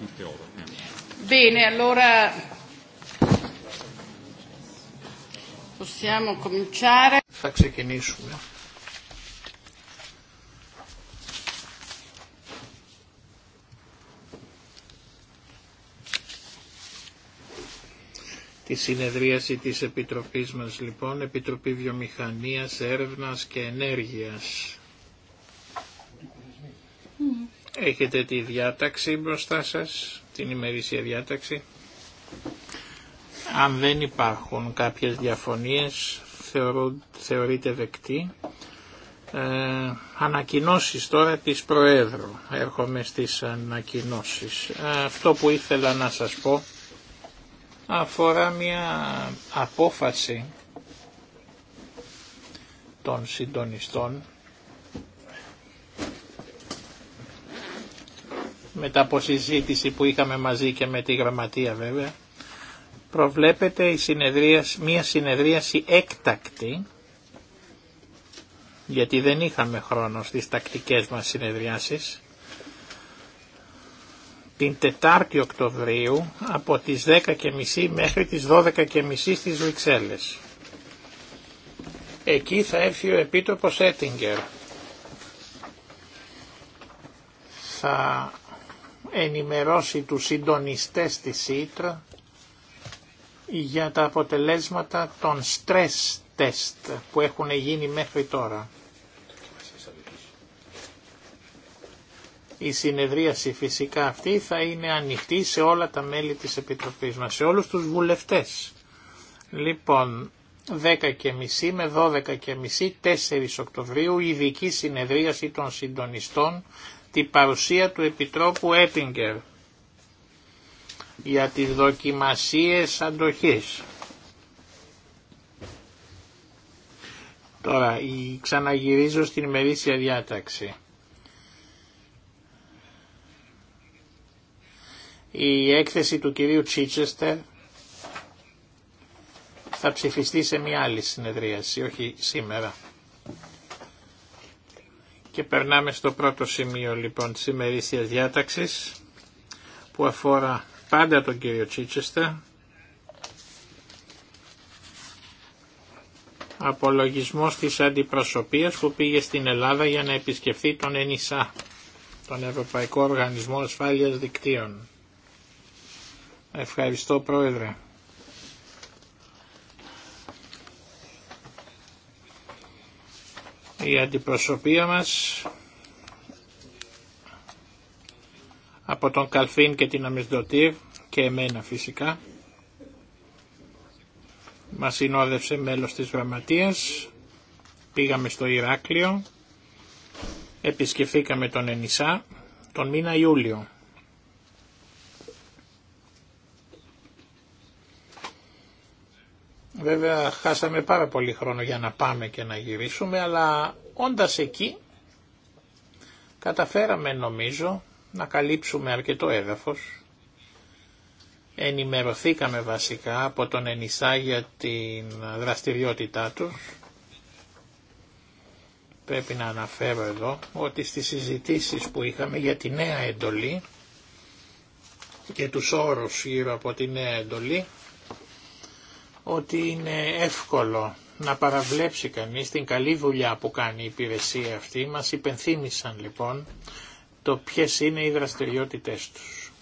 Ναι. Bene, allora possiamo cominciare. Θα ξεκινήσουμε. Τη συνεδρίαση της Επιτροπής μας λοιπόν, Επιτροπή Βιομηχανίας, Έρευνας και Ενέργειας. Έχετε τη διάταξη μπροστά σας, την ημερήσια διάταξη. Αν δεν υπάρχουν κάποιες διαφωνίες, θεωρώ, θεωρείται δεκτή. Ε, ανακοινώσεις τώρα της Προέδρου. Έρχομαι στις ανακοινώσεις. Ε, αυτό που ήθελα να σας πω αφορά μια απόφαση των συντονιστών μετά από συζήτηση που είχαμε μαζί και με τη γραμματεία βέβαια, προβλέπεται η συνεδρίαση, μια συνεδρίαση έκτακτη, γιατί δεν είχαμε χρόνο στις τακτικές μας συνεδριάσεις, την Τετάρτη Οκτωβρίου από τις 10.30 μέχρι τις 12.30 στις Βρυξέλλες. Εκεί θα έρθει ο Επίτροπος Έτιγκερ. Θα ενημερώσει τους συντονιστές της ΣΥΤΡΑ για τα αποτελέσματα των stress test που έχουν γίνει μέχρι τώρα. Η συνεδρίαση φυσικά αυτή θα είναι ανοιχτή σε όλα τα μέλη της Επιτροπής μας, σε όλους τους βουλευτές. Λοιπόν, 10.30 και μισή με 12.30 και μισή, 4 Οκτωβρίου, ειδική συνεδρίαση των συντονιστών την παρουσία του Επιτρόπου Έπιγκερ για τις δοκιμασίες αντοχής. Τώρα, ξαναγυρίζω στην ημερήσια διάταξη. Η έκθεση του κυρίου Τσίτσεστερ θα ψηφιστεί σε μια άλλη συνεδρίαση, όχι σήμερα. Και περνάμε στο πρώτο σημείο λοιπόν της ημερήσιας διάταξης που αφορά πάντα τον κύριο Τσίτσεστα. Απολογισμός της αντιπροσωπείας που πήγε στην Ελλάδα για να επισκεφθεί τον ΕΝΙΣΑ, τον Ευρωπαϊκό Οργανισμό Ασφάλειας Δικτύων. Ευχαριστώ Πρόεδρε. Η αντιπροσωπεία μας από τον Καλφίν και την Αμισδοτήρ και εμένα φυσικά μας συνόδευσε μέλος της γραμματείας πήγαμε στο Ηράκλειο επισκεφθήκαμε τον Ενισά τον μήνα Ιούλιο Βέβαια χάσαμε πάρα πολύ χρόνο για να πάμε και να γυρίσουμε, αλλά όντας εκεί καταφέραμε νομίζω να καλύψουμε αρκετό έδαφος. Ενημερωθήκαμε βασικά από τον Ενισά για την δραστηριότητά του. Πρέπει να αναφέρω εδώ ότι στις συζητήσεις που είχαμε για τη νέα εντολή και τους όρους γύρω από τη νέα εντολή ότι είναι εύκολο να παραβλέψει κανείς την καλή δουλειά που κάνει η υπηρεσία αυτή. Μας υπενθύμησαν λοιπόν το ποιες είναι οι δραστηριότητες τους.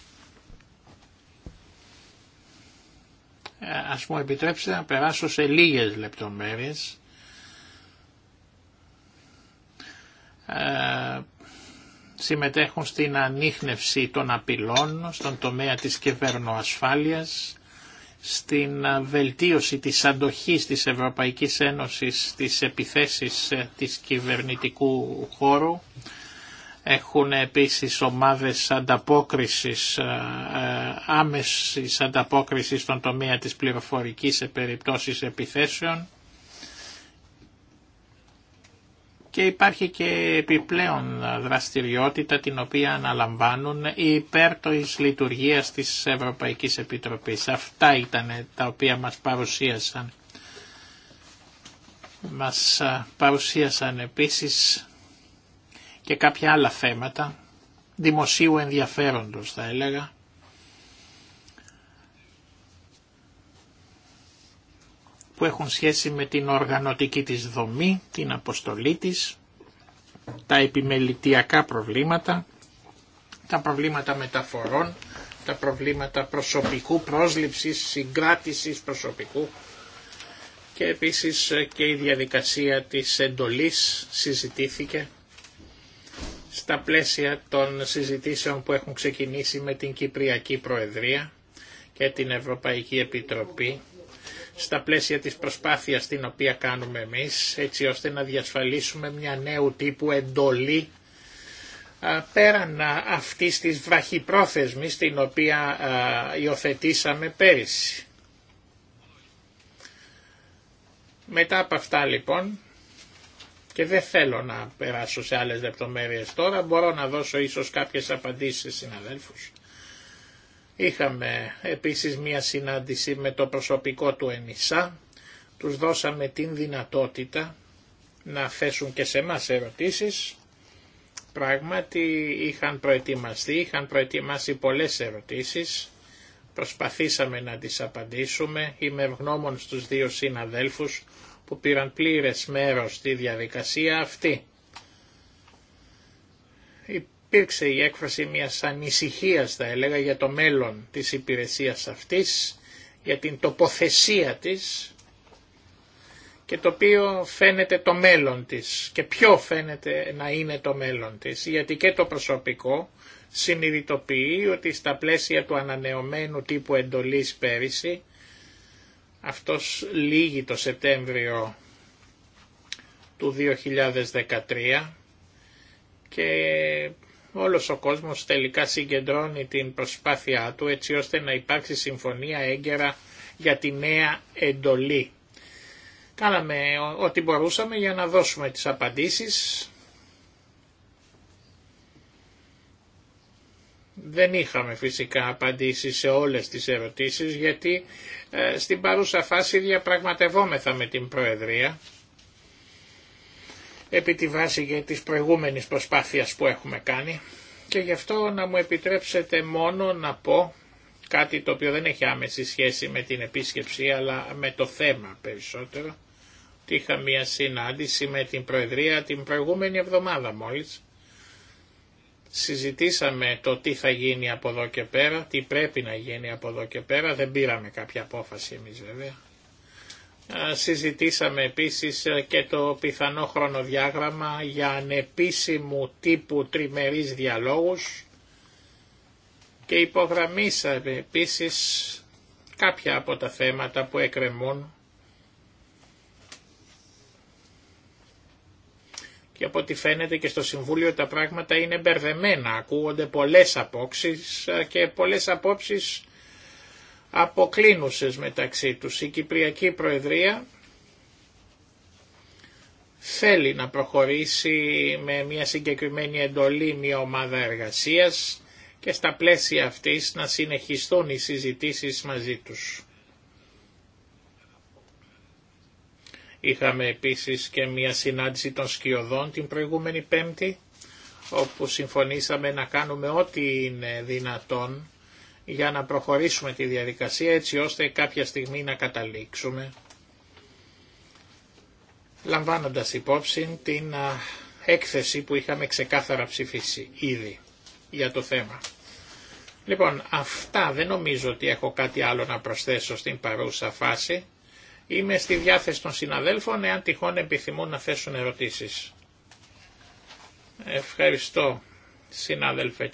Ε, ας μου επιτρέψετε να περάσω σε λίγες λεπτομέρειες. Ε, συμμετέχουν στην ανείχνευση των απειλών στον τομέα της κυβερνοασφάλειας, στην βελτίωση της αντοχής της Ευρωπαϊκής Ένωσης στις επιθέσεις ε, της κυβερνητικού χώρου. Έχουν επίσης ομάδες ανταπόκρισης, ε, ε, άμεσης ανταπόκρισης στον τομέα της πληροφορικής σε περιπτώσεις επιθέσεων και υπάρχει και επιπλέον δραστηριότητα την οποία αναλαμβάνουν υπέρ της λειτουργίας της Ευρωπαϊκής Επιτροπής. Αυτά ήταν τα οποία μας παρουσίασαν. Μας παρουσίασαν επίσης και κάποια άλλα θέματα δημοσίου ενδιαφέροντος θα έλεγα που έχουν σχέση με την οργανωτική της δομή, την αποστολή της, τα επιμελητιακά προβλήματα, τα προβλήματα μεταφορών, τα προβλήματα προσωπικού, πρόσληψης, συγκράτησης προσωπικού και επίσης ε, και η διαδικασία της εντολής συζητήθηκε στα πλαίσια των συζητήσεων που έχουν ξεκινήσει με την Κυπριακή Προεδρία και την Ευρωπαϊκή Επιτροπή στα πλαίσια της προσπάθειας την οποία κάνουμε εμείς, έτσι ώστε να διασφαλίσουμε μια νέου τύπου εντολή πέραν αυτής της βραχυπρόθεσμης την οποία υιοθετήσαμε πέρυσι. Μετά από αυτά λοιπόν, και δεν θέλω να περάσω σε άλλες λεπτομέρειες τώρα, μπορώ να δώσω ίσως κάποιες απαντήσεις σε συναδέλφους. Είχαμε επίσης μία συνάντηση με το προσωπικό του ΕΝΙΣΑ, τους δώσαμε την δυνατότητα να θέσουν και σε μας ερωτήσεις. Πράγματι είχαν προετοιμαστεί, είχαν προετοιμάσει πολλές ερωτήσεις, προσπαθήσαμε να τις απαντήσουμε, είμαι ευγνώμων στους δύο συναδέλφους που πήραν πλήρες μέρος στη διαδικασία αυτή υπήρξε η έκφραση μιας ανησυχίας θα έλεγα για το μέλλον της υπηρεσίας αυτής, για την τοποθεσία της και το οποίο φαίνεται το μέλλον της και ποιο φαίνεται να είναι το μέλλον της γιατί και το προσωπικό συνειδητοποιεί ότι στα πλαίσια του ανανεωμένου τύπου εντολής πέρυσι αυτός λύγει το Σεπτέμβριο του 2013 και όλος ο κόσμος τελικά συγκεντρώνει την προσπάθειά του έτσι ώστε να υπάρξει συμφωνία έγκαιρα για τη νέα εντολή. Κάναμε ό,τι μπορούσαμε για να δώσουμε τις απαντήσεις. Δεν είχαμε φυσικά απαντήσεις σε όλες τις ερωτήσεις γιατί ε, στην παρούσα φάση διαπραγματευόμεθα με την Προεδρία επί τη βάση για της προηγούμενης προσπάθειας που έχουμε κάνει και γι' αυτό να μου επιτρέψετε μόνο να πω κάτι το οποίο δεν έχει άμεση σχέση με την επίσκεψη αλλά με το θέμα περισσότερο. Είχα μια συνάντηση με την Προεδρία την προηγούμενη εβδομάδα μόλις. Συζητήσαμε το τι θα γίνει από εδώ και πέρα, τι πρέπει να γίνει από εδώ και πέρα. Δεν πήραμε κάποια απόφαση εμείς βέβαια. Συζητήσαμε επίσης ε, και το πιθανό χρονοδιάγραμμα για ανεπίσημου τύπου τριμερής διαλόγους και υπογραμμίσαμε επίσης κάποια από τα θέματα που εκκρεμούν και από ό,τι φαίνεται και στο Συμβούλιο τα πράγματα είναι μπερδεμένα. Ακούγονται πολλές απόψεις ε, και πολλές απόψεις αποκλίνουσες μεταξύ τους. Η Κυπριακή Προεδρία θέλει να προχωρήσει με μια συγκεκριμένη εντολή μια ομάδα εργασίας και στα πλαίσια αυτής να συνεχιστούν οι συζητήσεις μαζί τους. Είχαμε επίσης και μια συνάντηση των σκιωδών την προηγούμενη Πέμπτη, όπου συμφωνήσαμε να κάνουμε ό,τι είναι δυνατόν για να προχωρήσουμε τη διαδικασία έτσι ώστε κάποια στιγμή να καταλήξουμε λαμβάνοντας υπόψη την έκθεση που είχαμε ξεκάθαρα ψηφίσει ήδη για το θέμα. Λοιπόν, αυτά δεν νομίζω ότι έχω κάτι άλλο να προσθέσω στην παρούσα φάση. Είμαι στη διάθεση των συναδέλφων εάν τυχόν επιθυμούν να θέσουν ερωτήσεις. Ευχαριστώ συνάδελφε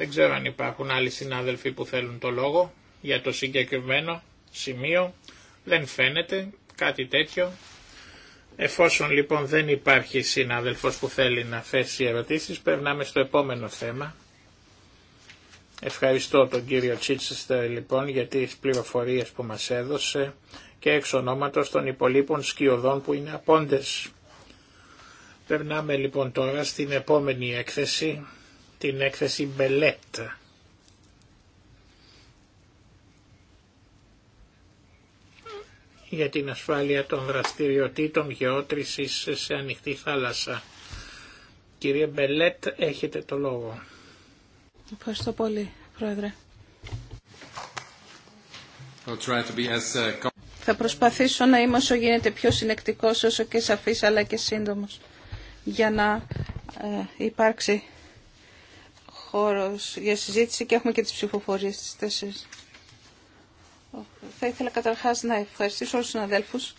δεν ξέρω αν υπάρχουν άλλοι συνάδελφοι που θέλουν το λόγο για το συγκεκριμένο σημείο. Δεν φαίνεται κάτι τέτοιο. Εφόσον λοιπόν δεν υπάρχει συνάδελφος που θέλει να θέσει ερωτήσεις, περνάμε στο επόμενο θέμα. Ευχαριστώ τον κύριο Τσίτσεστερ λοιπόν για τις πληροφορίες που μας έδωσε και εξ ονόματος των υπολείπων σκιωδών που είναι απόντες. Περνάμε λοιπόν τώρα στην επόμενη έκθεση την έκθεση Μπελέτ. για την ασφάλεια των δραστηριοτήτων γεώτρησης σε ανοιχτή θάλασσα. Κύριε Μπελέτ, έχετε το λόγο. Ευχαριστώ πολύ, Πρόεδρε. Uh, Θα προσπαθήσω να είμαι όσο γίνεται πιο συνεκτικός, όσο και σαφής, αλλά και σύντομος, για να ε, υπάρξει χώρος για συζήτηση και έχουμε και τις ψηφοφορίες στις τέσσερις. Θα ήθελα καταρχάς να ευχαριστήσω όλους τους συναδέλφους.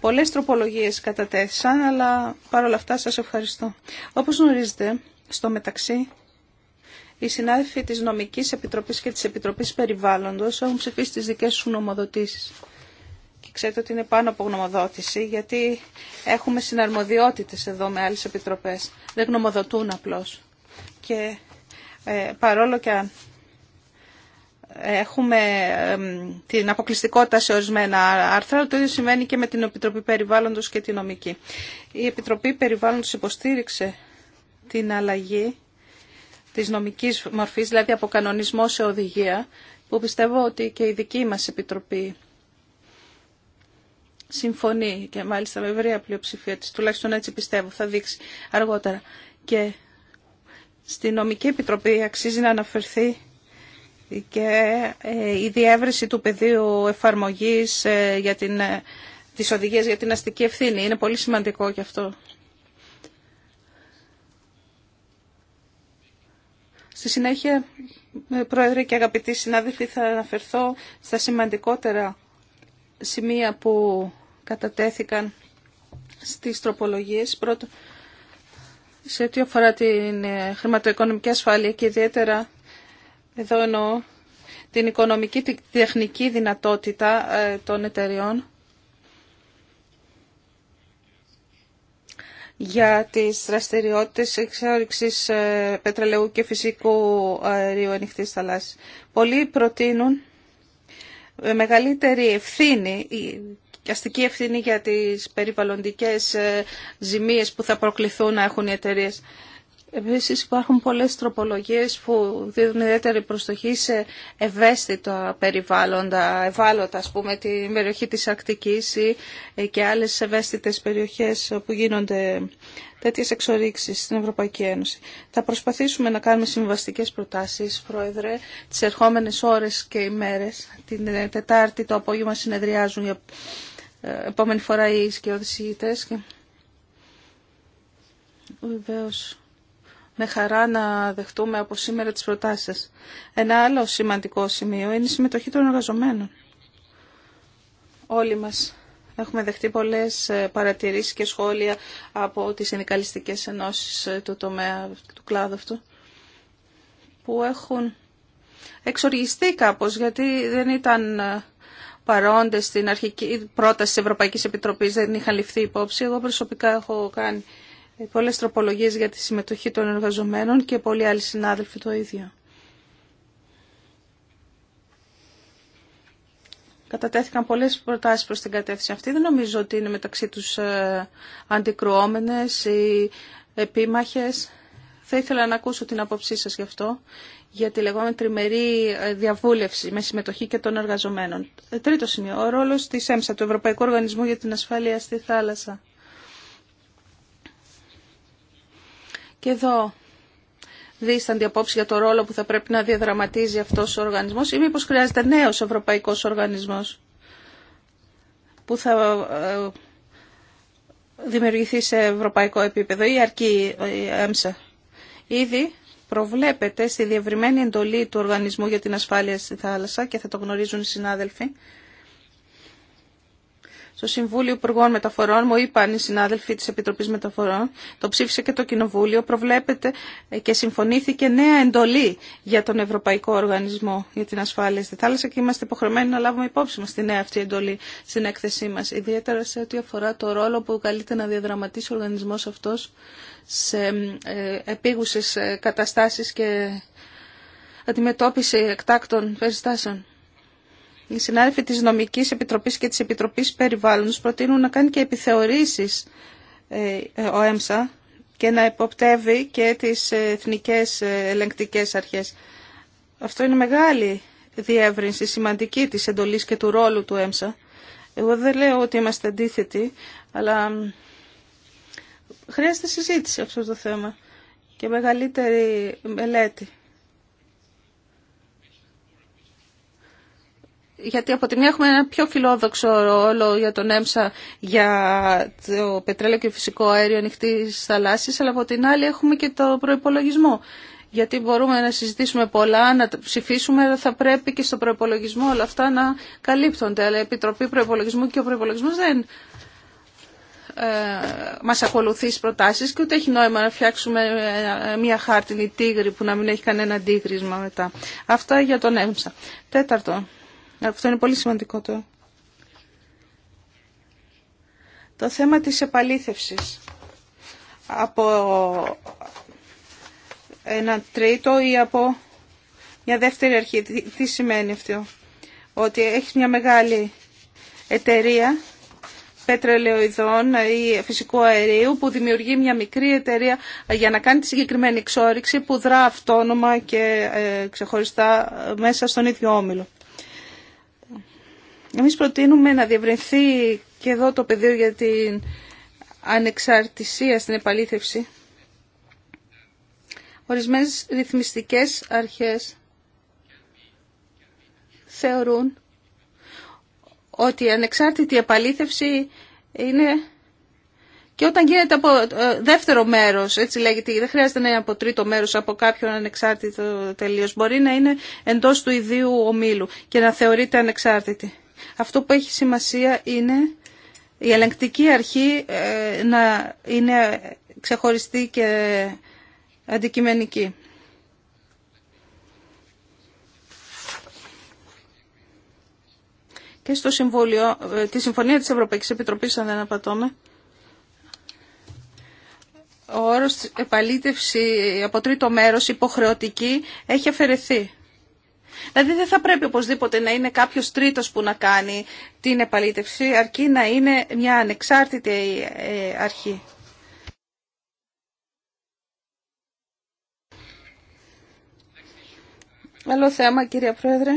Πολλές τροπολογίες κατατέθησαν, αλλά παρόλα αυτά σας ευχαριστώ. Όπως γνωρίζετε, στο μεταξύ, οι συνάδελφοι της Νομικής Επιτροπής και της Επιτροπής Περιβάλλοντος έχουν ψηφίσει τις δικές σου νομοδοτήσεις. Ξέρετε ότι είναι πάνω από γνωμοδότηση, γιατί έχουμε συναρμοδιότητες εδώ με άλλες επιτροπές. Δεν γνωμοδοτούν απλώς. Και ε, παρόλο και αν έχουμε την αποκλειστικότητα σε ορισμένα άρθρα. Το ίδιο συμβαίνει και με την Επιτροπή Περιβάλλοντος και τη Νομική. Η Επιτροπή Περιβάλλοντος υποστήριξε την αλλαγή της νομικής μορφής, δηλαδή από κανονισμό σε οδηγία, που πιστεύω ότι και η δική μας Επιτροπή συμφωνεί και μάλιστα με ευρία πλειοψηφία της, τουλάχιστον έτσι πιστεύω, θα δείξει αργότερα. Και στη νομική επιτροπή αξίζει να αναφερθεί και ε, η διεύρυνση του πεδίου εφαρμογής ε, για την, ε, τις οδηγίες για την αστική ευθύνη. Είναι πολύ σημαντικό και αυτό. Στη συνέχεια, Πρόεδρε και αγαπητοί συνάδελφοι, θα αναφερθώ στα σημαντικότερα σημεία που κατατέθηκαν στις τροπολογίες. πρώτο σε ό,τι αφορά την ε, χρηματοοικονομική ασφάλεια και ιδιαίτερα εδώ εννοώ την οικονομική, την τεχνική δυνατότητα ε, των εταιριών για τις δραστηριότητες ε, πετρελαίου και φυσικού αερίου ανοιχτή θαλάσσης. Πολλοί προτείνουν ε, μεγαλύτερη ευθύνη αστική ευθύνη για τις περιβαλλοντικές ε, ζημίες που θα προκληθούν να έχουν οι εταιρείε. Επίσης υπάρχουν πολλές τροπολογίες που δίνουν ιδιαίτερη προστοχή σε ευαίσθητα περιβάλλοντα, ευάλωτα ας πούμε την περιοχή της Ακτικής ε, και άλλες ευαίσθητες περιοχές όπου γίνονται τέτοιες εξορίξεις στην Ευρωπαϊκή Ένωση. Θα προσπαθήσουμε να κάνουμε συμβαστικές προτάσεις, Πρόεδρε, τις ερχόμενες ώρες και ημέρες. Την ε, Τετάρτη το απόγευμα συνεδριάζουν επόμενη φορά οι σκιώδησηγητές και βεβαίως με χαρά να δεχτούμε από σήμερα τις προτάσεις σας. Ένα άλλο σημαντικό σημείο είναι η συμμετοχή των εργαζομένων. Όλοι μας έχουμε δεχτεί πολλές ε, παρατηρήσεις και σχόλια από τις συνδικαλιστικές ενώσεις ε, του τομέα του κλάδου αυτού που έχουν εξοργιστεί κάπως γιατί δεν ήταν ε, παρόντες στην αρχική πρόταση τη Ευρωπαϊκή Επιτροπή, δεν είχαν ληφθεί υπόψη. Εγώ προσωπικά έχω κάνει πολλές τροπολογίες για τη συμμετοχή των εργαζομένων και πολλοί άλλοι συνάδελφοι το ίδιο. Κατατέθηκαν πολλές προτάσεις προς την κατεύθυνση αυτή. Δεν νομίζω ότι είναι μεταξύ τους ε, αντικρουόμενες ή επίμαχε. Θα ήθελα να ακούσω την άποψή σα γι' αυτό για τη λεγόμενη τριμερή ε, διαβούλευση με συμμετοχή και των εργαζομένων. Ε, τρίτο σημείο, ο ρόλος της ΕΜΣΑ, του Ευρωπαϊκού Οργανισμού για την Ασφάλεια στη Θάλασσα. Και εδώ δίσταντη απόψη για το ρόλο που θα πρέπει να διαδραματίζει αυτός ο οργανισμός ή μήπως χρειάζεται νέος ευρωπαϊκός οργανισμός που θα ε, δημιουργηθεί σε ευρωπαϊκό επίπεδο ή αρκεί η ΕΜΣΑ. Ήδη προβλέπεται στη διευρυμένη εντολή του Οργανισμού για την Ασφάλεια στη Θάλασσα και θα το γνωρίζουν οι συνάδελφοι στο Συμβούλιο Υπουργών Μεταφορών, μου είπαν οι συνάδελφοι τη Επιτροπή Μεταφορών, το ψήφισε και το Κοινοβούλιο, προβλέπεται και συμφωνήθηκε νέα εντολή για τον Ευρωπαϊκό Οργανισμό για την Ασφάλεια στη Θάλασσα και είμαστε υποχρεωμένοι να λάβουμε υπόψη μα τη νέα αυτή εντολή στην έκθεσή μα, ιδιαίτερα σε ό,τι αφορά το ρόλο που καλείται να διαδραματίσει ο οργανισμός αυτός σε ε, επίγουσε καταστάσει και αντιμετώπιση εκτάκτων περιστάσεων. Οι συνάδελφοι της Νομικής Επιτροπής και της Επιτροπής Περιβάλλοντος προτείνουν να κάνει και επιθεωρήσεις ε, ο ΕΜΣΑ και να υποπτεύει και τις εθνικές ελεγκτικές αρχές. Αυτό είναι μεγάλη διεύρυνση σημαντική της εντολής και του ρόλου του ΕΜΣΑ. Εγώ δεν λέω ότι είμαστε αντίθετοι, αλλά χρειάζεται συζήτηση αυτό το θέμα και μεγαλύτερη μελέτη. γιατί από τη μία έχουμε ένα πιο φιλόδοξο ρόλο για τον ΕΜΣΑ για το πετρέλαιο και φυσικό αέριο ανοιχτή θαλάσσης, αλλά από την άλλη έχουμε και το προπολογισμό. Γιατί μπορούμε να συζητήσουμε πολλά, να ψηφίσουμε, αλλά θα πρέπει και στο προπολογισμό όλα αυτά να καλύπτονται. Αλλά η Επιτροπή Προπολογισμού και ο προπολογισμό δεν ε, μα ακολουθεί στις προτάσει και ούτε έχει νόημα να φτιάξουμε ε, μια χάρτινη τίγρη που να μην έχει κανένα τίγρισμα μετά. Αυτά για τον ΕΜΣΑ. Τέταρτο. Ε, αυτό είναι πολύ σημαντικό το. Το θέμα της επαλήθευσης από ένα τρίτο ή από μια δεύτερη αρχή. Τι σημαίνει αυτό. Ότι έχει μια μεγάλη εταιρεία πετρελαιοειδών ή φυσικού αερίου που δημιουργεί μια μικρή εταιρεία για να κάνει τη συγκεκριμένη εξόριξη που δρά αυτόνομα και ε, ξεχωριστά μέσα στον ίδιο όμιλο. Εμείς προτείνουμε να διευρυνθεί και εδώ το πεδίο για την ανεξαρτησία στην επαλήθευση. Ορισμένες ρυθμιστικές αρχές θεωρούν ότι η ανεξάρτητη επαλήθευση είναι και όταν γίνεται από ε, δεύτερο μέρος, έτσι λέγεται, δεν χρειάζεται να είναι από τρίτο μέρος, από κάποιον ανεξάρτητο τελείως. Μπορεί να είναι εντός του ιδίου ομίλου και να θεωρείται ανεξάρτητη. Αυτό που έχει σημασία είναι η ελεγκτική αρχή ε, να είναι ξεχωριστή και αντικειμενική. Και στο συμβούλιο, ε, τη Συμφωνία της Ευρωπαϊκής Επιτροπής, αν δεν απατώμε, ο όρος επαλήτευση από τρίτο μέρος υποχρεωτική έχει αφαιρεθεί. Δηλαδή δεν θα πρέπει οπωσδήποτε να είναι κάποιος τρίτος που να κάνει την επαλήτευση, αρκεί να είναι μια ανεξάρτητη ε, αρχή. Άλλο θέμα, κύριε Πρόεδρε,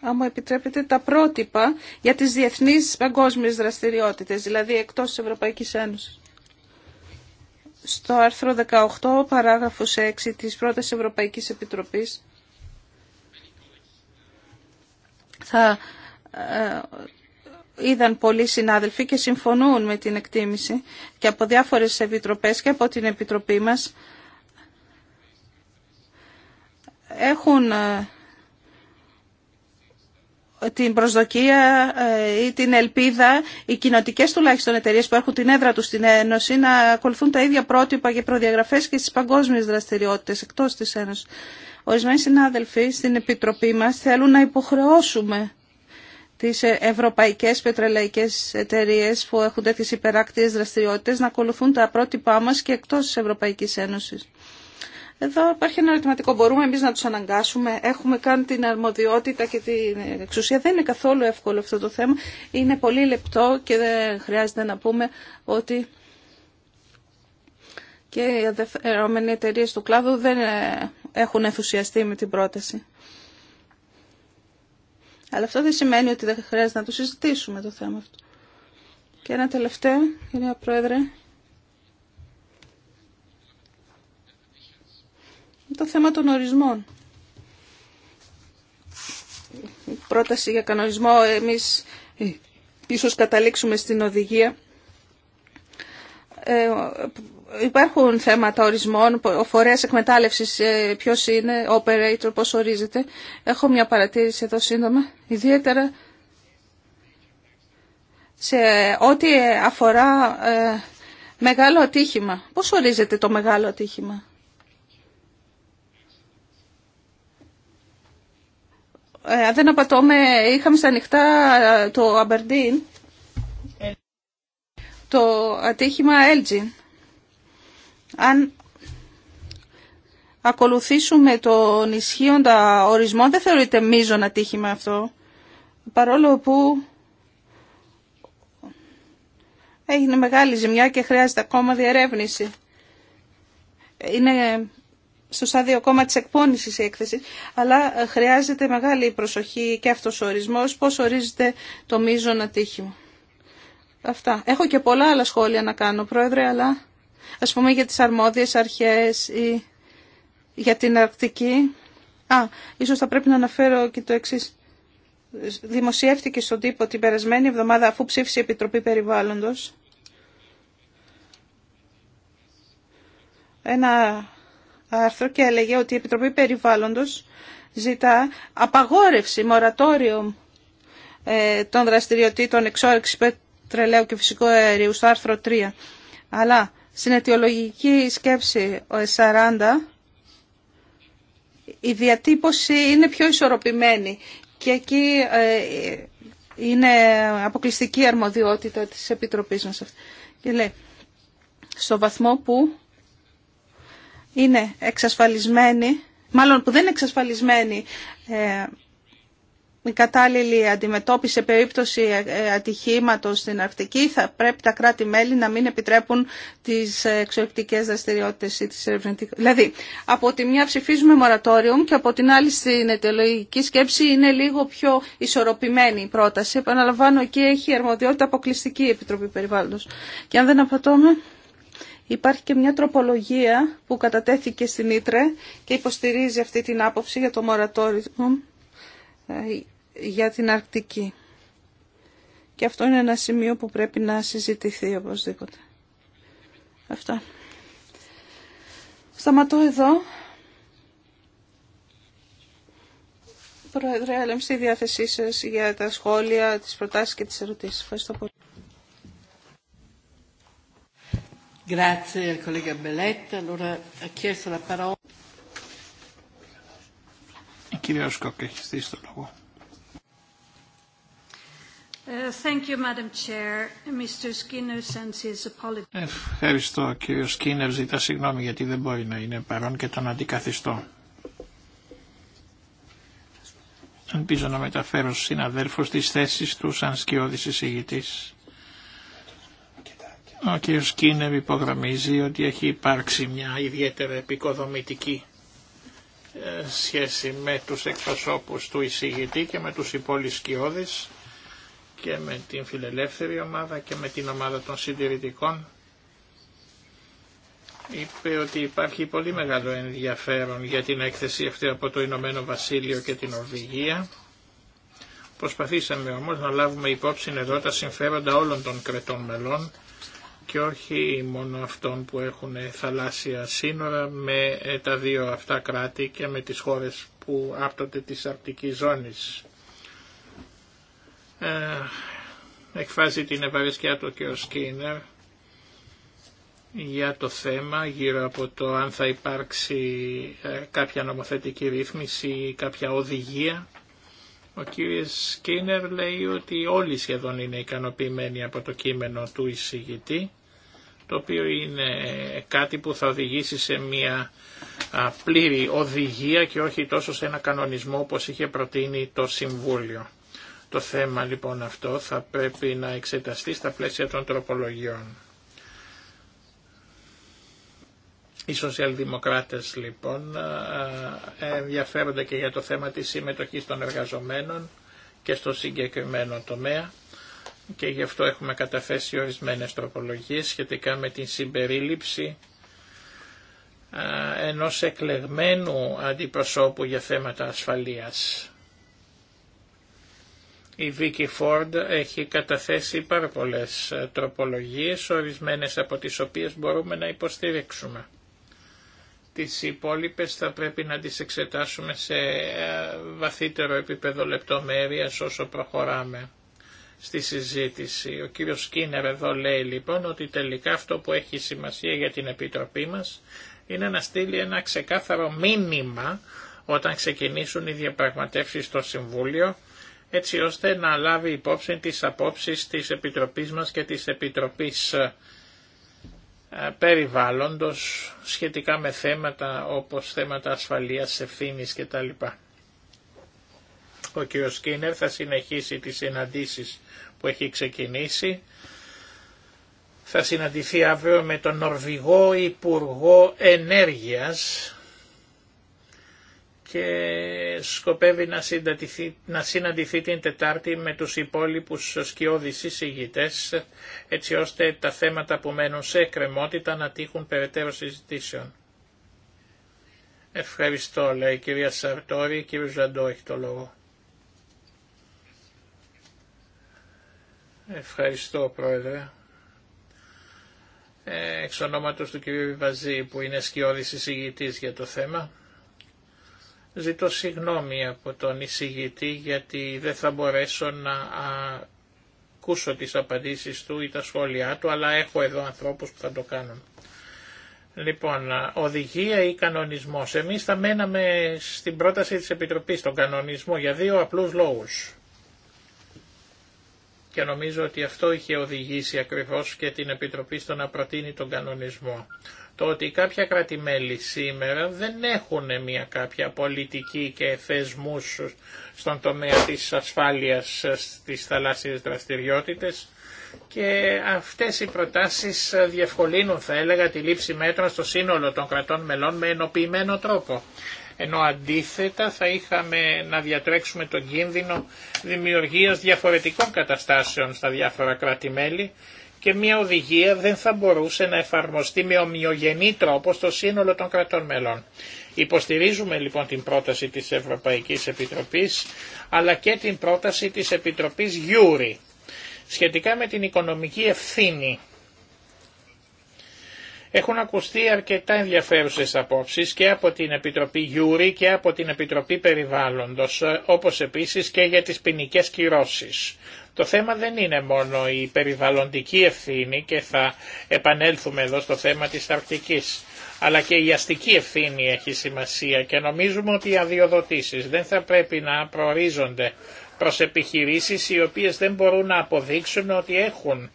αν μου επιτρέπετε, τα πρότυπα για τις διεθνείς παγκόσμιες δραστηριότητες, δηλαδή εκτός της Ευρωπαϊκής Ένωσης. Στο άρθρο 18, παράγραφος 6 της πρώτης Ευρωπαϊκής Επιτροπής, θα ε, είδαν πολλοί συνάδελφοι και συμφωνούν με την εκτίμηση και από διάφορες επιτροπές και από την Επιτροπή μας έχουν ε, την προσδοκία ε, ή την ελπίδα οι κοινοτικέ τουλάχιστον εταιρείε που έχουν την έδρα του στην Ένωση να ακολουθούν τα ίδια πρότυπα και προδιαγραφέ και στι παγκόσμιε δραστηριότητε εκτό τη Ένωση. Ορισμένοι συνάδελφοι στην Επιτροπή μας θέλουν να υποχρεώσουμε τις ε, ευρωπαϊκές πετρελαϊκές εταιρείες που έχουν τέτοιες υπεράκτιες δραστηριότητες να ακολουθούν τα πρότυπά μας και εκτός της Ευρωπαϊκής Ένωσης. Εδώ υπάρχει ένα ερωτηματικό. Μπορούμε εμεί να του αναγκάσουμε. Έχουμε κάνει την αρμοδιότητα και την εξουσία. Δεν είναι καθόλου εύκολο αυτό το θέμα. Είναι πολύ λεπτό και δεν χρειάζεται να πούμε ότι και οι αδεφερόμενοι εταιρείε του κλάδου δεν ε, έχουν ενθουσιαστεί με την πρόταση. Αλλά αυτό δεν σημαίνει ότι δεν χρειάζεται να το συζητήσουμε το θέμα αυτό. Και ένα τελευταίο, κυρία Πρόεδρε. Το θέμα των ορισμών. Η πρόταση για κανονισμό, εμείς ε, ίσως καταλήξουμε στην οδηγία ε, υπάρχουν θέματα ορισμών, ο φορέας εκμετάλλευσης ε, ποιος είναι, operator, πώς ορίζεται. Έχω μια παρατήρηση εδώ σύντομα, ιδιαίτερα σε ό,τι αφορά ε, μεγάλο ατύχημα. Πώς ορίζεται το μεγάλο ατύχημα. Ε, αν δεν απατώμε, είχαμε στα ανοιχτά ε, το Αμπερντίν, το ατύχημα Elgin αν ακολουθήσουμε τον ισχύοντα ορισμό, δεν θεωρείται μείζον ατύχημα αυτό, παρόλο που έγινε μεγάλη ζημιά και χρειάζεται ακόμα διερεύνηση. Είναι στο στάδιο ακόμα της εκπόνησης η έκθεση, αλλά χρειάζεται μεγάλη προσοχή και αυτός ο ορισμός, πώς ορίζεται το μείζον ατύχημα. Αυτά. Έχω και πολλά άλλα σχόλια να κάνω, Πρόεδρε, αλλά ας πούμε για τις αρμόδιες αρχές ή για την Αρκτική. Α, ίσως θα πρέπει να αναφέρω και το εξής. Δημοσιεύτηκε στον τύπο την περασμένη εβδομάδα αφού ψήφισε η Επιτροπή Περιβάλλοντος ένα άρθρο και έλεγε ότι η Επιτροπή Περιβάλλοντος ζητά απαγόρευση, μορατόριο ε, των δραστηριοτήτων εξόρυξης πετρελαίου και φυσικού αερίου στο άρθρο 3. Αλλά στην αιτιολογική σκέψη 40 η διατύπωση είναι πιο ισορροπημένη και εκεί ε, είναι αποκλειστική αρμοδιότητα της Επιτροπής μας αυτή. Και λέει, στο βαθμό που είναι εξασφαλισμένη, μάλλον που δεν είναι εξασφαλισμένη ε, η κατάλληλη αντιμετώπιση σε περίπτωση ε, ε, ατυχήματος στην Αρκτική θα πρέπει τα κράτη-μέλη να μην επιτρέπουν τις εξορυκτικές δραστηριότητες ή τις ερευνητικές. Δηλαδή, από τη μια ψηφίζουμε μορατόριουμ και από την άλλη στην αιτιολογική σκέψη είναι λίγο πιο ισορροπημένη η πρόταση. Επαναλαμβάνω, εκεί έχει αρμοδιότητα αποκλειστική η Επιτροπή Περιβάλλοντος. Και αν δεν απατώμε... Υπάρχει και μια τροπολογία που κατατέθηκε στην Ήτρε και υποστηρίζει αυτή την άποψη για το μορατόριο για την Αρκτική. Και αυτό είναι ένα σημείο που πρέπει να συζητηθεί οπωσδήποτε. Αυτά. Σταματώ εδώ. Πρόεδρε, έλεμψη στη διάθεσή σας για τα σχόλια, τις προτάσεις και τις ερωτήσεις. Ευχαριστώ πολύ. Κύριε Οσκόκ, έχει στήσει το λόγο. Ε, Ευχαριστώ. Κύριο Σκίνερ ζητά συγγνώμη γιατί δεν μπορεί να είναι παρόν και τον αντικαθιστώ. Ελπίζω να μεταφέρω στους συναδέλφους τις θέσεις του σαν σκιώδης εισηγητής. Ο κύριο Σκίνερ υπογραμμίζει ότι έχει υπάρξει μια ιδιαίτερα επικοδομητική ε, σχέση με τους εκπροσώπους του εισηγητή και με τους υπόλοιπους και με την φιλελεύθερη ομάδα και με την ομάδα των συντηρητικών είπε ότι υπάρχει πολύ μεγάλο ενδιαφέρον για την έκθεση αυτή από το Ηνωμένο Βασίλειο και την Ορβηγία. Προσπαθήσαμε όμως να λάβουμε υπόψη εδώ τα συμφέροντα όλων των κρετών μελών και όχι μόνο αυτών που έχουν θαλάσσια σύνορα με ε, τα δύο αυτά κράτη και με τις χώρες που άπτονται της αρκτικής ζώνης. Ε, εκφράζει την ευαρισκιά του και ο Σκίνερ για το θέμα γύρω από το αν θα υπάρξει ε, κάποια νομοθετική ρύθμιση ή κάποια οδηγία. Ο κύριος Σκίνερ λέει ότι όλοι σχεδόν είναι ικανοποιημένοι από το κείμενο του εισηγητή το οποίο είναι κάτι που θα οδηγήσει σε μια πλήρη οδηγία και όχι τόσο σε ένα κανονισμό όπως είχε προτείνει το Συμβούλιο. Το θέμα λοιπόν αυτό θα πρέπει να εξεταστεί στα πλαίσια των τροπολογιών. Οι σοσιαλδημοκράτες λοιπόν ενδιαφέρονται και για το θέμα της συμμετοχής των εργαζομένων και στο συγκεκριμένο τομέα και γι' αυτό έχουμε καταθέσει ορισμένες τροπολογίες σχετικά με την συμπερίληψη ενός εκλεγμένου αντιπροσώπου για θέματα ασφαλείας. Η Βίκη Φόρντ έχει καταθέσει πάρα πολλές τροπολογίες, ορισμένες από τις οποίες μπορούμε να υποστηρίξουμε. Τις υπόλοιπες θα πρέπει να τις εξετάσουμε σε βαθύτερο επίπεδο λεπτομέρειας όσο προχωράμε στη συζήτηση. Ο κύριος Σκίνερ εδώ λέει λοιπόν ότι τελικά αυτό που έχει σημασία για την Επιτροπή μας είναι να στείλει ένα ξεκάθαρο μήνυμα όταν ξεκινήσουν οι διαπραγματεύσεις στο Συμβούλιο έτσι ώστε να λάβει υπόψη τις απόψεις της Επιτροπής μας και της Επιτροπής ε, περιβάλλοντος σχετικά με θέματα όπως θέματα ασφαλείας, ευθύνης κτλ. Ο κ. Σκίνερ θα συνεχίσει τις συναντήσεις που έχει ξεκινήσει. Θα συναντηθεί αύριο με τον Νορβηγό Υπουργό Ενέργειας και σκοπεύει να, να συναντηθεί την Τετάρτη με τους υπόλοιπους σκιώδης εισηγητές έτσι ώστε τα θέματα που μένουν σε εκκρεμότητα να τύχουν περαιτέρω συζητήσεων. Ευχαριστώ λέει η κυρία Σαρτόρη, κύριο Ζαντό έχει το λόγο. Ευχαριστώ Πρόεδρε. Ε, εξ ονόματος του κ. που είναι σκιώδης εισηγητής για το θέμα. Ζητώ συγγνώμη από τον εισηγητή γιατί δεν θα μπορέσω να ακούσω τις απαντήσεις του ή τα σχόλιά του, αλλά έχω εδώ ανθρώπους που θα το κάνουν. Λοιπόν, οδηγία ή κανονισμός. Εμείς θα μέναμε στην πρόταση της Επιτροπής, τον κανονισμό, για δύο απλούς λόγους και νομίζω ότι αυτό είχε οδηγήσει ακριβώς και την Επιτροπή στο να προτείνει τον κανονισμό. Το ότι κάποια κρατημέλη σήμερα δεν έχουν μια κάποια πολιτική και θεσμού στον τομέα της ασφάλειας στις θαλάσσιες δραστηριότητες και αυτές οι προτάσεις διευκολύνουν θα έλεγα τη λήψη μέτρων στο σύνολο των κρατών μελών με ενοποιημένο τρόπο ενώ αντίθετα θα είχαμε να διατρέξουμε τον κίνδυνο δημιουργίας διαφορετικών καταστάσεων στα διάφορα κράτη-μέλη και μια οδηγία δεν θα μπορούσε να εφαρμοστεί με ομοιογενή τρόπο στο σύνολο των κρατών μελών. Υποστηρίζουμε λοιπόν την πρόταση της Ευρωπαϊκής Επιτροπής αλλά και την πρόταση της Επιτροπής Γιούρη σχετικά με την οικονομική ευθύνη έχουν ακουστεί αρκετά ενδιαφέρουσε απόψεις και από την Επιτροπή Γιούρη και από την Επιτροπή Περιβάλλοντος, ε, όπως επίσης και για τις ποινικέ κυρώσει. Το θέμα δεν είναι μόνο η περιβαλλοντική ευθύνη και θα επανέλθουμε εδώ στο θέμα της Αρκτικής, αλλά και η αστική ευθύνη έχει σημασία και νομίζουμε ότι οι αδειοδοτήσεις δεν θα πρέπει να προορίζονται προς επιχειρήσεις οι οποίες δεν μπορούν να αποδείξουν ότι έχουν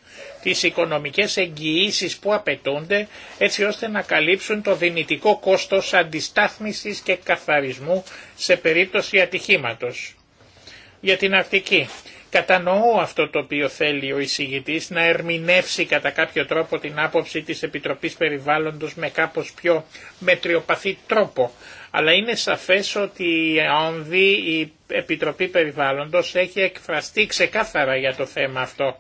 τις οικονομικές εγγυήσεις που απαιτούνται έτσι ώστε να καλύψουν το δυνητικό κόστος αντιστάθμισης και καθαρισμού σε περίπτωση ατυχήματος. Για την Αρκτική. Κατανοώ αυτό το οποίο θέλει ο εισηγητής να ερμηνεύσει κατά κάποιο τρόπο την άποψη της Επιτροπής Περιβάλλοντος με κάπως πιο μετριοπαθή τρόπο. Αλλά είναι σαφές ότι η Επιτροπή Περιβάλλοντος έχει εκφραστεί ξεκάθαρα για το θέμα αυτό.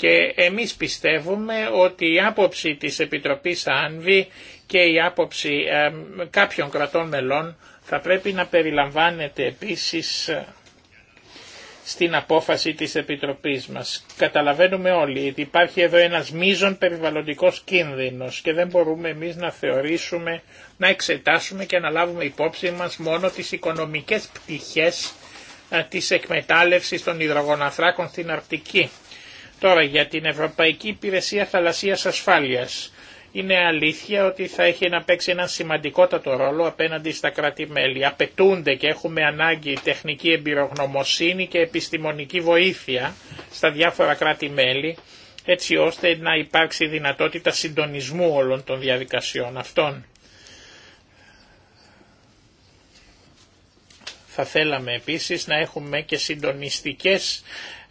Και εμείς πιστεύουμε ότι η άποψη της Επιτροπής Άνβη και η άποψη ε, κάποιων κρατών μελών θα πρέπει να περιλαμβάνεται επίσης ε, στην απόφαση της Επιτροπής μας. Καταλαβαίνουμε όλοι ότι υπάρχει εδώ ένας μείζον περιβαλλοντικός κίνδυνος και δεν μπορούμε εμείς να θεωρήσουμε, να εξετάσουμε και να λάβουμε υπόψη μας μόνο τις οικονομικές πτυχές ε, της εκμετάλλευσης των υδρογοναθράκων στην Αρκτική. Τώρα για την Ευρωπαϊκή Υπηρεσία Θαλασσίας Ασφάλειας. Είναι αλήθεια ότι θα έχει να παίξει έναν σημαντικότατο ρόλο απέναντι στα κράτη-μέλη. Απαιτούνται και έχουμε ανάγκη τεχνική εμπειρογνωμοσύνη και επιστημονική βοήθεια στα διάφορα κράτη-μέλη έτσι ώστε να υπάρξει δυνατότητα συντονισμού όλων των διαδικασιών αυτών. Θα θέλαμε επίσης να έχουμε και συντονιστικές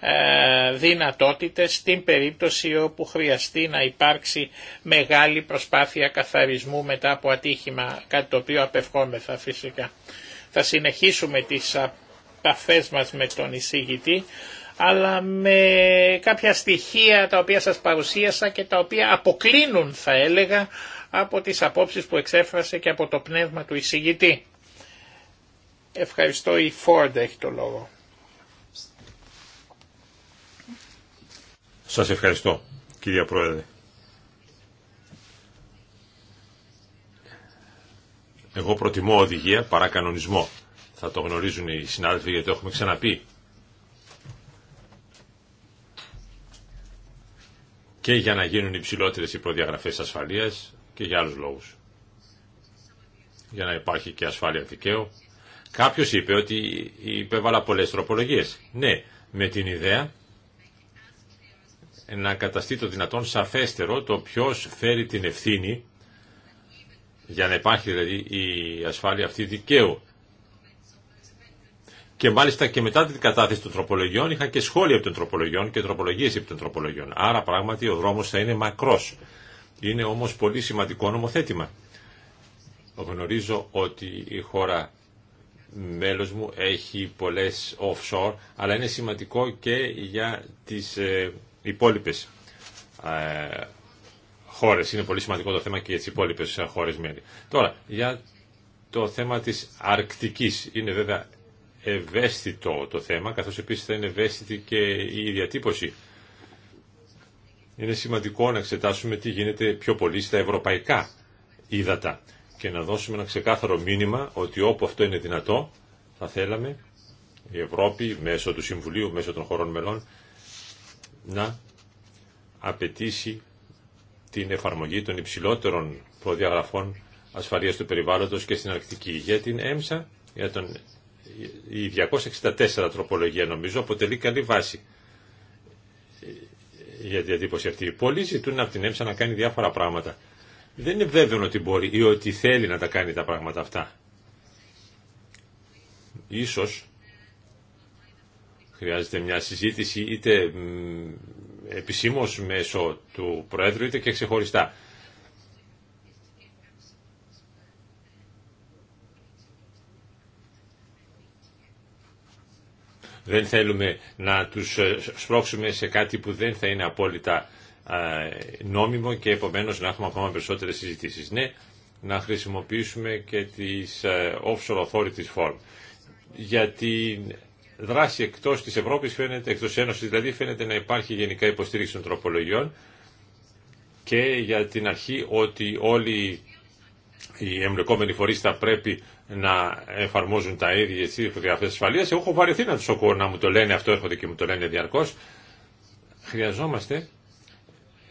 ε, δυνατότητες στην περίπτωση όπου χρειαστεί να υπάρξει μεγάλη προσπάθεια καθαρισμού μετά από ατύχημα, κάτι το οποίο απευχόμεθα φυσικά. Θα συνεχίσουμε τις απαφές μας με τον εισηγητή, αλλά με κάποια στοιχεία τα οποία σας παρουσίασα και τα οποία αποκλίνουν θα έλεγα από τις απόψεις που εξέφρασε και από το πνεύμα του εισηγητή. Ευχαριστώ η Φόρντεχ έχει το λόγο. Σας ευχαριστώ, κυρία Πρόεδρε. Εγώ προτιμώ οδηγία παρά κανονισμό. Θα το γνωρίζουν οι συνάδελφοι γιατί το έχουμε ξαναπεί. Και για να γίνουν υψηλότερε οι προδιαγραφές ασφαλείας και για άλλους λόγους. Για να υπάρχει και ασφάλεια δικαίου. Κάποιος είπε ότι υπέβαλα πολλές τροπολογίες. Ναι, με την ιδέα να καταστεί το δυνατόν σαφέστερο το ποιο φέρει την ευθύνη για να υπάρχει δηλαδή η ασφάλεια αυτή δικαίου. Και μάλιστα και μετά την κατάθεση των τροπολογιών είχα και σχόλια από των τροπολογιών και τροπολογίες από των τροπολογιών. Άρα πράγματι ο δρόμος θα είναι μακρός. Είναι όμως πολύ σημαντικό νομοθέτημα. Γνωρίζω ότι η χώρα μέλος μου έχει πολλές offshore, αλλά είναι σημαντικό και για τις ε, υπόλοιπε ε, χώρε. Είναι πολύ σημαντικό το θέμα και για τι υπόλοιπε ε, χώρε μέλη. Τώρα, για το θέμα τη Αρκτική. Είναι βέβαια ευαίσθητο το θέμα, καθώ επίση θα είναι ευαίσθητη και η διατύπωση. Είναι σημαντικό να εξετάσουμε τι γίνεται πιο πολύ στα ευρωπαϊκά ύδατα και να δώσουμε ένα ξεκάθαρο μήνυμα ότι όπου αυτό είναι δυνατό θα θέλαμε η Ευρώπη μέσω του Συμβουλίου, μέσω των χωρών μελών να απαιτήσει την εφαρμογή των υψηλότερων προδιαγραφών ασφαλείας του περιβάλλοντος και στην Αρκτική. Για την ΕΜΣΑ, για τον, η 264 τροπολογία νομίζω αποτελεί καλή βάση για την διατύπωση αυτή. Πολλοί ζητούν από την ΕΜΣΑ να κάνει διάφορα πράγματα. Δεν είναι βέβαιο ότι μπορεί ή ότι θέλει να τα κάνει τα πράγματα αυτά. Ίσως Χρειάζεται μια συζήτηση είτε επισήμως μέσω του Προέδρου είτε και ξεχωριστά. Δεν θέλουμε να τους ε, σπρώξουμε σε κάτι που δεν θα είναι απόλυτα νόμιμο και επομένως να έχουμε ακόμα περισσότερες συζητήσεις. Ναι, να χρησιμοποιήσουμε και τις ε, offshore authorities form. Γιατί δράση εκτό τη Ευρώπη φαίνεται, εκτό, Ένωση δηλαδή φαίνεται να υπάρχει γενικά υποστήριξη των τροπολογιών και για την αρχή ότι όλοι οι εμπλεκόμενοι φορεί θα πρέπει να εφαρμόζουν τα ίδια τι προδιαγραφές ασφαλεία. Εγώ έχω βαρεθεί να του ακούω να μου το λένε αυτό, έρχονται και μου το λένε διαρκώς. Χρειαζόμαστε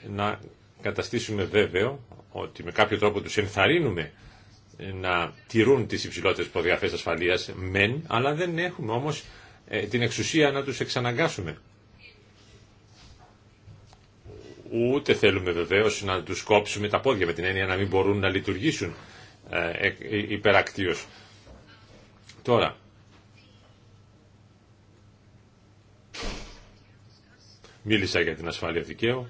να καταστήσουμε βέβαιο ότι με κάποιο τρόπο του ενθαρρύνουμε να τηρούν τις υψηλότερες προδιαφές ασφαλείας μεν, αλλά δεν έχουμε όμως ε, την εξουσία να τους εξαναγκάσουμε. Ούτε θέλουμε βεβαίως να τους κόψουμε τα πόδια με την έννοια να μην μπορούν να λειτουργήσουν ε, ε, υπερακτίως. Τώρα, μίλησα για την ασφάλεια δικαίου.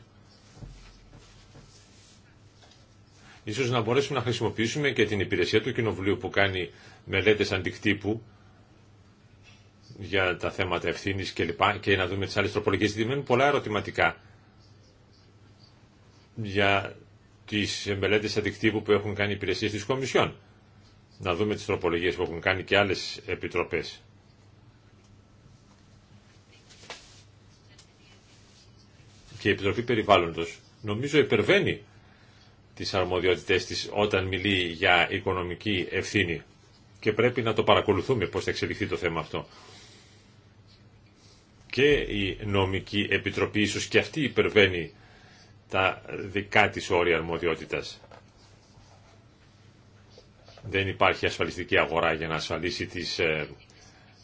Ίσως να μπορέσουμε να χρησιμοποιήσουμε και την υπηρεσία του Κοινοβουλίου που κάνει μελέτες αντικτύπου για τα θέματα ευθύνη και Και, και να δούμε τι άλλε τροπολογίε. μένουν πολλά ερωτηματικά για τι μελέτε αντικτύπου που έχουν κάνει οι υπηρεσίε τη Κομισιόν. Να δούμε τι τροπολογίε που έχουν κάνει και άλλε επιτροπέ. Και η Επιτροπή Περιβάλλοντος νομίζω υπερβαίνει τις αρμοδιότητές της όταν μιλεί για οικονομική ευθύνη και πρέπει να το παρακολουθούμε πώς θα εξελιχθεί το θέμα αυτό και η νομική επιτροπή ίσως και αυτή υπερβαίνει τα δικά της όρια αρμοδιότητας. Δεν υπάρχει ασφαλιστική αγορά για να ασφαλίσει τις, ε,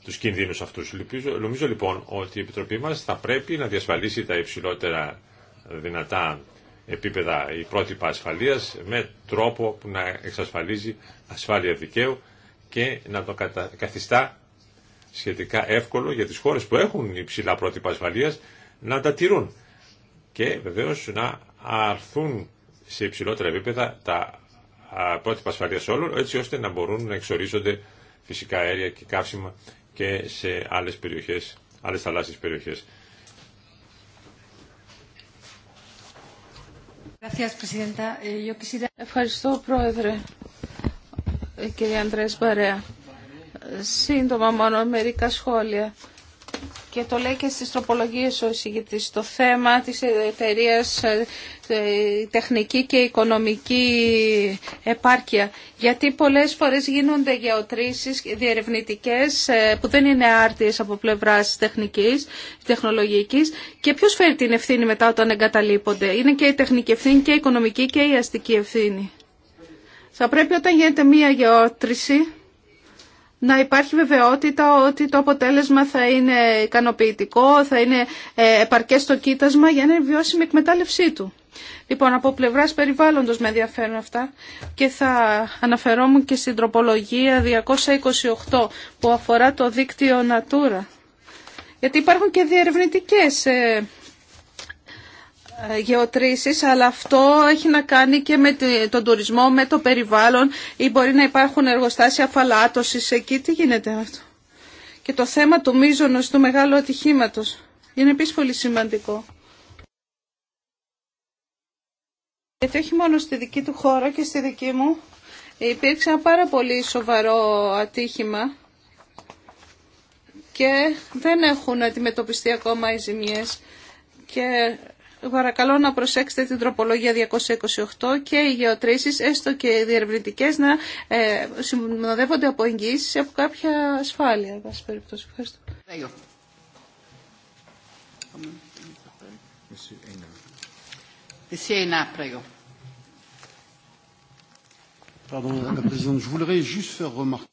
τους κινδύνους αυτούς. Νομίζω, νομίζω λοιπόν ότι η Επιτροπή μας θα πρέπει να διασφαλίσει τα υψηλότερα δυνατά επίπεδα η πρότυπα ασφαλείας με τρόπο που να εξασφαλίζει ασφάλεια δικαίου και να το καθιστά σχετικά εύκολο για τις χώρες που έχουν υψηλά πρότυπα ασφαλείας να τα τηρούν και βεβαίως να αρθούν σε υψηλότερα επίπεδα τα πρότυπα ασφαλείας όλων έτσι ώστε να μπορούν να εξορίζονται φυσικά αέρια και καύσιμα και σε άλλες περιοχές, άλλες θαλάσσιες περιοχές. Eh, Ευχαριστώ, Πρόεδρε, ε, Κύριε Αντρέας Μπαρέα σύντομα μόνο μερικά σχόλια. Και το λέει και στις τροπολογίες ο εισηγητής. Το θέμα της εταιρεία ε, τεχνική και οικονομική επάρκεια. Γιατί πολλές φορές γίνονται γεωτρήσεις διερευνητικές ε, που δεν είναι άρτιες από πλευράς τεχνικής, τεχνολογικής. Και ποιος φέρει την ευθύνη μετά όταν εγκαταλείπονται. Είναι και η τεχνική ευθύνη και η οικονομική και η αστική ευθύνη. Θα πρέπει όταν γίνεται μία γεώτρηση να υπάρχει βεβαιότητα ότι το αποτέλεσμα θα είναι ικανοποιητικό, θα είναι ε, επαρκές στο κοίτασμα για να είναι βιώσιμη εκμετάλλευσή του. Λοιπόν, από πλευράς περιβάλλοντος με ενδιαφέρουν αυτά και θα αναφερόμουν και στην τροπολογία 228 που αφορά το δίκτυο Natura. Γιατί υπάρχουν και διερευνητικές ε, ε, γεωτρήσεις, αλλά αυτό έχει να κάνει και με τον τουρισμό, με το περιβάλλον ή μπορεί να υπάρχουν εργοστάσια αφαλάτωσης εκεί. Τι γίνεται αυτό. Και το θέμα του μείζωνος του μεγάλου ατυχήματος είναι επίσης πολύ σημαντικό. Γιατί όχι μόνο στη δική του χώρα και στη δική μου υπήρξε ένα πάρα πολύ σοβαρό ατύχημα και δεν έχουν αντιμετωπιστεί ακόμα οι ζημιές και παρακαλώ να προσέξετε την τροπολογία 228 και οι γεωτρήσεις, έστω και οι διερευνητικές, να ε, από εγγύσει από κάποια ασφάλεια. Ευχαριστώ.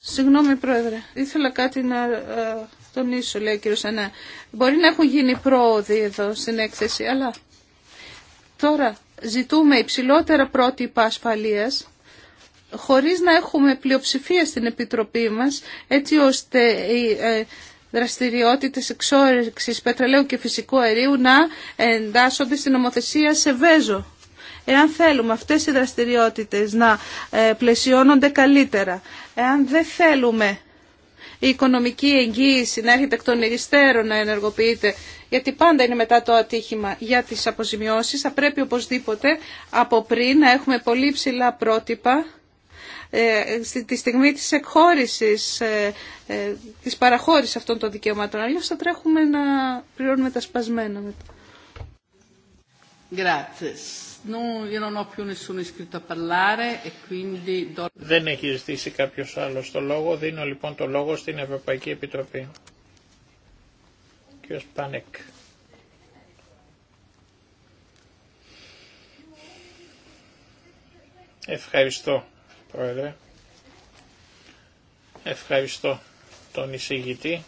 Συγγνώμη, Πρόεδρε. Ήθελα κάτι να ε, τονίσω, λέει ο κύριο Ανά. Μπορεί να έχουν γίνει πρόοδοι εδώ στην έκθεση, αλλά Τώρα ζητούμε υψηλότερα πρότυπα ασφαλείας χωρίς να έχουμε πλειοψηφία στην Επιτροπή μας, έτσι ώστε οι ε, δραστηριότητες εξόρυξης πετρελαίου και φυσικού αερίου να εντάσσονται στην νομοθεσία σε βέζο. Εάν θέλουμε αυτές οι δραστηριότητες να ε, πλαισιώνονται καλύτερα, εάν δεν θέλουμε η οικονομική εγγύηση να έρχεται εκ των να ενεργοποιείται γιατί πάντα είναι μετά το ατύχημα για τις αποζημιώσεις. Θα πρέπει οπωσδήποτε από πριν να έχουμε πολύ ψηλά πρότυπα ε, στη στιγμή της εκχώρησης, ε, ε, της παραχώρησης αυτών των δικαιωμάτων. Αλλιώς θα τρέχουμε να πληρώνουμε τα σπασμένα μετά. E Δεν έχει ζητήσει κάποιος άλλος το λόγο. Δίνω λοιπόν το λόγο στην Ευρωπαϊκή Επιτροπή. Ευχαριστώ, Πρόεδρε. Ευχαριστώ τον εισηγητή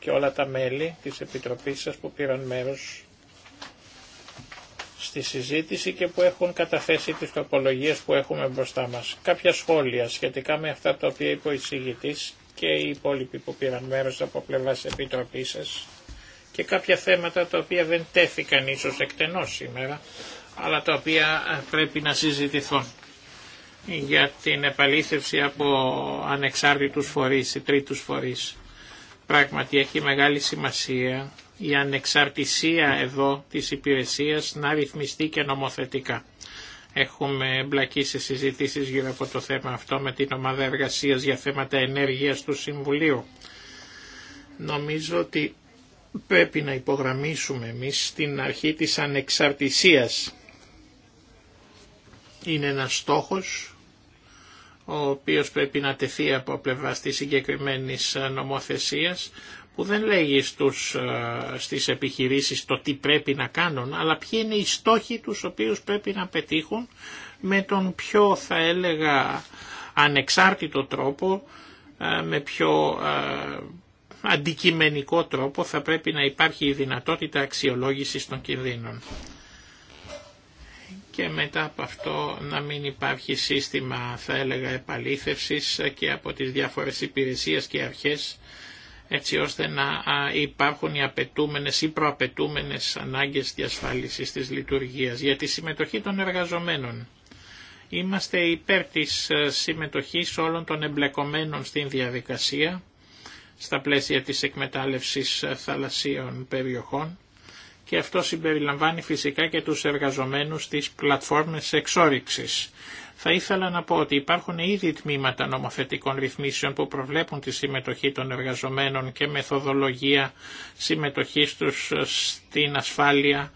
και όλα τα μέλη της Επιτροπής σας που πήραν μέρος στη συζήτηση και που έχουν καταθέσει τις τοπολογίες που έχουμε μπροστά μας. Κάποια σχόλια σχετικά με αυτά τα οποία είπε ο εισηγητής και οι υπόλοιποι που πήραν μέρος από πλευράς Επιτροπής σας και κάποια θέματα τα οποία δεν τέθηκαν ίσως εκτενώς σήμερα, αλλά τα οποία ε, πρέπει να συζητηθούν για την επαλήθευση από ανεξάρτητους φορείς ή τρίτους φορείς. Πράγματι έχει μεγάλη σημασία η ανεξαρτησία εδώ της υπηρεσίας να ρυθμιστεί και νομοθετικά. Έχουμε εμπλακεί σε συζητήσεις γύρω από το θέμα αυτό με την ομάδα εργασίας για θέματα ενέργειας του Συμβουλίου. Νομίζω ότι πρέπει να υπογραμμίσουμε εμείς στην αρχή της ανεξαρτησίας. Είναι ένας στόχος ο οποίος πρέπει να τεθεί από πλευρά της συγκεκριμένη νομοθεσίας που δεν λέγει στους, στις επιχειρήσεις το τι πρέπει να κάνουν αλλά ποιοι είναι οι στόχοι τους οποίους πρέπει να πετύχουν με τον πιο θα έλεγα ανεξάρτητο τρόπο με πιο αντικειμενικό τρόπο θα πρέπει να υπάρχει η δυνατότητα αξιολόγησης των κινδύνων. Και μετά από αυτό να μην υπάρχει σύστημα, θα έλεγα, επαλήθευσης και από τις διάφορες υπηρεσίες και αρχές, έτσι ώστε να υπάρχουν οι απαιτούμενες ή προαπαιτούμενες ανάγκες διασφάλισης της λειτουργίας για τη συμμετοχή των εργαζομένων. Είμαστε υπέρ της ε, συμμετοχής όλων των εμπλεκομένων στην διαδικασία, στα πλαίσια της εκμετάλλευσης θαλασσίων περιοχών και αυτό συμπεριλαμβάνει φυσικά και τους εργαζομένους της πλατφόρμες εξόριξης. Θα ήθελα να πω ότι υπάρχουν ήδη τμήματα νομοθετικών ρυθμίσεων που προβλέπουν τη συμμετοχή των εργαζομένων και μεθοδολογία συμμετοχής τους στην ασφάλεια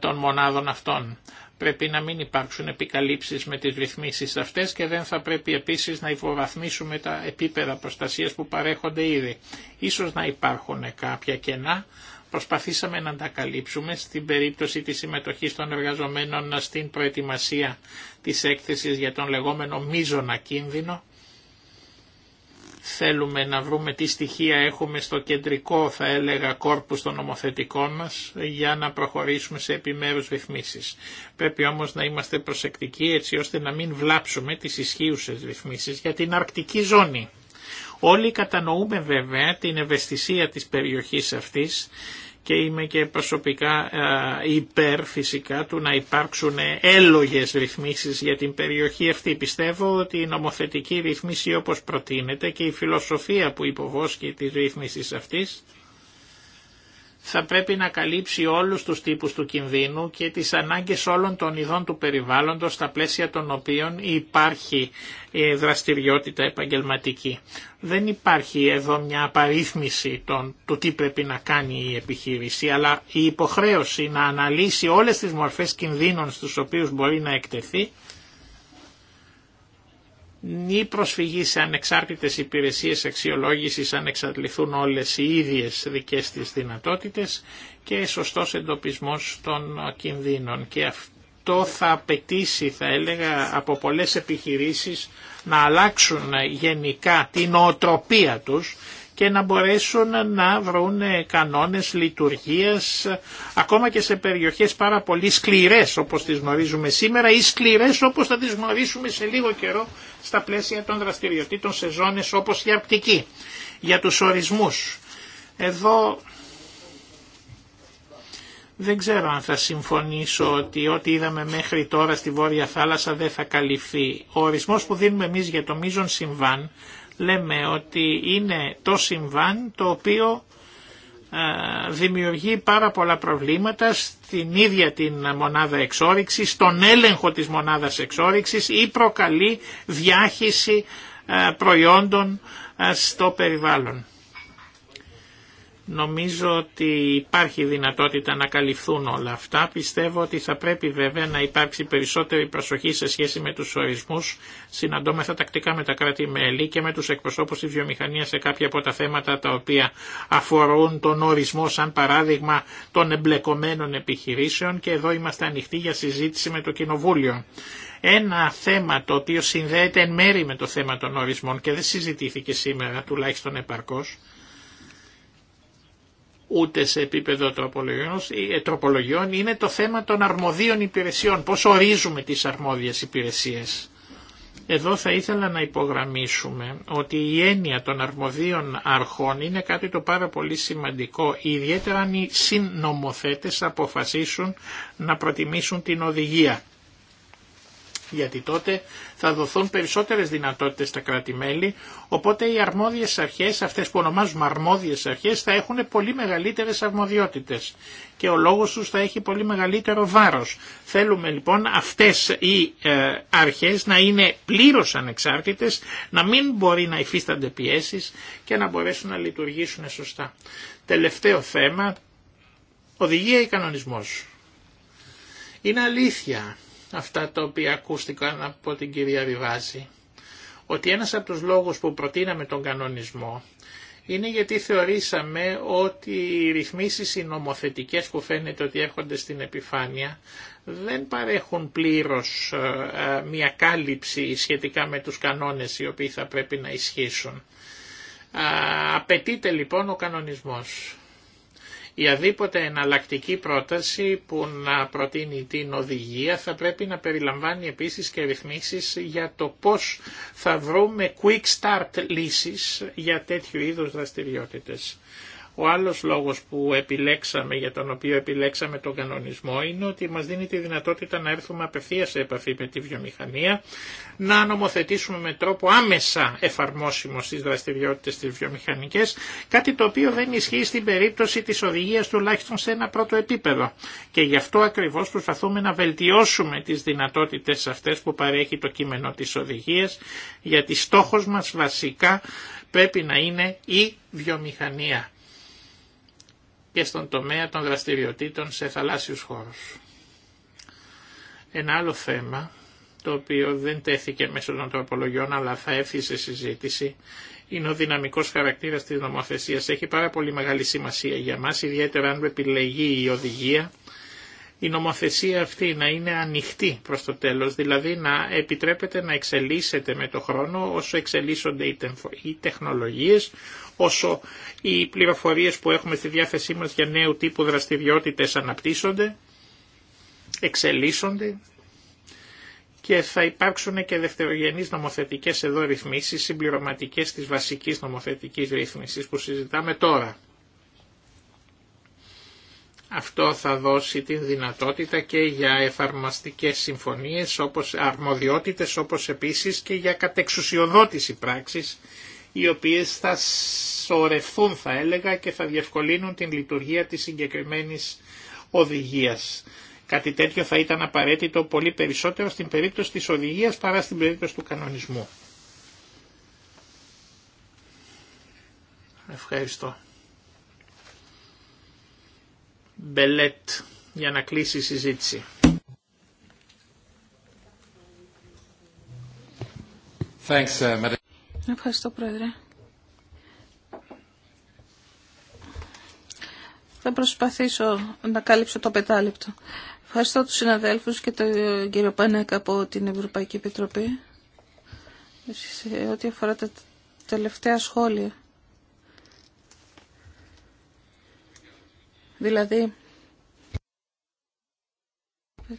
των μονάδων αυτών. Πρέπει να μην υπάρξουν επικαλύψεις με τις ρυθμίσεις αυτές και δεν θα πρέπει επίσης να υποβαθμίσουμε τα επίπεδα προστασίας που παρέχονται ήδη. Ίσως να υπάρχουν κάποια κενά, προσπαθήσαμε να τα καλύψουμε στην περίπτωση της συμμετοχής των εργαζομένων στην προετοιμασία της έκθεσης για τον λεγόμενο μίζονα κίνδυνο θέλουμε να βρούμε τι στοιχεία έχουμε στο κεντρικό θα έλεγα κόρπους των νομοθετικών μας για να προχωρήσουμε σε επιμέρους ρυθμίσεις. Πρέπει όμως να είμαστε προσεκτικοί έτσι ώστε να μην βλάψουμε τις ισχύουσες ρυθμίσεις για την αρκτική ζώνη. Όλοι κατανοούμε βέβαια την ευαισθησία της περιοχής αυτής και είμαι και προσωπικά ε, υπέρ φυσικά του να υπάρξουν έλογες ρυθμίσεις για την περιοχή αυτή. Πιστεύω ότι η νομοθετική ρυθμίση όπως προτείνεται και η φιλοσοφία που υποβόσκει τη ρύθμιση αυτής θα πρέπει να καλύψει όλους τους τύπους του κινδύνου και τις ανάγκες όλων των ειδών του περιβάλλοντος στα πλαίσια των οποίων υπάρχει ε, δραστηριότητα επαγγελματική. Δεν υπάρχει εδώ μια απαρίθμηση των, του τι πρέπει να κάνει η επιχείρηση, αλλά η υποχρέωση να αναλύσει όλες τις μορφές κινδύνων στους οποίους μπορεί να εκτεθεί η προσφυγή σε ανεξάρτητες υπηρεσίες αξιολόγησης αν εξατληθούν όλες οι ίδιες δικές της δυνατότητες και σωστός εντοπισμός των κινδύνων. Και αυτό θα απαιτήσει, θα έλεγα, από πολλές επιχειρήσεις να αλλάξουν γενικά την οτροπία τους και να μπορέσουν να βρουν κανόνες λειτουργίας ακόμα και σε περιοχές πάρα πολύ σκληρές όπως τις γνωρίζουμε σήμερα ή σκληρές όπως θα τις γνωρίσουμε σε λίγο καιρό στα πλαίσια των δραστηριοτήτων σε ζώνες όπως η Αρκτική. Για τους ορισμούς. Εδώ δεν ξέρω αν θα συμφωνήσω ότι ό,τι είδαμε μέχρι τώρα στη Βόρεια Θάλασσα δεν θα καλυφθεί. Ο ορισμός που δίνουμε εμείς για το μείζον συμβάν λέμε ότι είναι το συμβάν το οποίο ε, δημιουργεί πάρα πολλά προβλήματα στην ίδια την μονάδα εξόριξης, στον έλεγχο της μονάδας εξόριξης ή προκαλεί διάχυση ε, προϊόντων ε, στο περιβάλλον. Νομίζω ότι υπάρχει δυνατότητα να καλυφθούν όλα αυτά. Πιστεύω ότι θα πρέπει βέβαια να υπάρξει περισσότερη προσοχή σε σχέση με τους ορισμούς. Συναντώμεθα τακτικά με τα κράτη-μέλη και με τους εκπροσώπους της βιομηχανίας σε κάποια από τα θέματα τα οποία αφορούν τον ορισμό σαν παράδειγμα των εμπλεκομένων επιχειρήσεων και εδώ είμαστε ανοιχτοί για συζήτηση με το Κοινοβούλιο. Ένα θέμα το οποίο συνδέεται εν μέρη με το θέμα των ορισμών και δεν συζητήθηκε σήμερα τουλάχιστον επαρκώς ούτε σε επίπεδο ε, τροπολογιών είναι το θέμα των αρμοδίων υπηρεσιών. Πώς ορίζουμε τις αρμόδιες υπηρεσίες. Εδώ θα ήθελα να υπογραμμίσουμε ότι η έννοια των αρμοδίων αρχών είναι κάτι το πάρα πολύ σημαντικό, ιδιαίτερα αν οι συνομοθέτες αποφασίσουν να προτιμήσουν την οδηγία γιατί τότε θα δοθούν περισσότερες δυνατότητες στα κράτη-μέλη, οπότε οι αρμόδιες αρχές, αυτές που ονομάζουμε αρμόδιες αρχές, θα έχουν πολύ μεγαλύτερες αρμοδιότητες και ο λόγος τους θα έχει πολύ μεγαλύτερο βάρος. Θέλουμε λοιπόν αυτές οι ε, αρχές να είναι πλήρως ανεξάρτητες, να μην μπορεί να υφίστανται πιέσεις και να μπορέσουν να λειτουργήσουν σωστά. Τελευταίο θέμα, οδηγία ή κανονισμός. Είναι αλήθεια αυτά τα οποία ακούστηκαν από την κυρία Ριβάζη, ότι ένας από τους λόγους που προτείναμε τον κανονισμό είναι γιατί θεωρήσαμε ότι οι ρυθμίσεις οι νομοθετικές που φαίνεται ότι έρχονται στην επιφάνεια δεν παρέχουν πλήρως ε, ε, μια κάλυψη σχετικά με τους κανόνες οι οποίοι θα πρέπει να ισχύσουν. Απαιτείται λοιπόν ο κανονισμός. Η αδίποτε εναλλακτική πρόταση που να προτείνει την οδηγία θα πρέπει να περιλαμβάνει επίσης και ρυθμίσεις για το πώς θα βρούμε quick start λύσεις για τέτοιου είδους δραστηριότητες. Ο άλλος λόγος που επιλέξαμε, για τον οποίο επιλέξαμε τον κανονισμό, είναι ότι μας δίνει τη δυνατότητα να έρθουμε απευθεία σε επαφή με τη βιομηχανία, να νομοθετήσουμε με τρόπο άμεσα εφαρμόσιμο στις δραστηριότητες της βιομηχανικές, κάτι το οποίο δεν ισχύει στην περίπτωση της οδηγίας τουλάχιστον σε ένα πρώτο επίπεδο. Και γι' αυτό ακριβώς προσπαθούμε να βελτιώσουμε τις δυνατότητες αυτές που παρέχει το κείμενο της οδηγίας, γιατί στόχος μας βασικά πρέπει να είναι η βιομηχανία και στον τομέα των δραστηριοτήτων σε θαλάσσιους χώρους. Ένα άλλο θέμα, το οποίο δεν τέθηκε μέσω των τροπολογιών αλλά θα έρθει σε συζήτηση, είναι ο δυναμικός χαρακτήρας της νομοθεσίας. Έχει πάρα πολύ μεγάλη σημασία για μας, ιδιαίτερα αν επιλεγεί η οδηγία η νομοθεσία αυτή να είναι ανοιχτή προς το τέλος, δηλαδή να επιτρέπεται να εξελίσσεται με το χρόνο όσο εξελίσσονται οι τεχνολογίες, όσο οι πληροφορίες που έχουμε στη διάθεσή μας για νέου τύπου δραστηριότητες αναπτύσσονται, εξελίσσονται και θα υπάρξουν και δευτερογενείς νομοθετικές εδώ ρυθμίσεις συμπληρωματικές της βασικής νομοθετικής ρύθμισης που συζητάμε τώρα. Αυτό θα δώσει την δυνατότητα και για εφαρμαστικές συμφωνίες, όπως, αρμοδιότητες, όπως επίσης και για κατεξουσιοδότηση πράξης, οι οποίες θα σωρευθούν θα έλεγα και θα διευκολύνουν την λειτουργία της συγκεκριμένης οδηγίας. Κάτι τέτοιο θα ήταν απαραίτητο πολύ περισσότερο στην περίπτωση της οδηγίας παρά στην περίπτωση του κανονισμού. Ευχαριστώ. Μπελέτ για να κλείσει η συζήτηση. Thanks, uh, Ευχαριστώ Πρόεδρε. Θα προσπαθήσω να κάλυψω το πετάλεπτο. Ευχαριστώ τους συναδέλφους και τον κύριο Πανέκα από την Ευρωπαϊκή Επιτροπή σε ό,τι αφορά τα τελευταία σχόλια δηλαδή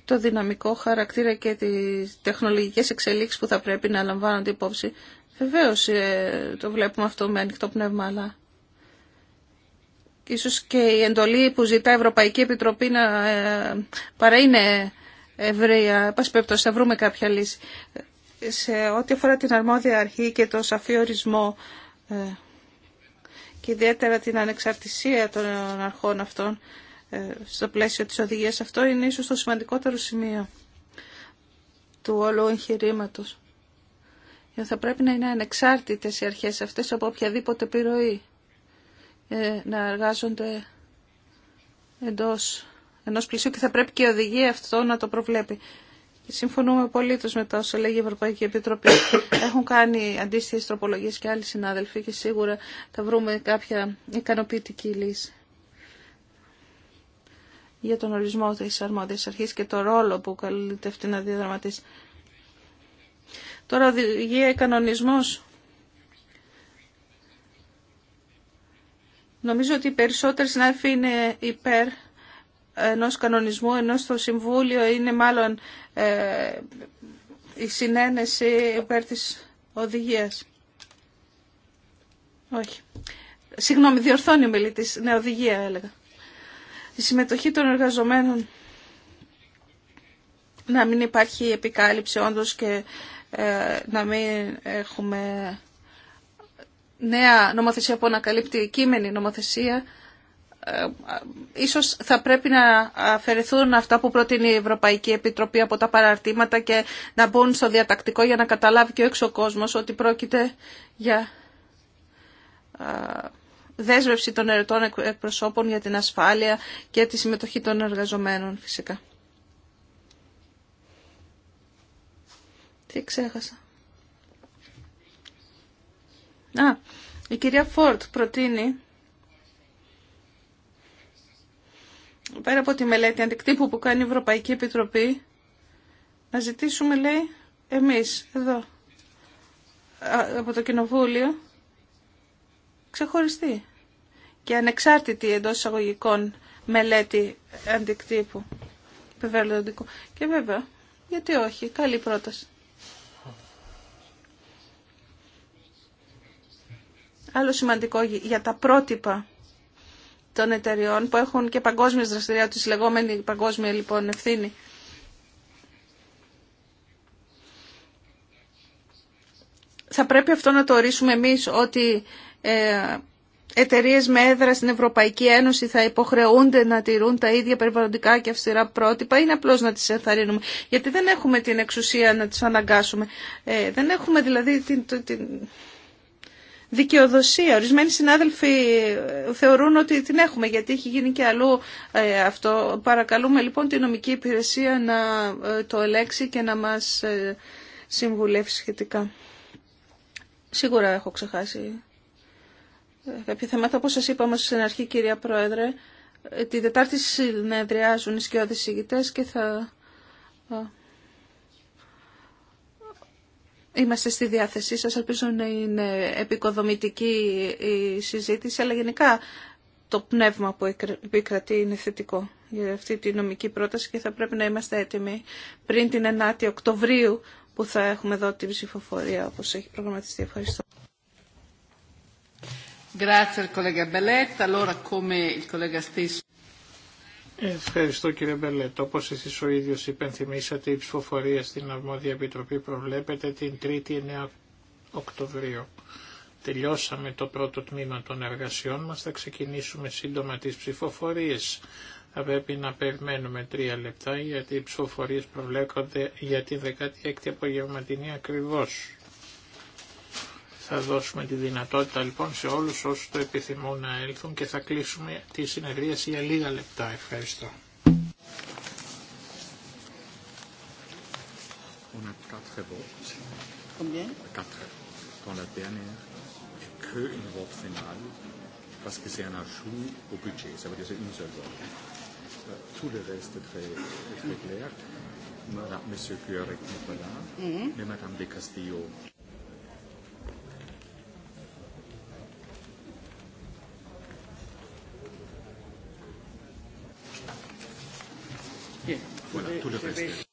το δυναμικό χαρακτήρα και τις τεχνολογικές εξελίξεις που θα πρέπει να λαμβάνονται υπόψη. Βεβαίως ε, το βλέπουμε αυτό με ανοιχτό πνεύμα, αλλά ίσως και η εντολή που ζητά η Ευρωπαϊκή Επιτροπή να ε, ευρεία. Πας θα βρούμε κάποια λύση. Σε ό,τι αφορά την αρμόδια αρχή και το σαφή ορισμό ε, και ιδιαίτερα την ανεξαρτησία των αρχών αυτών ε, στο πλαίσιο της οδηγίας. Αυτό είναι ίσως το σημαντικότερο σημείο του όλου εγχειρήματο. Ε, θα πρέπει να είναι ανεξάρτητες οι αρχές αυτές από οποιαδήποτε επιρροή ε, να εργάζονται εντός ενός πλησίου και θα πρέπει και η οδηγία αυτό να το προβλέπει. Συμφωνούμε πολύ με τα όσα λέγει η Ευρωπαϊκή Επιτροπή. Έχουν κάνει αντίστοιχε τροπολογίε και άλλοι συνάδελφοι και σίγουρα θα βρούμε κάποια ικανοποιητική λύση για τον ορισμό τη αρμόδια αρχή και το ρόλο που καλείται αυτή να διαδραματίσει. Τώρα οδηγία κανονισμό. Νομίζω ότι οι περισσότεροι συνάδελφοι είναι υπέρ ενός κανονισμού, ενώ στο Συμβούλιο είναι μάλλον ε, η συνένεση υπέρ της οδηγίας. Όχι. Συγγνώμη, διορθώνει ο μιλητής. Ναι, οδηγία έλεγα. Η συμμετοχή των εργαζομένων να μην υπάρχει επικάλυψη όντως και ε, να μην έχουμε νέα νομοθεσία που ανακαλύπτει κείμενη νομοθεσία ε, ε, ε, ίσως θα πρέπει να αφαιρεθούν αυτά που προτείνει η Ευρωπαϊκή Επιτροπή από τα παραρτήματα και να μπουν στο διατακτικό για να καταλάβει και ο έξω κόσμος ότι πρόκειται για δέσμευση των ερετών εκπροσώπων για την ασφάλεια και τη συμμετοχή των εργαζομένων φυσικά. Τι ξέχασα. Α, η κυρία Φόρτ προτείνει πέρα από τη μελέτη αντικτύπου που κάνει η Ευρωπαϊκή Επιτροπή, να ζητήσουμε, λέει, εμείς, εδώ, από το Κοινοβούλιο, ξεχωριστή και ανεξάρτητη εντός εισαγωγικών μελέτη αντικτύπου Και βέβαια, γιατί όχι, καλή πρόταση. Άλλο σημαντικό για τα πρότυπα των εταιριών που έχουν και παγκόσμιες δραστηριότητες, λεγόμενη παγκόσμια λοιπόν ευθύνη. Θα πρέπει αυτό να το ορίσουμε εμείς ότι ε, εταιρείε με έδρα στην Ευρωπαϊκή Ένωση θα υποχρεούνται να τηρούν τα ίδια περιβαλλοντικά και αυστηρά πρότυπα ή απλώ να τι ενθαρρύνουμε. Γιατί δεν έχουμε την εξουσία να τι αναγκάσουμε. Ε, δεν έχουμε δηλαδή την, την, δικαιοδοσία. Ορισμένοι συνάδελφοι ε, θεωρούν ότι την έχουμε γιατί έχει γίνει και αλλού ε, αυτό. Παρακαλούμε λοιπόν την νομική υπηρεσία να ε, το ελέξει και να μας συμβουλεύσει σχετικά. Σίγουρα έχω ξεχάσει κάποια θέματα. Όπως σας είπαμε στην αρχή κυρία Πρόεδρε, Τη Δετάρτη συνεδριάζουν οι σκιώδεις και θα Είμαστε στη διάθεσή σας, ελπίζω να είναι επικοδομητική η συζήτηση, αλλά γενικά το πνεύμα που επικρατεί είναι θετικό για αυτή τη νομική πρόταση και θα πρέπει να είμαστε έτοιμοι πριν την 9η Οκτωβρίου που θα έχουμε εδώ την ψηφοφορία όπως έχει προγραμματιστεί. Ευχαριστώ. Ευχαριστώ κύριε Μπελέτ. Όπως εσείς ο ίδιο υπενθυμίσατε η ψηφοφορία στην Αρμόδια Επιτροπή προβλέπεται την 3η 9 Οκτωβρίου. Τελειώσαμε το πρώτο τμήμα των εργασιών μας, θα ξεκινήσουμε σύντομα τις ψηφοφορίες. Θα πρέπει να περιμένουμε τρία λεπτά γιατί οι ψηφοφορίες προβλέπονται για την 16η απογευματινή ακριβώς. Θα δώσουμε τη δυνατότητα λοιπόν σε όλους όσους το επιθυμούν να έλθουν και θα κλείσουμε τη συνεδρίαση για λίγα λεπτά. Ευχαριστώ. On a quatre Combien Dans la que Voilà, tout le reste.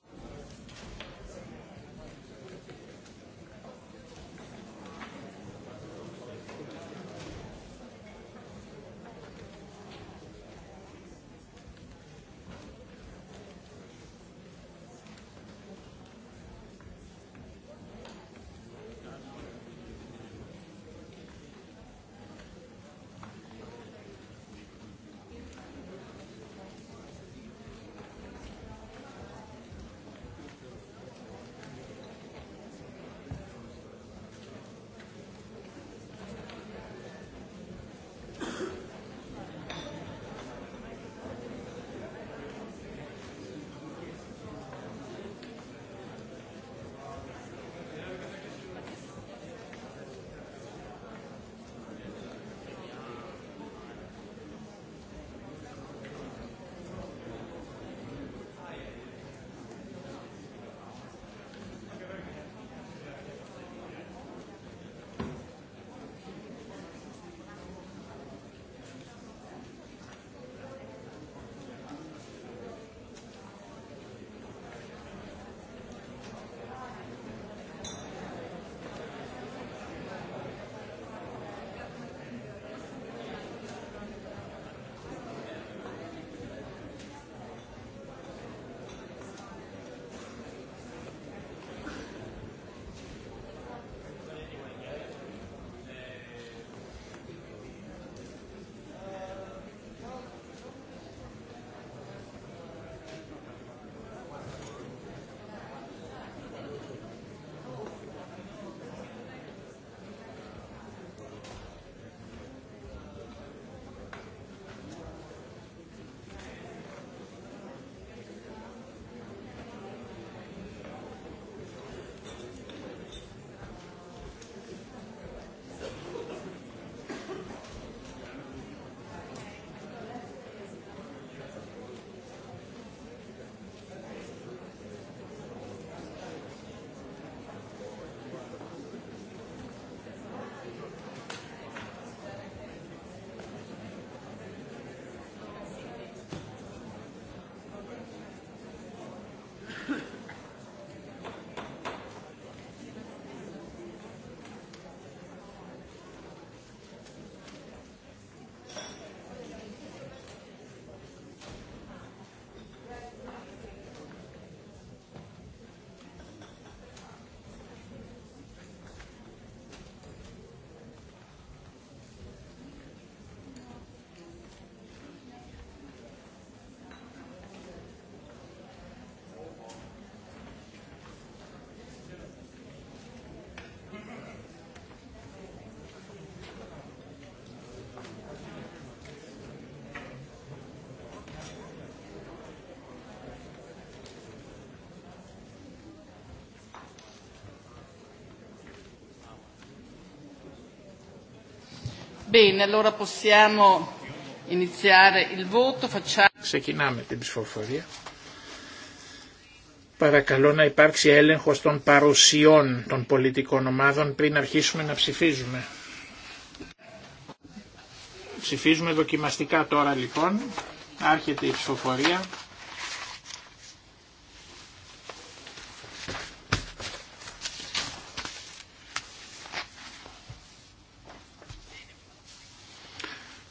Bene, allora possiamo iniziare il voto. Facciamo... Ξεκινάμε την ψηφοφορία. Παρακαλώ να υπάρξει έλεγχο των παρουσιών των πολιτικών ομάδων πριν αρχίσουμε να ψηφίζουμε. Ψηφίζουμε δοκιμαστικά τώρα λοιπόν. Άρχεται η ψηφοφορία.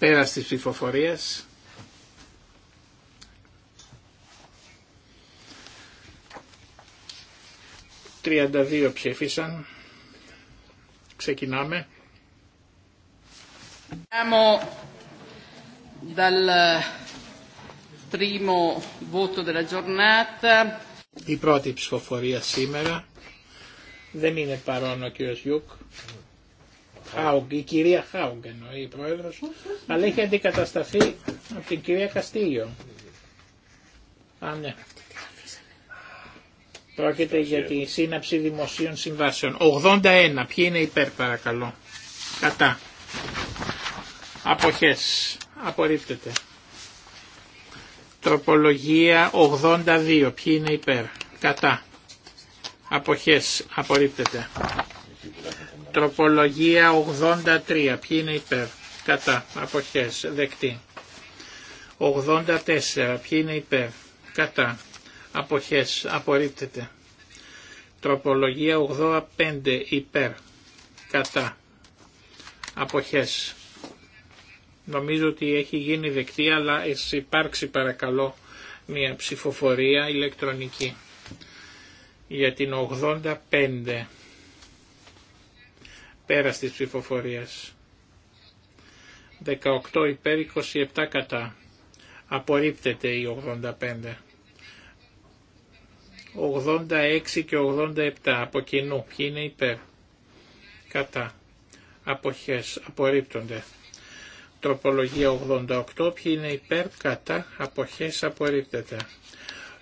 Πέρας της ψηφοφορίας. Τριάντα δύο ψήφισαν. Ξεκινάμε. Eh, Η πρώτη ψηφοφορία σήμερα δεν είναι παρόν ο κ. Γιούκ. Χάουγκ, η κυρία Χάουγκ εννοεί η πρόεδρο, αλλά έχει αντικατασταθεί από την κυρία Καστίγιο. Α, ναι. Πρόκειται για τη σύναψη δημοσίων συμβάσεων. 81. Ποιοι είναι υπέρ παρακαλώ. Κατά. Αποχέ. Απορρίπτεται. Τροπολογία 82. Ποιοι είναι υπέρ. Κατά. Αποχές. Απορρίπτεται. Τροπολογία 83. Ποιοι είναι υπέρ. Κατά. Αποχές. Δεκτή. 84. Ποιοι είναι υπέρ. Κατά. Αποχές. Απορρίπτεται. Τροπολογία 85. Υπέρ. Κατά. Αποχές. Νομίζω ότι έχει γίνει δεκτή αλλά υπάρξει παρακαλώ μια ψηφοφορία ηλεκτρονική για την 85. Πέρα της ψηφοφορίας. 18 υπέρ 27 κατά. Απορρίπτεται η 85. 86 και 87 από κοινού. Ποιοι είναι υπέρ. Κατά. Αποχές. Απορρίπτονται. Τροπολογία 88. Ποιοι είναι υπέρ. Κατά. Αποχές. Απορρίπτεται.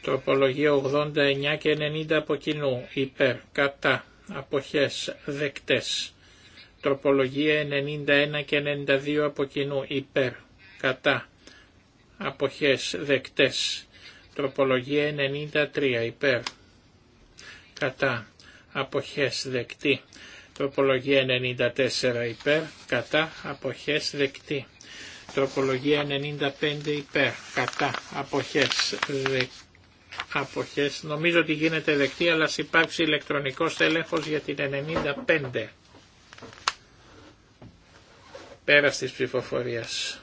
Τροπολογία 89 και 90 από κοινού. Υπέρ. Κατά. Αποχές. Δεκτές. Τροπολογία 91 και 92 από κοινού υπέρ, κατά, αποχές δεκτές. Τροπολογία 93 υπέρ, κατά, αποχές δεκτή. Τροπολογία 94 υπέρ, κατά, αποχές δεκτή. Τροπολογία 95 υπέρ, κατά, αποχές δεκτή αποχές. Νομίζω ότι γίνεται δεκτή, αλλά υπάρξει ηλεκτρονικός έλεγχος για την 95. Πέρας της ψηφοφορίας.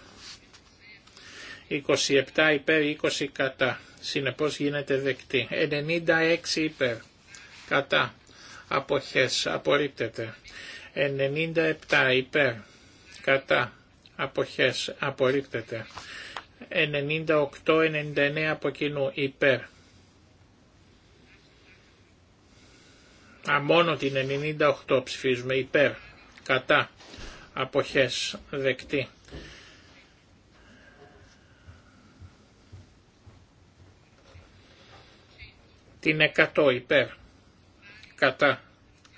27 υπέρ, 20 κατά. Συνεπώς γίνεται δεκτή. 96 υπέρ. Κατά. Αποχές. Απορρίπτεται. 97 υπέρ. Κατά. Αποχές. Απορρίπτεται. 98-99 από κοινού. Υπέρ. Α, μόνο την 98 ψηφίζουμε. Υπέρ. Κατά αποχές δεκτή. Την 100 υπέρ, κατά,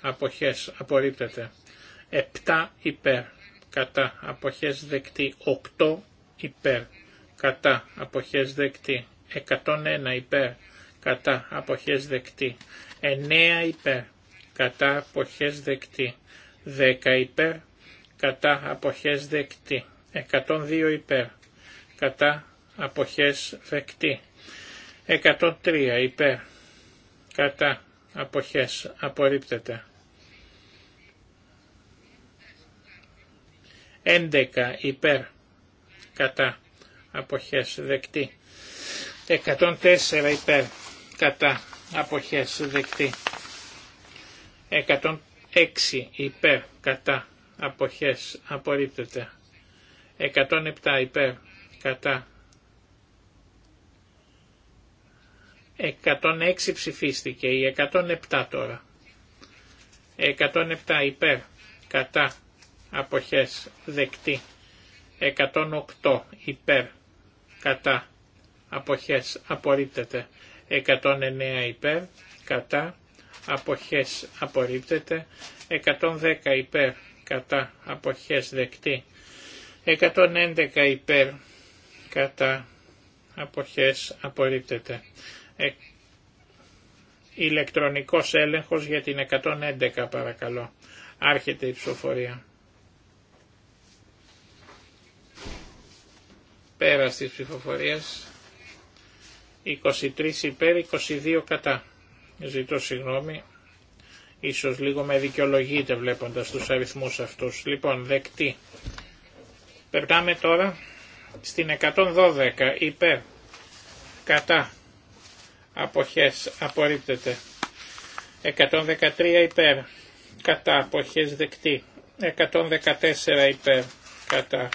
αποχές απορρίπτεται. 7 υπέρ, κατά, αποχές δεκτή. 8 υπέρ, κατά, αποχές δεκτή. 101 υπέρ, κατά, αποχές δεκτή. 9 υπέρ, κατά, αποχές δεκτή. 10 υπέρ, κατά αποχές δεκτή. 102 υπέρ κατά αποχές δεκτή. 103 υπέρ κατά αποχές απορρίπτεται. 11 υπέρ κατά αποχές δεκτή. 104 υπέρ κατά αποχές δεκτή. 106 υπέρ κατά αποχές απορρίπτεται 107 υπέρ κατά 106 ψηφίστηκε η 107 τώρα 107 υπέρ κατά αποχές δεκτή 108 υπέρ κατά αποχές απορρίπτεται 109 υπέρ κατά αποχές απορρίπτεται 110 υπέρ κατά αποχές δεκτή. 111 υπέρ κατά αποχές απορρίπτεται. Ε, ηλεκτρονικός έλεγχος για την 111 παρακαλώ. Άρχεται η ψηφοφορία. Πέρα της ψηφοφορίας. 23 υπέρ, 22 κατά. Ζητώ συγγνώμη, Ίσως λίγο με δικαιολογείτε βλέποντας τους αριθμούς αυτούς. Λοιπόν, δεκτή. Περνάμε τώρα στην 112 υπέρ κατά αποχές απορρίπτεται. 113 υπέρ κατά αποχές δεκτή. 114 υπέρ κατά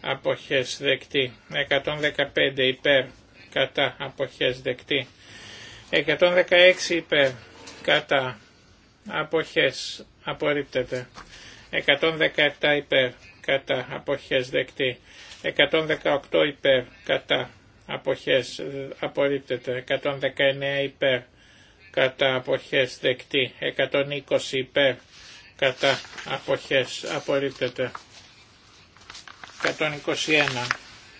αποχές δεκτή. 115 υπέρ κατά αποχές δεκτή. 116 υπέρ κατά αποχές απορρίπτεται 117 υπέρ κατά αποχές δεκτή 118 υπέρ κατά αποχές απορρίπτεται 119 υπέρ κατά αποχές δεκτή 120 υπέρ κατά αποχές απορρίπτεται 121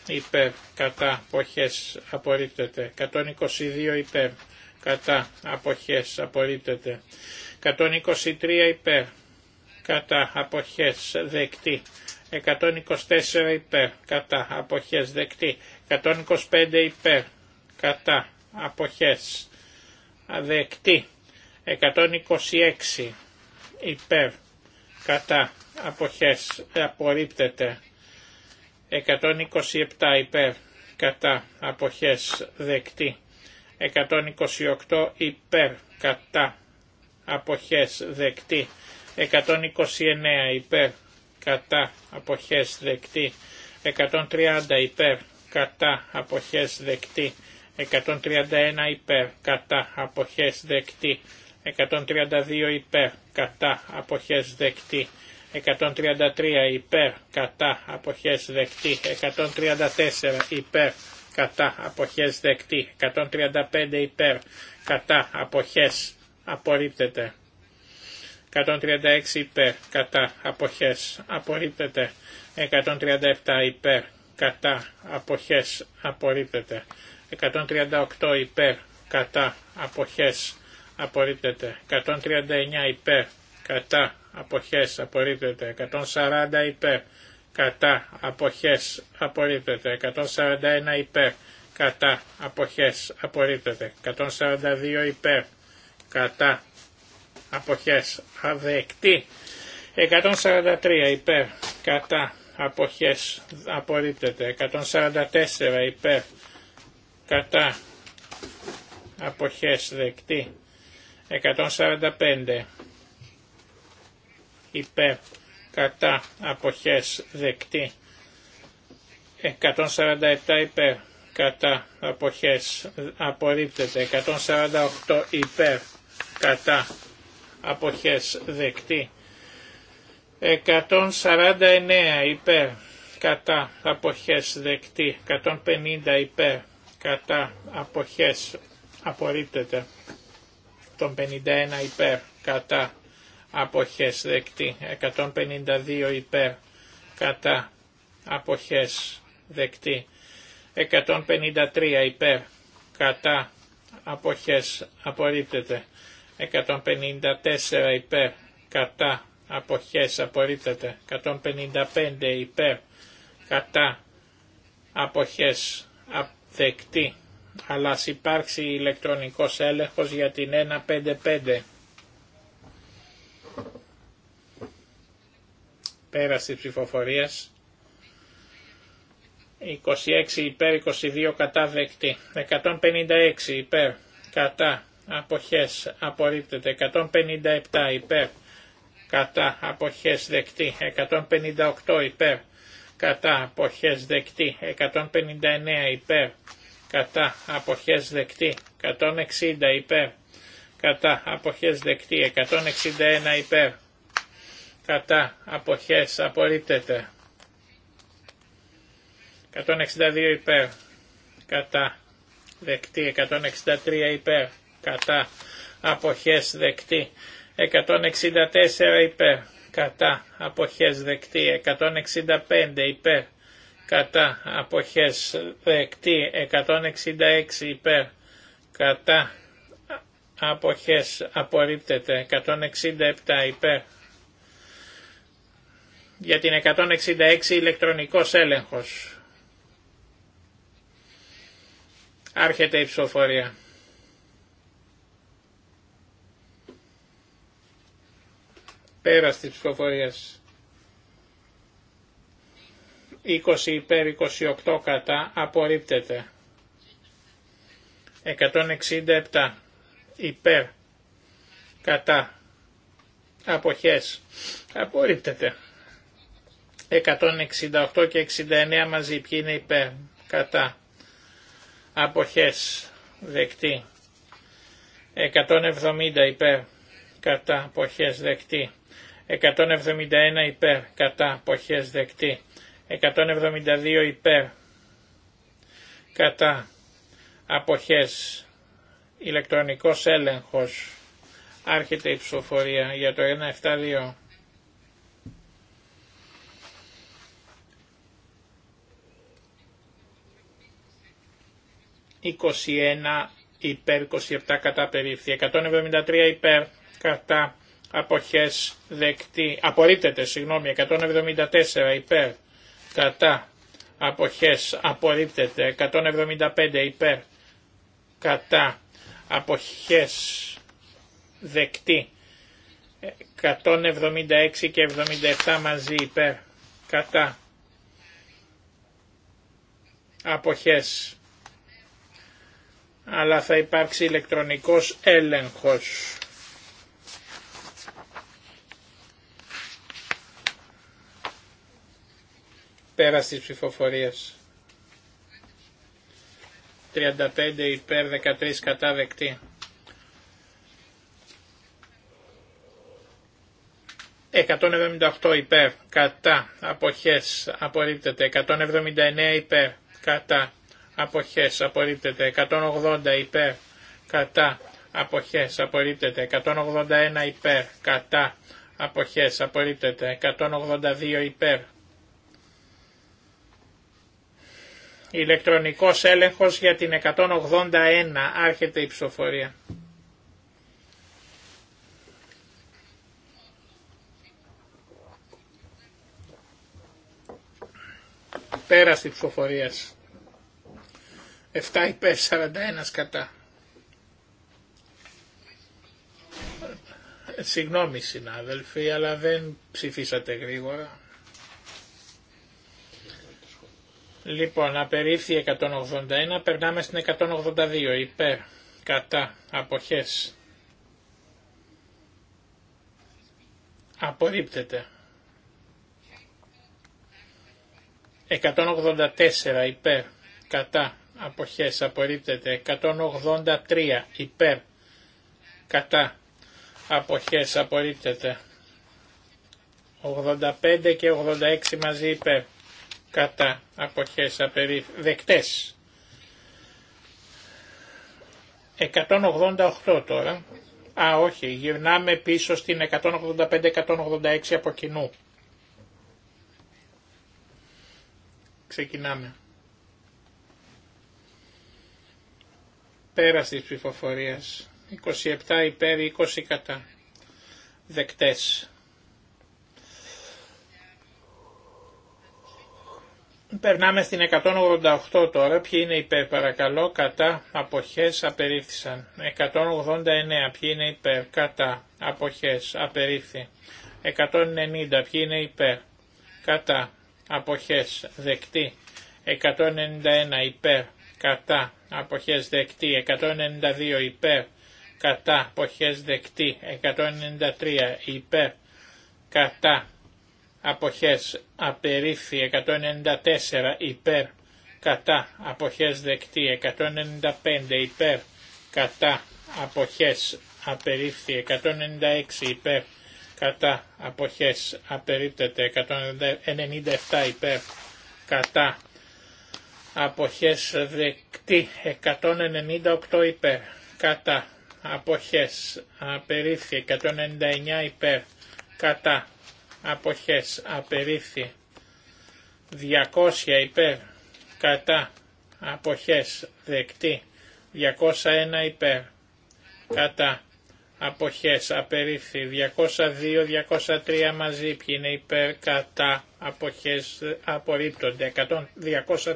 υπέρ κατά αποχές απορρίπτεται 122 υπέρ κατά αποχές απορρίπτεται 123 υπέρ, κατά αποχές δεκτή. 124 υπέρ, κατά αποχές δεκτή. 125 υπέρ, κατά αποχές δεκτή. 126 υπέρ, κατά αποχές απορρίπτεται. 127 υπέρ, κατά αποχές δεκτή. 128 υπέρ, κατά αποχές δεκτή 129 υπέρ κατά αποχές δεκτή 130 υπέρ κατά αποχές δεκτή 131 υπέρ κατά αποχές δεκτή 132 υπέρ κατά αποχές δεκτή 133 υπέρ κατά αποχές δεκτή 134 υπέρ κατά αποχές δεκτή 135 υπέρ κατά αποχές απορρίπτεται. 136 υπέρ, κατά, αποχές, απορρίπτεται. 137 υπέρ, κατά, αποχές, απορρίπτεται. 138 υπέρ, κατά, αποχές, απορρίπτεται. 139 υπέρ, κατά, αποχές, απορρίπτεται. 140 υπέρ, κατά, αποχές, απορρίπτεται. 141 υπέρ, κατά, αποχές, απορρίπτεται. 142 υπέρ, κατά αποχές αδεκτή 143 υπέρ κατά αποχές απορρίπτεται 144 υπέρ κατά αποχές δεκτή 145 υπέρ κατά αποχές δεκτή 147 υπέρ κατά αποχές απορρίπτεται 148 υπέρ κατά αποχές δεκτή 149 υπέρ κατά αποχές δεκτή 150 υπέρ κατά αποχές απορρίπτεται 151 51 υπέρ κατά αποχές δεκτή 152 υπέρ κατά αποχές δεκτή 153 υπέρ κατά αποχές απορρίπτεται 154 υπέρ κατά αποχές απορρίπτεται 155 υπέρ κατά αποχές απδεκτή αλλά ας υπάρξει ηλεκτρονικός έλεγχος για την 155 πέραση ψηφοφορίας 26 υπέρ, 22 κατά δεκτή. 156 υπέρ, κατά, αποχές, απορρίπτεται. 157 υπέρ, κατά, αποχές, δεκτή. 158 υπέρ, κατά, αποχές, δεκτή. 159 υπέρ, κατά, αποχές, δεκτή. 160 υπέρ, κατά, αποχές, δεκτή. 161 υπέρ, κατά, αποχές, απορρίπτεται. 162 υπέρ κατά δεκτή 163 υπέρ κατά αποχές δεκτή 164 υπέρ κατά αποχές δεκτή 165 υπέρ κατά αποχές δεκτή 166 υπέρ κατά αποχές απορρίπτεται 167 υπέρ για την 166 ηλεκτρονικός έλεγχος Άρχεται η ψηφοφορία. Πέρα τη ψηφοφορία. 20 υπέρ 28 κατά απορρίπτεται. 167 υπέρ κατά αποχές απορρίπτεται. 168 και 69 μαζί ποιοι είναι υπέρ κατά αποχές δεκτή 170 υπέρ κατά αποχές δεκτή 171 υπέρ κατά αποχές δεκτή 172 υπέρ κατά αποχές ηλεκτρονικός έλεγχος άρχεται η ψηφοφορία για το 172 21 υπέρ 27 κατά περίφθη, 173 υπέρ κατά αποχές δεκτή, απορρίπτεται συγγνώμη, 174 υπέρ κατά αποχές απορρίπτεται, 175 υπέρ κατά αποχές δεκτή, 176 και 77 μαζί υπέρ κατά αποχές αλλά θα υπάρξει ηλεκτρονικός έλεγχος. Πέρα της ψηφοφορίας. 35 υπέρ 13 κατά δεκτή. 178 υπέρ, κατά, αποχές, απορρίπτεται, 179 υπέρ, κατά, αποχές απορρίπτεται 180 υπέρ κατά αποχές απορρίπτεται 181 υπέρ κατά αποχές απορρίπτεται 182 υπέρ ηλεκτρονικός έλεγχος για την 181 άρχεται η ψηφοφορία Πέραση ψηφοφορία 7 υπέρ 41 κατά. Συγγνώμη συνάδελφοι, αλλά δεν ψηφίσατε γρήγορα. Λοιπόν, απερίφθη 181, περνάμε στην 182, υπέρ, κατά, αποχές. Απορρίπτεται. 184, υπέρ, κατά, αποχές απορρίπτεται 183 υπέρ κατά αποχές απορρίπτεται 85 και 86 μαζί υπέρ κατά αποχές απερίπτεται δεκτές 188 τώρα α όχι γυρνάμε πίσω στην 185-186 από κοινού ξεκινάμε Πέρας της ψηφοφορίας. 27 υπέρ, 20 κατά. Δεκτές. Περνάμε στην 188 τώρα. Ποιοι είναι υπέρ παρακαλώ, κατά, αποχές, απερίφθησαν. 189. Ποιοι είναι υπέρ, κατά, αποχές, απερίφθη. 190. Ποιοι είναι υπέρ, κατά, αποχές, δεκτή. 191. Υπέρ, κατά αποχές δεκτή, 192 υπέρ κατά αποχές δεκτή, 193 υπέρ κατά αποχές απερίφθη, 194 υπέρ κατά αποχές δεκτή, 195 υπέρ κατά αποχές απερίφθη, 196 υπέρ κατά αποχές απερίπτεται, 197 υπέρ κατά αποχές δεκτή 198 υπέρ κατά αποχές απερίφθη 199 υπέρ κατά αποχές απερίφθη 200 υπέρ κατά αποχές δεκτή 201 υπέρ κατά αποχές απερίφθη 202-203 μαζί ποιοι είναι υπέρ κατά αποχές απορρίπτονται 204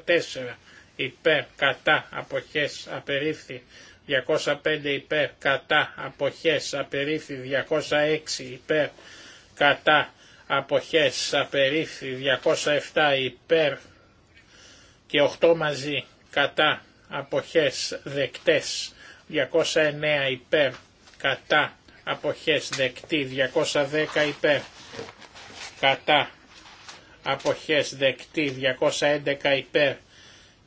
υπέρ κατά αποχές απερίφθη 205 υπέρ κατά αποχές απερίφθη 206 υπέρ κατά αποχές απερίφθη 207 υπέρ και 8 μαζί κατά αποχές δεκτές 209 υπέρ κατά αποχές δεκτή 210 υπέρ κατά αποχές δεκτή 211 υπέρ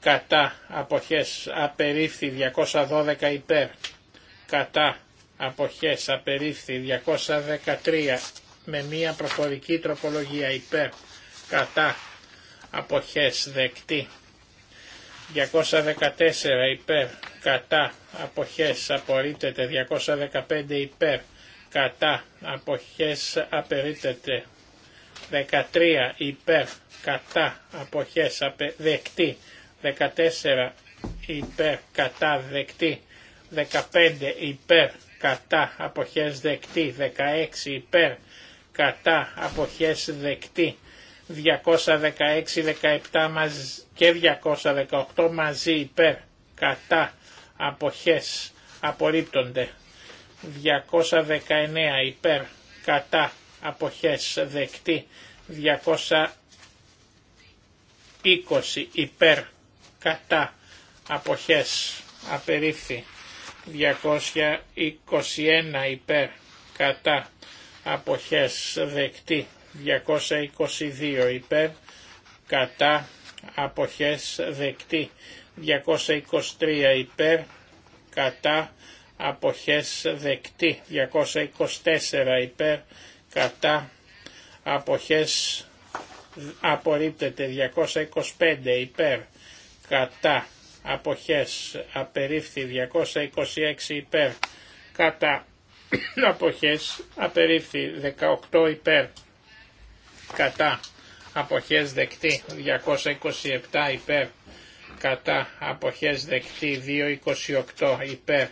κατά αποχές απερίφθη 212 υπέρ κατά αποχές απερίφθη 213 με μία προφορική τροπολογία υπέρ κατά αποχές δεκτή 214 υπέρ κατά αποχές απορρίπτεται 215 υπέρ κατά αποχές απερίπτεται 13 υπέρ κατά αποχές απε, δεκτή 14 υπέρ κατά δεκτή 15 υπέρ κατά αποχές δεκτή 16 υπέρ κατά αποχές δεκτή 216-17 και 218 μαζί υπέρ κατά αποχές απορρίπτονται 219 υπέρ κατά αποχές δεκτή 220 υπέρ κατά αποχές απερίφθη 221 υπέρ κατά αποχές δεκτή 222 υπέρ κατά αποχές δεκτή 223 υπέρ κατά αποχές δεκτή 224 υπέρ κατά αποχές απορρίπτεται 225 υπέρ κατά αποχές απερίφθη 226 υπέρ κατά αποχές απερίφθη 18 υπέρ κατά αποχές δεκτή 227 υπέρ κατά αποχές δεκτή 2.28 υπέρ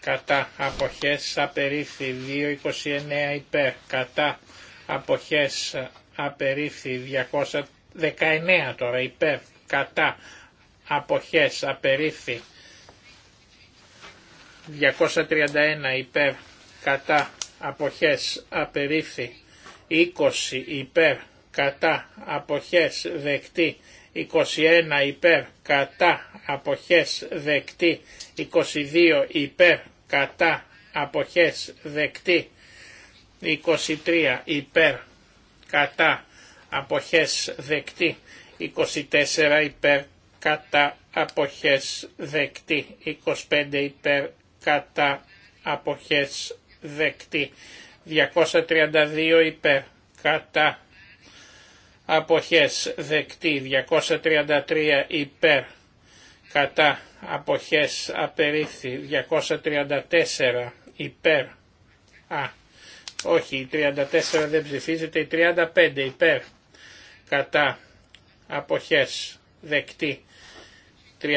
κατά αποχές απερίφθη 2.29 υπέρ κατά αποχές απερίφθη 219 τώρα υπέρ κατά αποχές απερίφθη 231 υπέρ κατά αποχές απερίφθη 20 υπέρ κατά αποχές δεκτή 21 υπέρ κατά αποχές δεκτή, 22 υπέρ κατά αποχές δεκτή, 23 υπέρ κατά αποχές δεκτή, 24 υπέρ κατά αποχές δεκτή, 25 υπέρ κατά αποχές δεκτή, 232 υπέρ κατά αποχές δεκτή 233 υπέρ κατά αποχές απερίφθη 234 υπέρ α όχι η 34 δεν ψηφίζεται η 35 υπέρ κατά αποχές δεκτή 36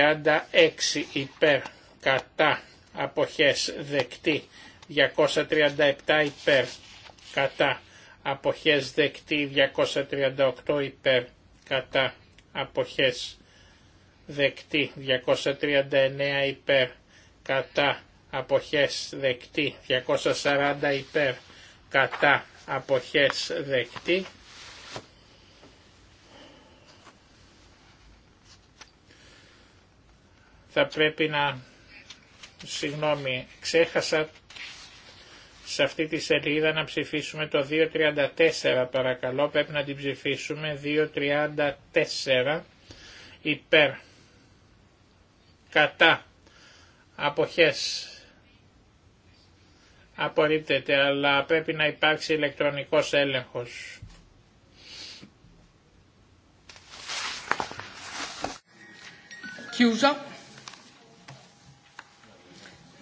υπέρ κατά αποχές δεκτή 237 υπέρ κατά αποχές δεκτή 238 υπέρ κατά αποχές δεκτή 239 υπέρ κατά αποχές δεκτή 240 υπέρ κατά αποχές δεκτή θα πρέπει να συγγνώμη ξέχασα σε αυτή τη σελίδα να ψηφίσουμε το 2.34 παρακαλώ, πρέπει να την ψηφίσουμε 2.34 υπέρ, κατά, αποχές, απορρίπτεται αλλά πρέπει να υπάρξει ηλεκτρονικός έλεγχος. Κιούζα 23-24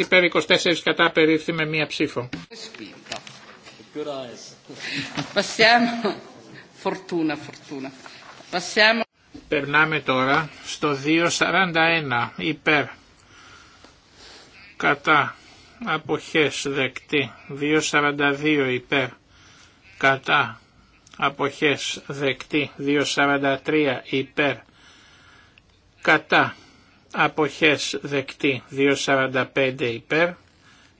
υπέρ 24 κατά περίφθη με μία ψήφο. Περνάμε τώρα στο 2.41 υπέρ κατά αποχές δεκτή 2.42 υπέρ κατά αποχές δεκτή 2.43 υπέρ κατά αποχές δεκτή 2.45 υπέρ,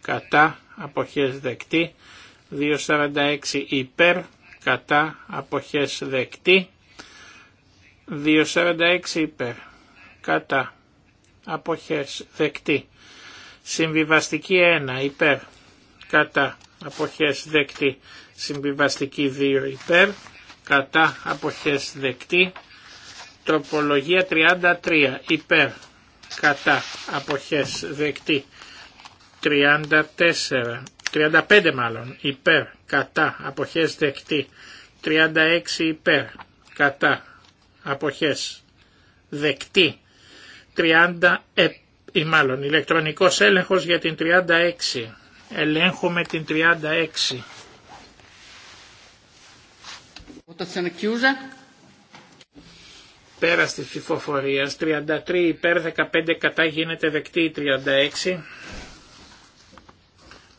κατά αποχές δεκτή 2.46 υπέρ, κατά αποχές δεκτή 2.46 υπέρ, κατά αποχές δεκτή συμβιβαστική 1 υπέρ, κατά αποχές δεκτή συμβιβαστική 2 υπέρ, κατά αποχές δεκτή Τροπολογία 33 υπέρ κατά αποχές δεκτή. 34, 35 μάλλον υπέρ κατά αποχές δεκτή. 36 υπέρ κατά αποχές δεκτή. 30 ε, μάλλον ηλεκτρονικός έλεγχος για την 36. Ελέγχουμε την 36. Votazione chiusa. Πέρα της ψηφοφορίας, 33 υπέρ, 15 κατά γίνεται δεκτή 36.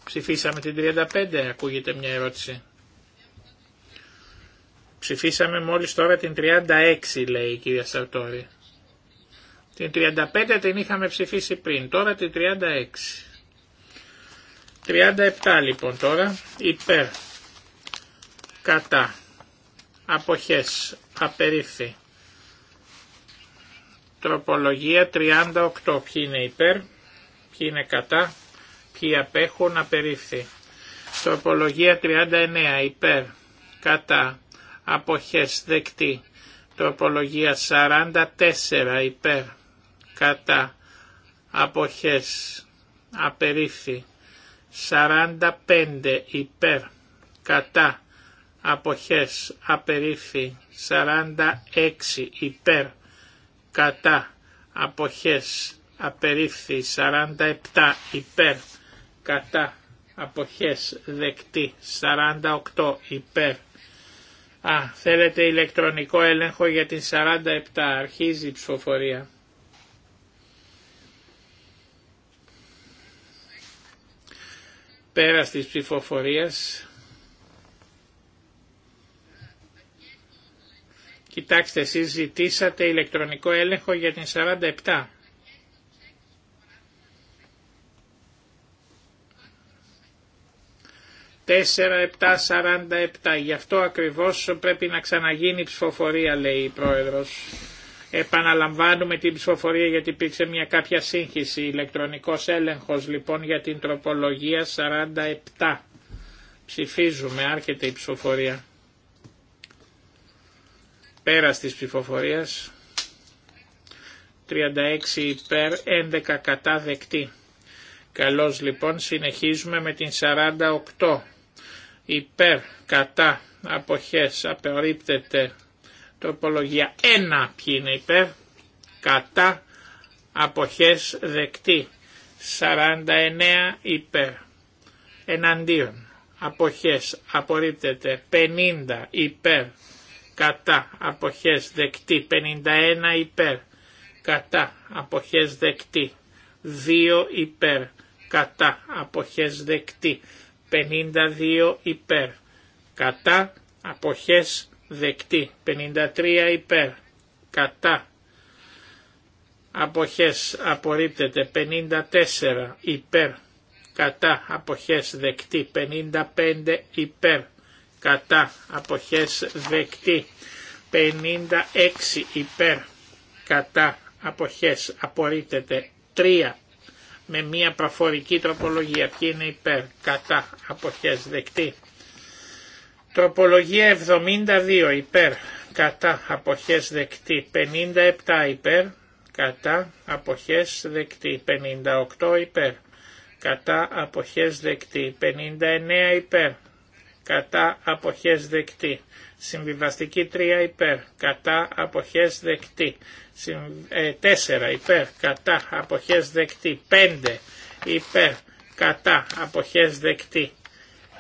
Ψηφίσαμε την 35, ακούγεται μια ερώτηση. Ψηφίσαμε μόλις τώρα την 36, λέει η κυρία Σαρτόρη. Την 35 την είχαμε ψηφίσει πριν, τώρα την 36. 37 λοιπόν τώρα, υπέρ, κατά, αποχές, απερίφθη. Τροπολογία 38. Ποιοι είναι υπέρ, ποιοι είναι κατά, ποιοι απέχουν απερίφθη. Τροπολογία 39. Υπέρ, κατά, αποχές δεκτή. Τροπολογία 44. Υπέρ, κατά, αποχές απερίφθη. 45. Υπέρ, κατά, αποχές απερίφθη. 46. Υπέρ, κατά αποχές απερίφθη 47 υπέρ κατά αποχές δεκτή 48 υπέρ Α, θέλετε ηλεκτρονικό έλεγχο για την 47, αρχίζει η ψηφοφορία. Πέρας της ψηφοφορίας Κοιτάξτε, εσείς ζητήσατε ηλεκτρονικό έλεγχο για την 47. 4, 7, 47. Γι' αυτό ακριβώς πρέπει να ξαναγίνει η ψηφοφορία λέει η Πρόεδρος. Επαναλαμβάνουμε την ψηφοφορία γιατί υπήρξε μια κάποια σύγχυση. Ηλεκτρονικός έλεγχος λοιπόν για την τροπολογία 47. Ψηφίζουμε, άρχεται η ψηφοφορία. Πέρας της ψηφοφορίας 36 υπέρ 11 κατά δεκτή. Καλώς λοιπόν συνεχίζουμε με την 48 υπέρ κατά αποχές απορρίπτεται τοπολογία. 1 ποιοι είναι υπέρ κατά αποχές δεκτή 49 υπέρ εναντίον αποχές απορρίπτεται 50 υπέρ κατά αποχές δεκτή, 51 υπέρ, κατά αποχές δεκτή, 2 υπέρ, κατά αποχές δεκτή, 52 υπέρ, κατά αποχές δεκτή, 53 υπέρ, κατά αποχές απορρίπτεται, 54 υπέρ, κατά αποχές δεκτή, 55 υπέρ, κατά αποχές δεκτή 56 υπέρ κατά αποχές απορρίτεται 3 με μια προφορική τροπολογία ποιοι είναι υπέρ κατά αποχές δεκτή τροπολογία 72 υπέρ κατά αποχές δεκτή 57 υπέρ κατά αποχές δεκτή 58 υπέρ κατά αποχές δεκτή 59 υπέρ κατά αποχές δεκτή. Συμβιβαστική 3 υπέρ, κατά αποχές δεκτή. 4 ε, υπέρ, κατά αποχές δεκτή. 5 υπέρ, κατά αποχές δεκτή.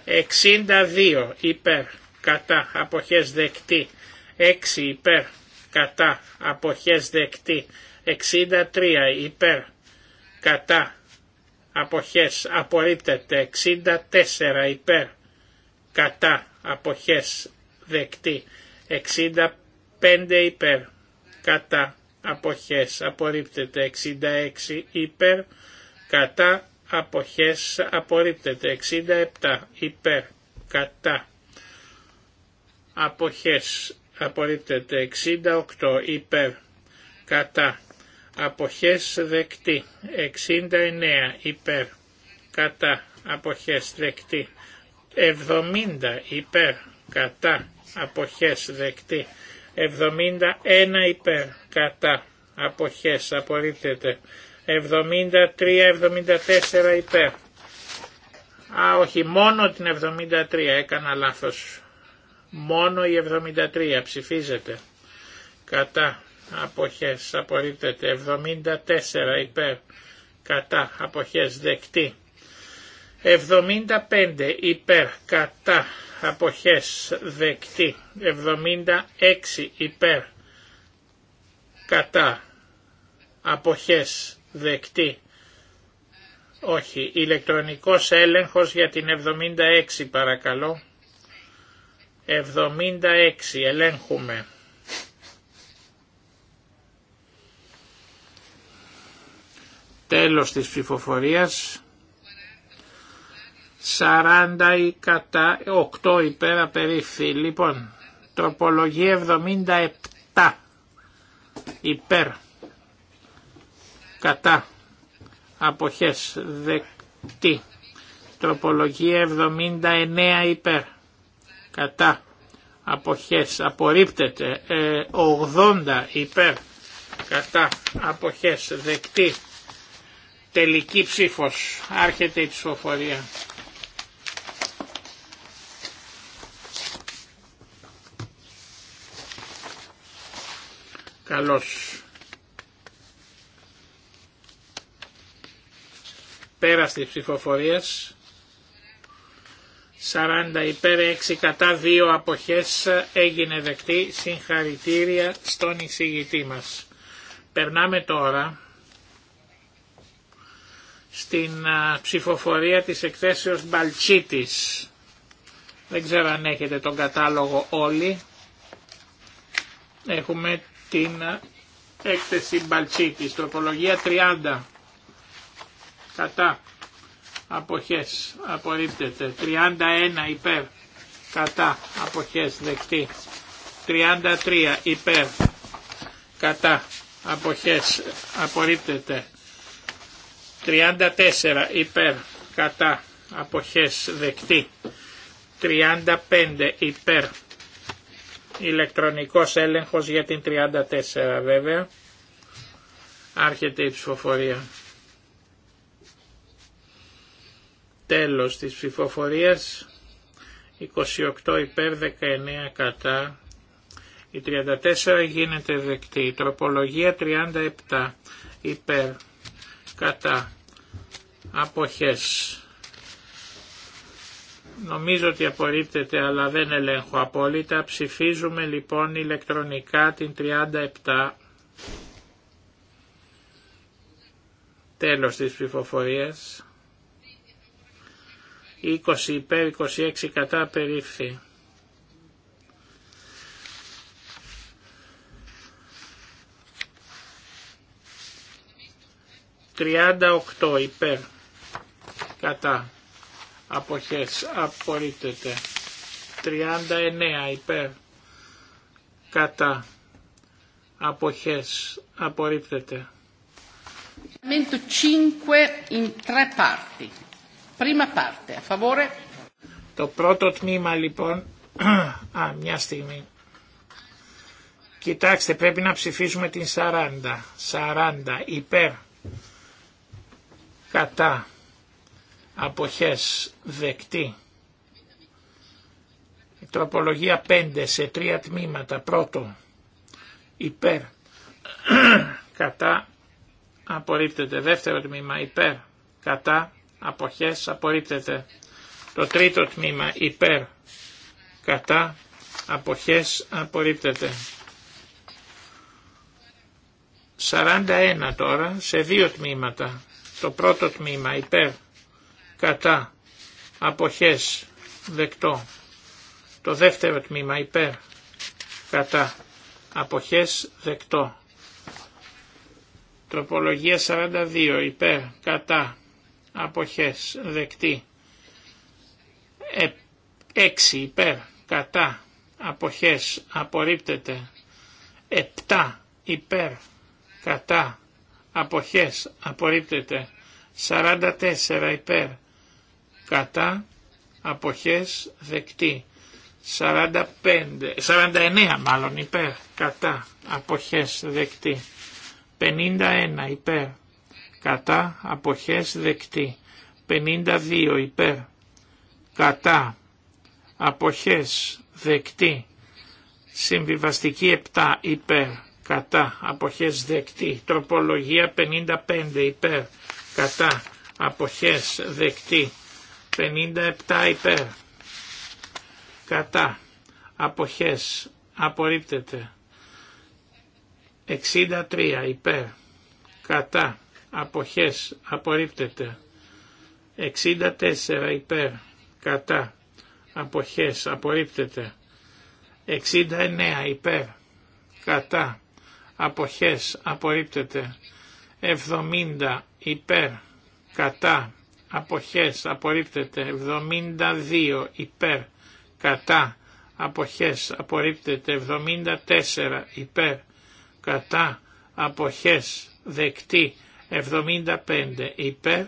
62 υπέρ, κατά αποχές δεκτή. 6 υπέρ, κατά αποχές δεκτή. 63 υπέρ, κατά αποχές απορρίπτεται. 64 υπέρ, κατά αποχές δεκτή 65 υπέρ κατά αποχές απορρίπτεται 66 υπέρ κατά αποχές απορρίπτεται 67 υπέρ κατά αποχές απορρίπτεται 68 υπέρ κατά αποχές δεκτή 69 υπέρ κατά αποχές δεκτή 70 υπέρ κατά αποχές δεκτή 71 υπέρ κατά αποχές απορρίπτεται 73-74 υπέρ Α, όχι, μόνο την 73, έκανα λάθος. Μόνο η 73 ψηφίζεται. Κατά αποχές απορρίπτεται. 74 υπέρ. Κατά αποχές δεκτή. 75 υπέρ κατά αποχές δεκτή 76 υπέρ κατά αποχές δεκτή όχι ηλεκτρονικός έλεγχος για την 76 παρακαλώ 76 ελέγχουμε τέλος της ψηφοφορίας 40 ή κατά 8 υπέρ απερίφθη. Λοιπόν, τροπολογία 77 υπέρ κατά αποχές δεκτή. Τροπολογία 79 υπέρ κατά αποχές απορρίπτεται. 80 ε, υπέρ κατά αποχές δεκτή. Τελική ψήφος. Άρχεται ψηφοφορία. καλός. Πέρα της ψηφοφορίας. 40 υπέρ 6 κατά 2 αποχές έγινε δεκτή. Συγχαρητήρια στον εισηγητή μας. Περνάμε τώρα στην ψηφοφορία της εκθέσεως Μπαλτσίτης. Δεν ξέρω αν έχετε τον κατάλογο όλοι. Έχουμε την έκθεση Μπαλτσίτης, τροπολογία 30, κατά, αποχές, απορρίπτεται, 31 υπέρ, κατά, αποχές, δεκτή, 33 υπέρ, κατά, αποχές, απορρίπτεται, 34 υπέρ, κατά, αποχές, δεκτή, 35 υπέρ, Ηλεκτρονικός έλεγχος για την 34 βέβαια. Άρχεται η ψηφοφορία. Τέλος της ψηφοφορίας. 28 υπέρ 19 κατά. Η 34 γίνεται δεκτή. Η τροπολογία 37 υπέρ κατά αποχές Νομίζω ότι απορρίπτεται αλλά δεν ελέγχω απόλυτα. Ψηφίζουμε λοιπόν ηλεκτρονικά την 37. Τέλος της ψηφοφορίας. 20 υπέρ 26 κατά περίφθη. Τριάντα οκτώ υπέρ κατά αποχές απορρίπτεται 39 υπέρ κατά αποχές απορρίπτεται 5 in tre parti. Prima parte, a favore. Το πρώτο τμήμα λοιπόν, α μια στιγμή. Κοιτάξτε πρέπει να ψηφίσουμε την 40. 40 υπέρ κατά αποχές δεκτή. Τροπολογία 5 σε τρία τμήματα. Πρώτο, υπέρ, κατά, απορρίπτεται. Δεύτερο τμήμα, υπέρ, κατά, αποχές, απορρίπτεται. Το τρίτο τμήμα, υπέρ, κατά, αποχές, απορρίπτεται. 41 τώρα, σε δύο τμήματα. Το πρώτο τμήμα, υπέρ, κατά αποχές δεκτό. Το δεύτερο τμήμα υπέρ κατά αποχές δεκτό. Τροπολογία 42 υπέρ κατά αποχές δεκτή. 6 ε, υπέρ κατά αποχές απορρίπτεται. 7 υπέρ κατά αποχές απορρίπτεται. 44 υπέρ κατά αποχές δεκτή. 45, 49 μάλλον υπέρ, κατά, αποχές δεκτή. 51 υπέρ, κατά, αποχές δεκτή. 52 υπέρ, κατά, αποχές δεκτή. Συμβιβαστική 7 υπέρ, κατά, αποχές δεκτή. Τροπολογία 55 υπέρ, κατά, αποχές δεκτή. 57 υπέρ. Κατά. Αποχές. Απορρίπτεται. 63 υπέρ. Κατά. Αποχές. Απορρίπτεται. 64 υπέρ. Κατά. Αποχές. Απορρίπτεται. 69 υπέρ. Κατά. Αποχές. Απορρίπτεται. 70 υπέρ. Κατά αποχές απορρίπτεται 72 υπέρ κατά αποχές απορρίπτεται 74 υπέρ κατά αποχές δεκτή 75 υπέρ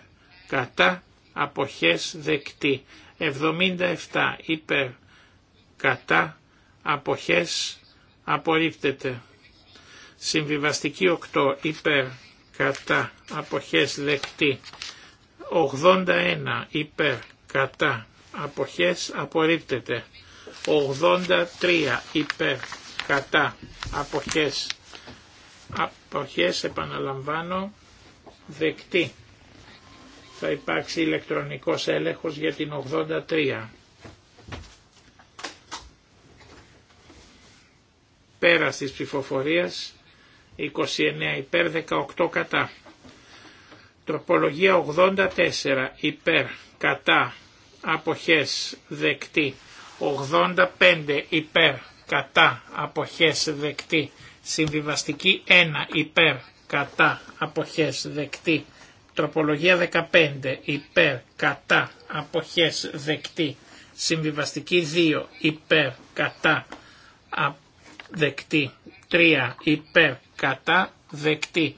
κατά αποχές δεκτή 77 υπέρ κατά αποχές απορρίπτεται συμβιβαστική 8 υπέρ κατά αποχές δεκτή 81 υπέρ κατά αποχές απορρίπτεται. 83 υπέρ κατά αποχές αποχές επαναλαμβάνω δεκτή. Θα υπάρξει ηλεκτρονικός έλεγχος για την 83. πέρα της ψηφοφορίας 29 υπέρ 18 κατά. Τροπολογία 84 υπέρ κατά αποχές δεκτή. 85 υπέρ κατά αποχές δεκτή. Συμβιβαστική 1 υπέρ κατά αποχές δεκτή. Τροπολογία 15 υπέρ κατά αποχές δεκτή. Συμβιβαστική 2 υπέρ κατά δεκτή. 3 υπέρ κατά δεκτή.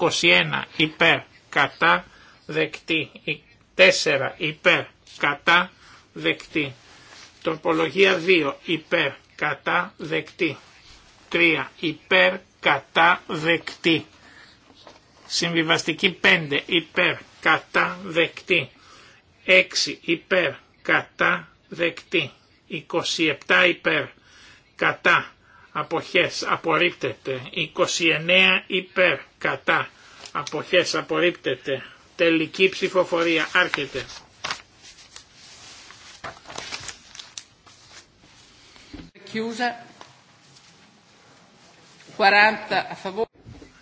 21 υπέρ κατά δεκτή. 4 υπέρ κατά δεκτή. Τροπολογία 2 υπέρ κατά δεκτή. 3 υπέρ κατά δεκτή. Συμβιβαστική 5 υπέρ κατά δεκτή. 6 υπέρ κατά δεκτή. 27 υπέρ κατά αποχές απορρίπτεται. 29 υπέρ κατά Αποχές απορρίπτεται. Τελική ψηφοφορία άρχεται.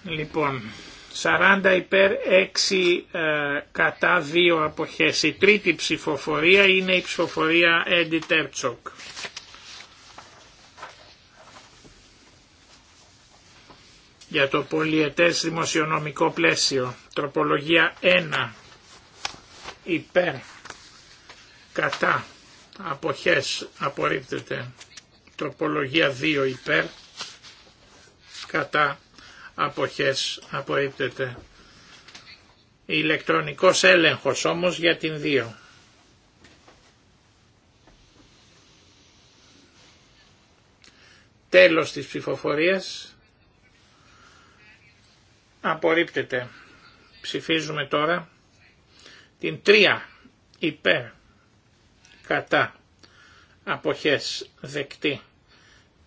Λοιπόν, 40 υπέρ 6 ε, κατά 2 αποχές. Η τρίτη ψηφοφορία είναι η ψηφοφορία Έντι Τέρτσοκ. για το πολιετές δημοσιονομικό πλαίσιο. Τροπολογία 1 υπέρ κατά αποχές απορρίπτεται. Τροπολογία 2 υπέρ κατά αποχές απορρίπτεται. Ηλεκτρονικός έλεγχος όμως για την 2. Τέλος της ψηφοφορίας Απορρίπτεται. Ψηφίζουμε τώρα την 3 υπέρ κατά αποχές δεκτή.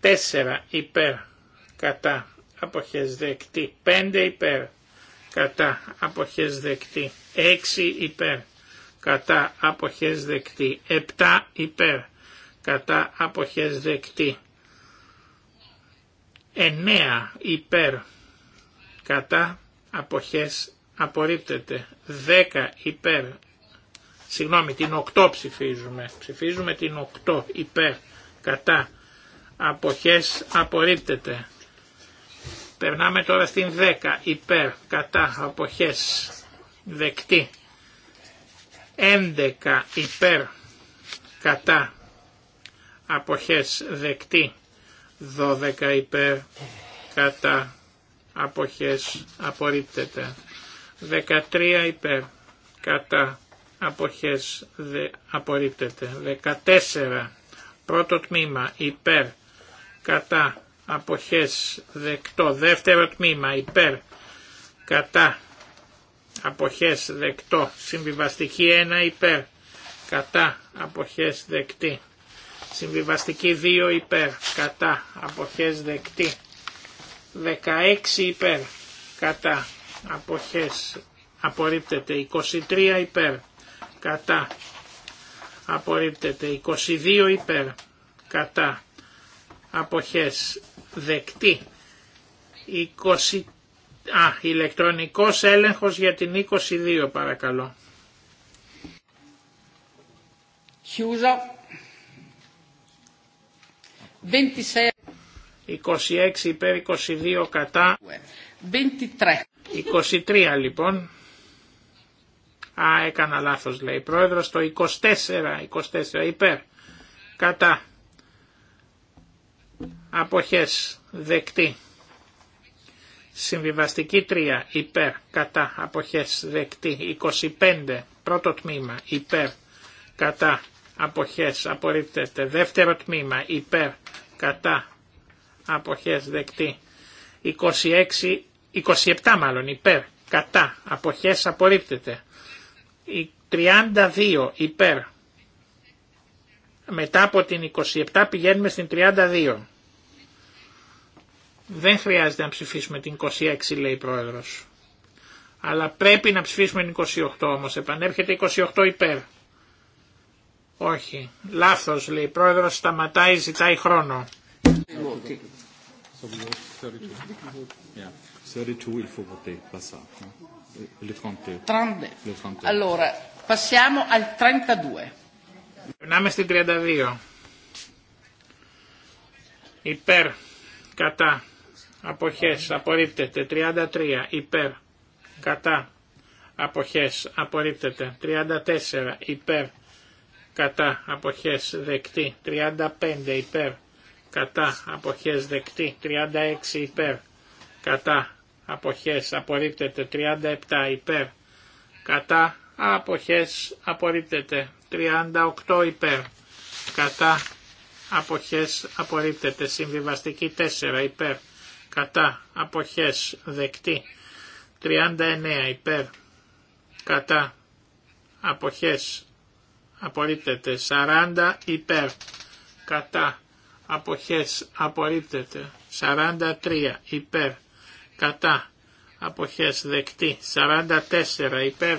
4 υπέρ κατά αποχές δεκτή. 5 υπέρ κατά αποχές δεκτή. 6 υπέρ κατά αποχές δεκτή. 7 υπέρ κατά αποχές δεκτή. 9 υπέρ κατά αποχές απορρίπτεται 10 υπέρ συγγνώμη την 8 ψηφίζουμε ψηφίζουμε την 8 υπέρ κατά αποχές απορρίπτεται περνάμε τώρα στην 10 υπέρ κατά αποχές δεκτή 11 υπέρ κατά αποχές δεκτή 12 υπέρ κατά αποχές απορρίπτεται. 13 υπέρ κατά αποχές δε, απορρίπτεται. 14 πρώτο τμήμα υπέρ κατά αποχές δεκτό. Δεύτερο τμήμα υπέρ κατά αποχές δεκτό. Συμβιβαστική 1 υπέρ κατά αποχές δεκτή. Συμβιβαστική 2 υπέρ κατά αποχές δεκτή. 16 υπέρ κατά αποχές απορρίπτεται 23 υπέρ κατά απορρίπτεται 22 υπέρ κατά αποχές δεκτή 20 Α, ηλεκτρονικός έλεγχος για την 22 παρακαλώ. 26 26 υπέρ 22 κατά. 23. 23 λοιπόν. Α, έκανα λάθος λέει. Πρόεδρος το 24, 24 υπέρ. Κατά. Αποχές. Δεκτή. Συμβιβαστική 3. Υπέρ. Κατά. Αποχές. Δεκτή. 25. Πρώτο τμήμα. Υπέρ. Κατά. Αποχές. Απορρίπτεται. Δεύτερο τμήμα. Υπέρ. Κατά αποχές δεκτή. 26, 27 μάλλον υπέρ, κατά, αποχές απορρίπτεται. 32 υπέρ. Μετά από την 27 πηγαίνουμε στην 32. Δεν χρειάζεται να ψηφίσουμε την 26 λέει η πρόεδρος. Αλλά πρέπει να ψηφίσουμε την 28 όμως. Επανέρχεται 28 υπέρ. Όχι. Λάθος λέει η πρόεδρος. Σταματάει, ζητάει χρόνο. 32. 32 il faut voter, Le 32. 32. Le 32. Allora, passiamo al 32. Περνάμε στην 32. Υπέρ, κατά, αποχές, απορρίπτεται. 33, υπέρ, κατά, αποχές, απορρίπτεται. 34, υπέρ, κατά, αποχές, δεκτή. 35, υπέρ, κατά αποχές δεκτή 36 υπέρ κατά αποχές απορρίπτεται 37 υπέρ κατά αποχές απορρίπτεται 38 υπέρ κατά αποχές απορρίπτεται συμβιβαστική 4 υπέρ κατά αποχές δεκτή 39 υπέρ κατά αποχές απορρίπτεται 40 υπέρ κατά αποχές απορρίπτεται 43 υπέρ κατά αποχές δεκτή 44 υπέρ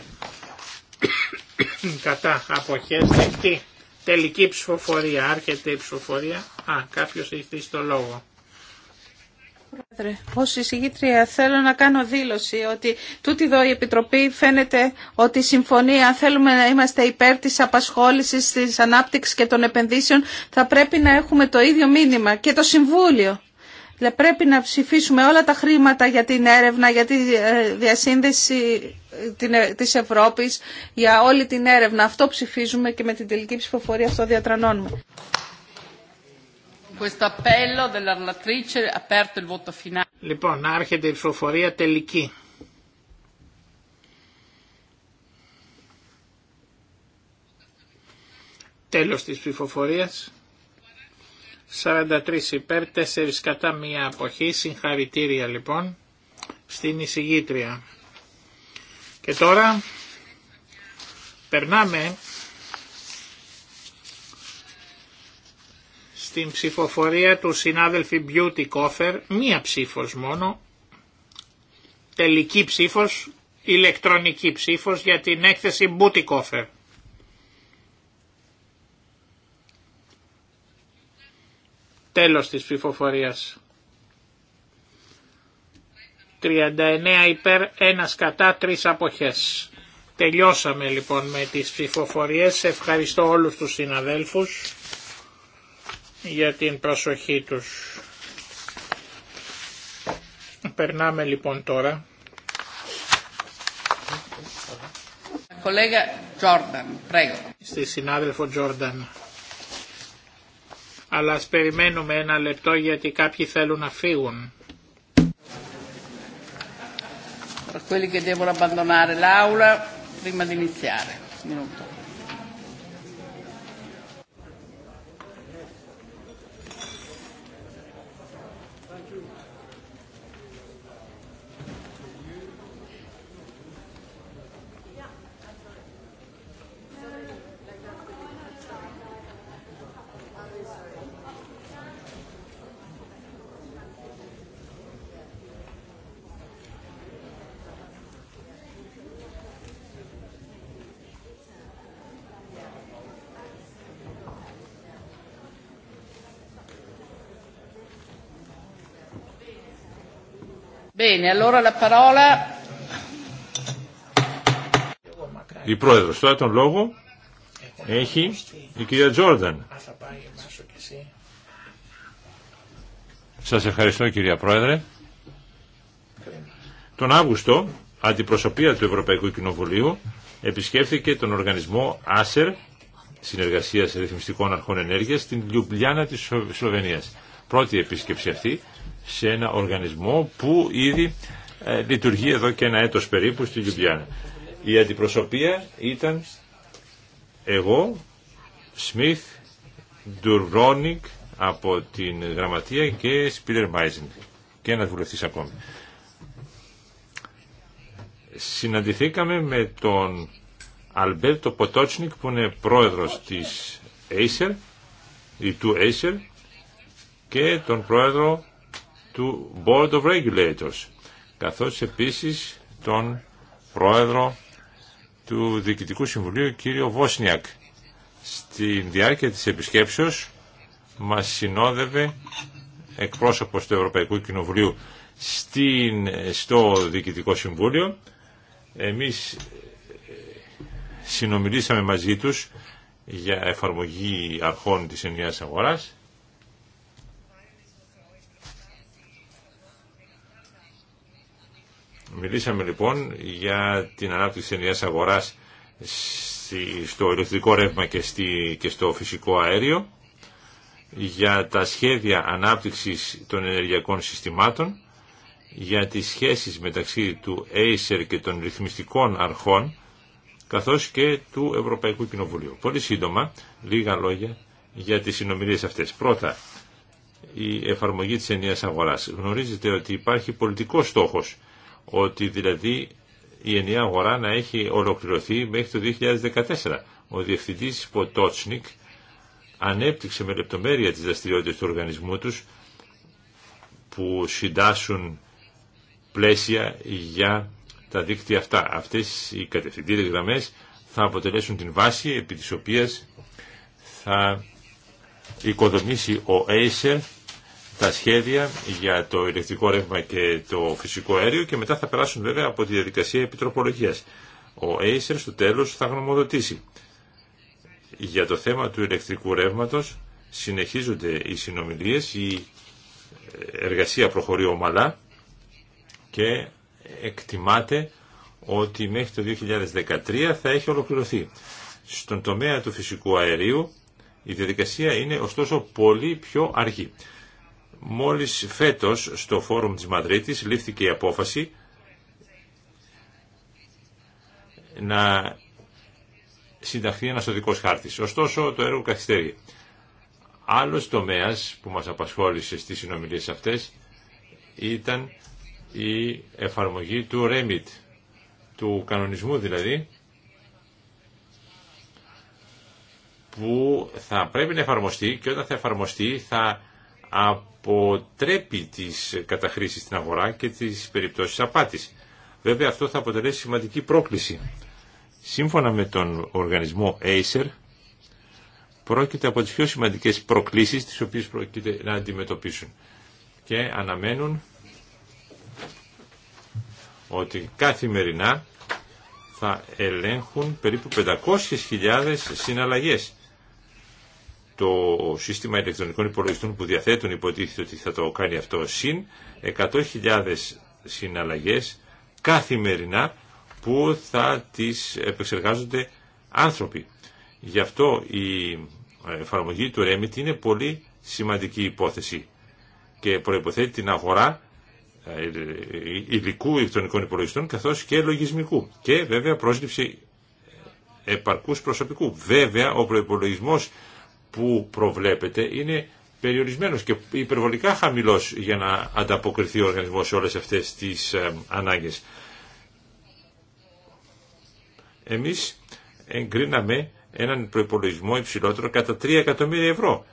κατά αποχές δεκτή τελική ψηφοφορία άρχεται η ψηφοφορία α κάποιος έχει στο το λόγο Πρόεδρε. Ως εισηγήτρια θέλω να κάνω δήλωση ότι τούτη εδώ η Επιτροπή φαίνεται ότι συμφωνεί αν θέλουμε να είμαστε υπέρ της απασχόλησης, της ανάπτυξης και των επενδύσεων θα πρέπει να έχουμε το ίδιο μήνυμα και το Συμβούλιο. Δηλαδή πρέπει να ψηφίσουμε όλα τα χρήματα για την έρευνα, για τη ε, διασύνδεση ε, ε, της Ευρώπης, για όλη την έρευνα. Αυτό ψηφίζουμε και με την τελική ψηφοφορία αυτό διατρανώνουμε. Λοιπόν, άρχεται η ψηφοφορία τελική. Τέλος της ψηφοφορίας. 43 υπέρ, 4 κατά μία αποχή. Συγχαρητήρια λοιπόν στην εισηγήτρια. Και τώρα περνάμε Στην ψηφοφορία του συνάδελφη Beauty Coffer, μία ψήφος μόνο, τελική ψήφος, ηλεκτρονική ψήφος για την έκθεση Beauty Coffer. Τέλος της ψηφοφορίας. 39 υπέρ, 1 κατά, 3 αποχές. Τελειώσαμε λοιπόν με τις ψηφοφορίες. Ευχαριστώ όλους τους συναδέλφους για την προσοχή τους. Περνάμε λοιπόν τώρα. Στη συνάδελφο Τζόρνταν. Αλλά ας περιμένουμε ένα λεπτό γιατί κάποιοι θέλουν να φύγουν. Per quelli che devono abbandonare l'aula prima di iniziare. Minuto. Η πρόεδρο, τώρα τον λόγο έχει η κυρία Τζόρνταν. Σας ευχαριστώ κυρία Πρόεδρε. Τον Αύγουστο, αντιπροσωπεία του Ευρωπαϊκού Κοινοβουλίου επισκέφθηκε τον οργανισμό ΆΣΕΡ, Συνεργασίας Ρυθμιστικών Αρχών Ενέργειας, στην Λιουμπλιάνα της Σλοβενίας. Πρώτη επίσκεψη αυτή σε ένα οργανισμό που ήδη ε, λειτουργεί εδώ και ένα έτος περίπου στη Λιουμπιάνα. Η αντιπροσωπεία ήταν εγώ, Σμιθ, Ντουρρόνικ από την Γραμματεία και Σπίλερ Μάιζεν και ένας βουλευτής ακόμη. Συναντηθήκαμε με τον Αλμπέρτο Ποτότσνικ που είναι πρόεδρος της Acer ή του Acer και τον πρόεδρο του Board of Regulators, καθώς επίσης τον πρόεδρο του Διοικητικού Συμβουλίου, κύριο Βόσνιακ. Στη διάρκεια της επισκέψεως μας συνόδευε εκπρόσωπος του Ευρωπαϊκού Κοινοβουλίου στην, στο Διοικητικό Συμβούλιο. Εμείς ε, συνομιλήσαμε μαζί τους για εφαρμογή αρχών της ενιαίας αγοράς Μιλήσαμε λοιπόν για την ανάπτυξη της ενιαίας αγοράς στο ηλεκτρικό ρεύμα και, και στο φυσικό αέριο, για τα σχέδια ανάπτυξης των ενεργειακών συστημάτων, για τις σχέσεις μεταξύ του Acer και των ρυθμιστικών αρχών, καθώς και του Ευρωπαϊκού Κοινοβουλίου. Πολύ σύντομα, λίγα λόγια για τις συνομιλίες αυτές. Πρώτα, η εφαρμογή της ενιαίας αγοράς. Γνωρίζετε ότι υπάρχει πολιτικός στόχος ότι δηλαδή η ενιαία αγορά να έχει ολοκληρωθεί μέχρι το 2014. Ο διευθυντής Ποτότσνικ ανέπτυξε με λεπτομέρεια τις δραστηριότητες του οργανισμού τους που συντάσσουν πλαίσια για τα δίκτυα αυτά. Αυτές οι κατευθυντήρες γραμμές θα αποτελέσουν την βάση επί της οποίας θα οικοδομήσει ο Acer τα σχέδια για το ηλεκτρικό ρεύμα και το φυσικό αέριο και μετά θα περάσουν βέβαια από τη διαδικασία επιτροπολογίας. Ο Acer στο τέλος θα γνωμοδοτήσει. Για το θέμα του ηλεκτρικού ρεύματος συνεχίζονται οι συνομιλίες, η εργασία προχωρεί ομαλά και εκτιμάται ότι μέχρι το 2013 θα έχει ολοκληρωθεί. Στον τομέα του φυσικού αερίου η διαδικασία είναι ωστόσο πολύ πιο αργή. Μόλις φέτος στο φόρουμ της Μαδρίτης λήφθηκε η απόφαση να συνταχθεί ένας οδικός χάρτης. Ωστόσο το έργο καθυστερεί. Άλλος τομέας που μας απασχόλησε στις συνομιλίες αυτές ήταν η εφαρμογή του REMIT, του κανονισμού δηλαδή, που θα πρέπει να εφαρμοστεί και όταν θα εφαρμοστεί θα αποτρέπει τις καταχρήσεις στην αγορά και τις περιπτώσεις απάτης. Βέβαια αυτό θα αποτελέσει σημαντική πρόκληση. Σύμφωνα με τον οργανισμό Acer, πρόκειται από τις πιο σημαντικές προκλήσεις τις οποίες πρόκειται να αντιμετωπίσουν. Και αναμένουν ότι καθημερινά θα ελέγχουν περίπου 500.000 συναλλαγές το σύστημα ηλεκτρονικών υπολογιστών που διαθέτουν υποτίθεται ότι θα το κάνει αυτό συν 100.000 συναλλαγές καθημερινά που θα τις επεξεργάζονται άνθρωποι. Γι' αυτό η εφαρμογή του Remit είναι πολύ σημαντική υπόθεση και προϋποθέτει την αγορά ε, υλικού ηλεκτρονικών υπολογιστών καθώς και λογισμικού και βέβαια πρόσληψη επαρκούς προσωπικού. Βέβαια ο προϋπολογισμός που προβλέπεται είναι περιορισμένος και υπερβολικά χαμηλός για να ανταποκριθεί ο οργανισμός σε όλες αυτές τις ε, ανάγκες. Εμείς εγκρίναμε έναν προϋπολογισμό υψηλότερο κατά 3 εκατομμύρια ευρώ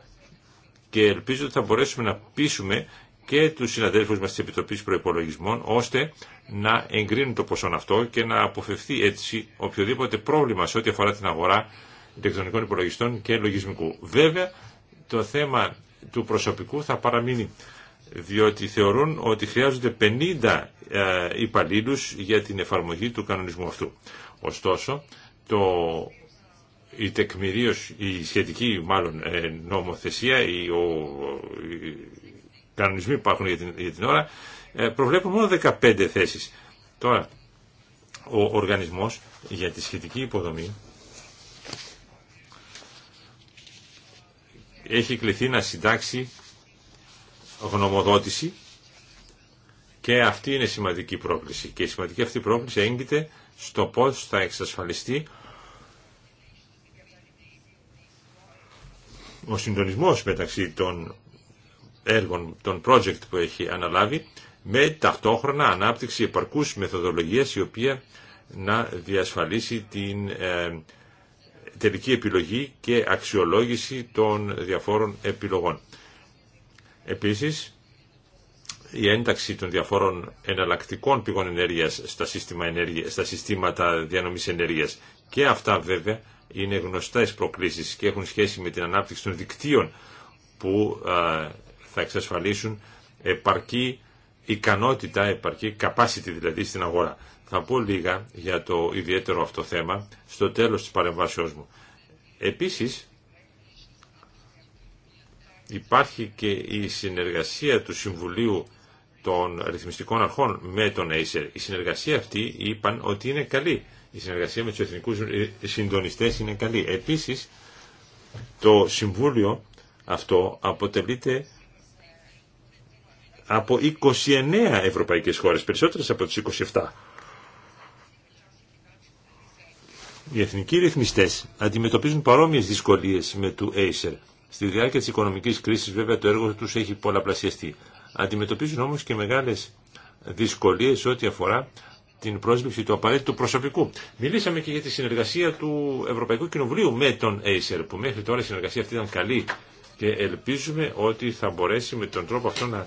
και ελπίζω ότι θα μπορέσουμε να πείσουμε και τους συναδέλφους μας της Επιτροπής Προϋπολογισμών ώστε να εγκρίνουν το ποσό αυτό και να αποφευθεί έτσι οποιοδήποτε πρόβλημα σε ό,τι αφορά την αγορά τεχνικών υπολογιστών και λογισμικού. Βέβαια, το θέμα του προσωπικού θα παραμείνει διότι θεωρούν ότι χρειάζονται 50 ε, υπαλλήλους για την εφαρμογή του κανονισμού αυτού. Ωστόσο, το, η τεκμηρίωση, η σχετική μάλλον ε, νομοθεσία, η, ο, οι κανονισμοί που υπάρχουν για την, για την ώρα, ε, προβλέπουν μόνο 15 θέσεις. Τώρα, ο οργανισμός για τη σχετική υποδομή έχει κληθεί να συντάξει γνωμοδότηση και αυτή είναι σημαντική πρόκληση. Και η σημαντική αυτή πρόκληση έγκυται στο πώς θα εξασφαλιστεί ο συντονισμός μεταξύ των έργων, των project που έχει αναλάβει με ταυτόχρονα ανάπτυξη επαρκούς μεθοδολογίας η οποία να διασφαλίσει την ε, τελική επιλογή και αξιολόγηση των διαφόρων επιλογών. Επίσης, η ένταξη των διαφόρων εναλλακτικών πηγών ενέργειας στα, σύστημα ενέργεια, στα συστήματα διανομής ενέργειας και αυτά βέβαια είναι γνωστές προκλήσεις και έχουν σχέση με την ανάπτυξη των δικτύων που θα εξασφαλίσουν επαρκή ικανότητα επαρκή, capacity δηλαδή στην αγορά. Θα πω λίγα για το ιδιαίτερο αυτό θέμα στο τέλος της παρεμβάσεώς μου. Επίσης, υπάρχει και η συνεργασία του Συμβουλίου των Ρυθμιστικών Αρχών με τον Acer. Η συνεργασία αυτή είπαν ότι είναι καλή. Η συνεργασία με τους εθνικούς συντονιστές είναι καλή. Επίσης, το Συμβούλιο αυτό αποτελείται από 29 ευρωπαϊκές χώρες, περισσότερες από τις 27. Οι εθνικοί ρυθμιστές αντιμετωπίζουν παρόμοιες δυσκολίες με του Acer. Στη διάρκεια της οικονομικής κρίσης βέβαια το έργο τους έχει πολλαπλασιαστεί. Αντιμετωπίζουν όμως και μεγάλες δυσκολίες ό,τι αφορά την πρόσληψη του απαραίτητου προσωπικού. Μιλήσαμε και για τη συνεργασία του Ευρωπαϊκού Κοινοβουλίου με τον Acer, που μέχρι τώρα η συνεργασία αυτή ήταν καλή και ελπίζουμε ότι θα μπορέσει με τον τρόπο αυτό να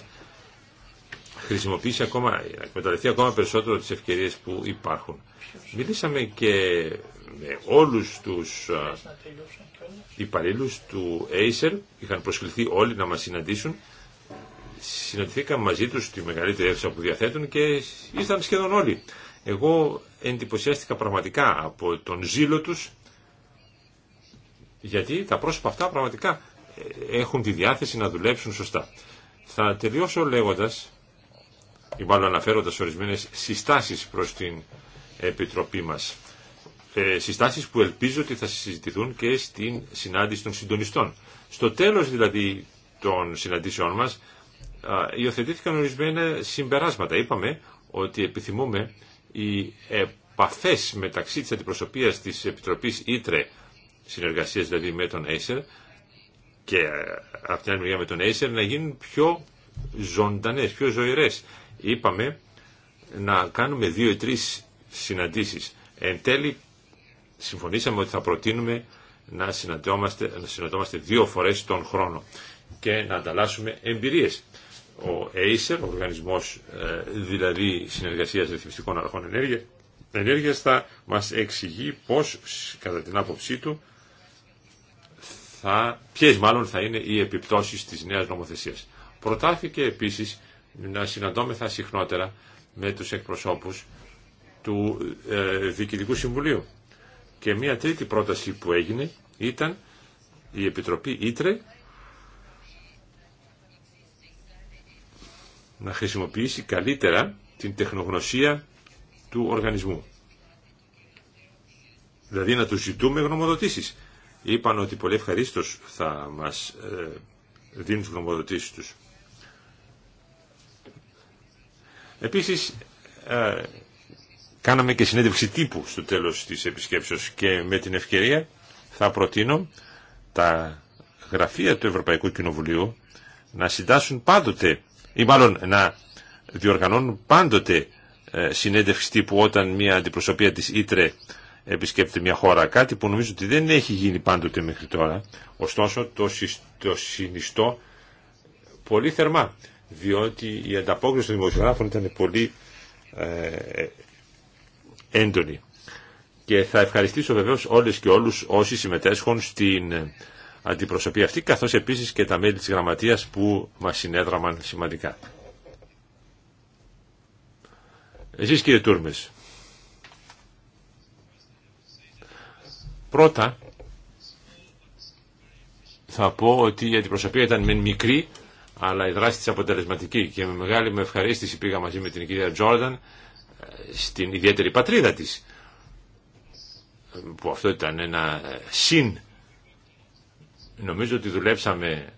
χρησιμοποιήσει ακόμα, να εκμεταλλευτεί ακόμα περισσότερο τις ευκαιρίες που υπάρχουν. Μιλήσαμε και με όλους τους υπαλλήλους του Acer, είχαν προσκληθεί όλοι να μας συναντήσουν. Συναντηθήκαμε μαζί τους στη μεγαλύτερη αίθουσα που διαθέτουν και ήρθαν σχεδόν όλοι. Εγώ εντυπωσιάστηκα πραγματικά από τον ζήλο τους, γιατί τα πρόσωπα αυτά πραγματικά ε, έχουν τη διάθεση να δουλέψουν σωστά. Θα τελειώσω λέγοντας ή μάλλον αναφέροντας ορισμένες συστάσεις προς την Επιτροπή μας. Ε, συστάσεις που ελπίζω ότι θα συζητηθούν και στην συνάντηση των συντονιστών. Στο τέλος δηλαδή των συναντήσεών μας υιοθετήθηκαν ορισμένα συμπεράσματα. Είπαμε ότι επιθυμούμε οι επαφές μεταξύ της αντιπροσωπείας της Επιτροπής Ήτρε, συνεργασίας δηλαδή με τον Acer και ε, από την άλλη μεριά με τον Acer, να γίνουν πιο ζωντανές, πιο ζωηρές είπαμε να κάνουμε δύο ή τρεις συναντήσεις. Εν τέλει συμφωνήσαμε ότι θα προτείνουμε να συναντώμαστε, να δύο φορές τον χρόνο και να ανταλλάσσουμε εμπειρίες. Ο ACER, ο Οργανισμός ε, δηλαδή Συνεργασίας Ρυθμιστικών Αρχών Ενέργειας, ενέργειας θα μας εξηγεί πώς κατά την άποψή του θα, ποιες μάλλον θα είναι οι επιπτώσεις της νέας νομοθεσίας. Προτάθηκε επίσης να συναντώμεθα συχνότερα με τους εκπροσώπους του ε, Διοικητικού Συμβουλίου. Και μια τρίτη πρόταση που έγινε ήταν η Επιτροπή Ήτρε να χρησιμοποιήσει καλύτερα την τεχνογνωσία του οργανισμού. Δηλαδή να του ζητούμε γνωμοδοτήσεις. Είπαν ότι πολύ ευχαρίστως θα μας ε, δίνουν τις γνωμοδοτήσεις τους. Επίσης, ε, κάναμε και συνέντευξη τύπου στο τέλος της επισκέψεως και με την ευκαιρία θα προτείνω τα γραφεία του Ευρωπαϊκού Κοινοβουλίου να συντάσσουν πάντοτε ή μάλλον να διοργανώνουν πάντοτε ε, συνέντευξη τύπου όταν μια αντιπροσωπεία της Ήτρε επισκέπτεται μια χώρα. Κάτι που νομίζω ότι δεν έχει γίνει πάντοτε μέχρι τώρα. Ωστόσο το, το συνιστώ πολύ θερμά διότι η ανταπόκριση των δημοσιογράφων ήταν πολύ ε, έντονη. Και θα ευχαριστήσω βεβαίως όλες και όλους όσοι συμμετέσχουν στην ε, αντιπροσωπή αυτή, καθώς επίσης και τα μέλη της γραμματείας που μας συνέδραμαν σημαντικά. Εσείς κύριε Τούρμες. Πρώτα θα πω ότι η αντιπροσωπεία ήταν μεν μικρή, αλλά η δράση της αποτελεσματική και με μεγάλη με ευχαρίστηση πήγα μαζί με την κυρία Τζόρνταν ε, στην ιδιαίτερη πατρίδα της που αυτό ήταν ένα ε, συν νομίζω ότι δουλέψαμε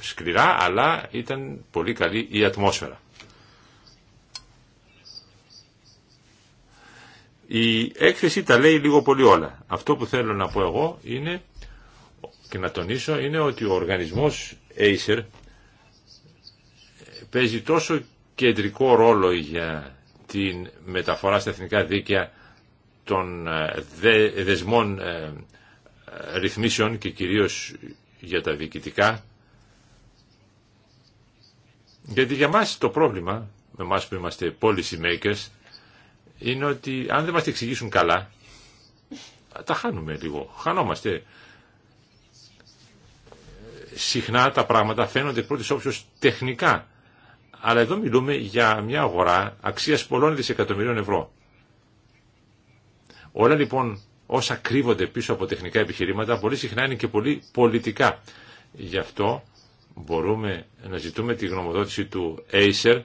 σκληρά αλλά ήταν πολύ καλή η ατμόσφαιρα η έκθεση τα λέει λίγο πολύ όλα αυτό που θέλω να πω εγώ είναι και να τονίσω είναι ότι ο οργανισμός Acer παίζει τόσο κεντρικό ρόλο για την μεταφορά στα εθνικά δίκαια των ε, δεσμών ε, ε, ρυθμίσεων και κυρίως για τα διοικητικά. Γιατί για μας το πρόβλημα, με εμάς που είμαστε policy makers, είναι ότι αν δεν μας εξηγήσουν καλά, τα χάνουμε λίγο, χανόμαστε. Συχνά τα πράγματα φαίνονται πρώτης όψεως τεχνικά αλλά εδώ μιλούμε για μια αγορά αξίας πολλών δισεκατομμυρίων ευρώ. Όλα λοιπόν όσα κρύβονται πίσω από τεχνικά επιχειρήματα πολύ συχνά είναι και πολύ πολιτικά. Γι' αυτό μπορούμε να ζητούμε τη γνωμοδότηση του Acer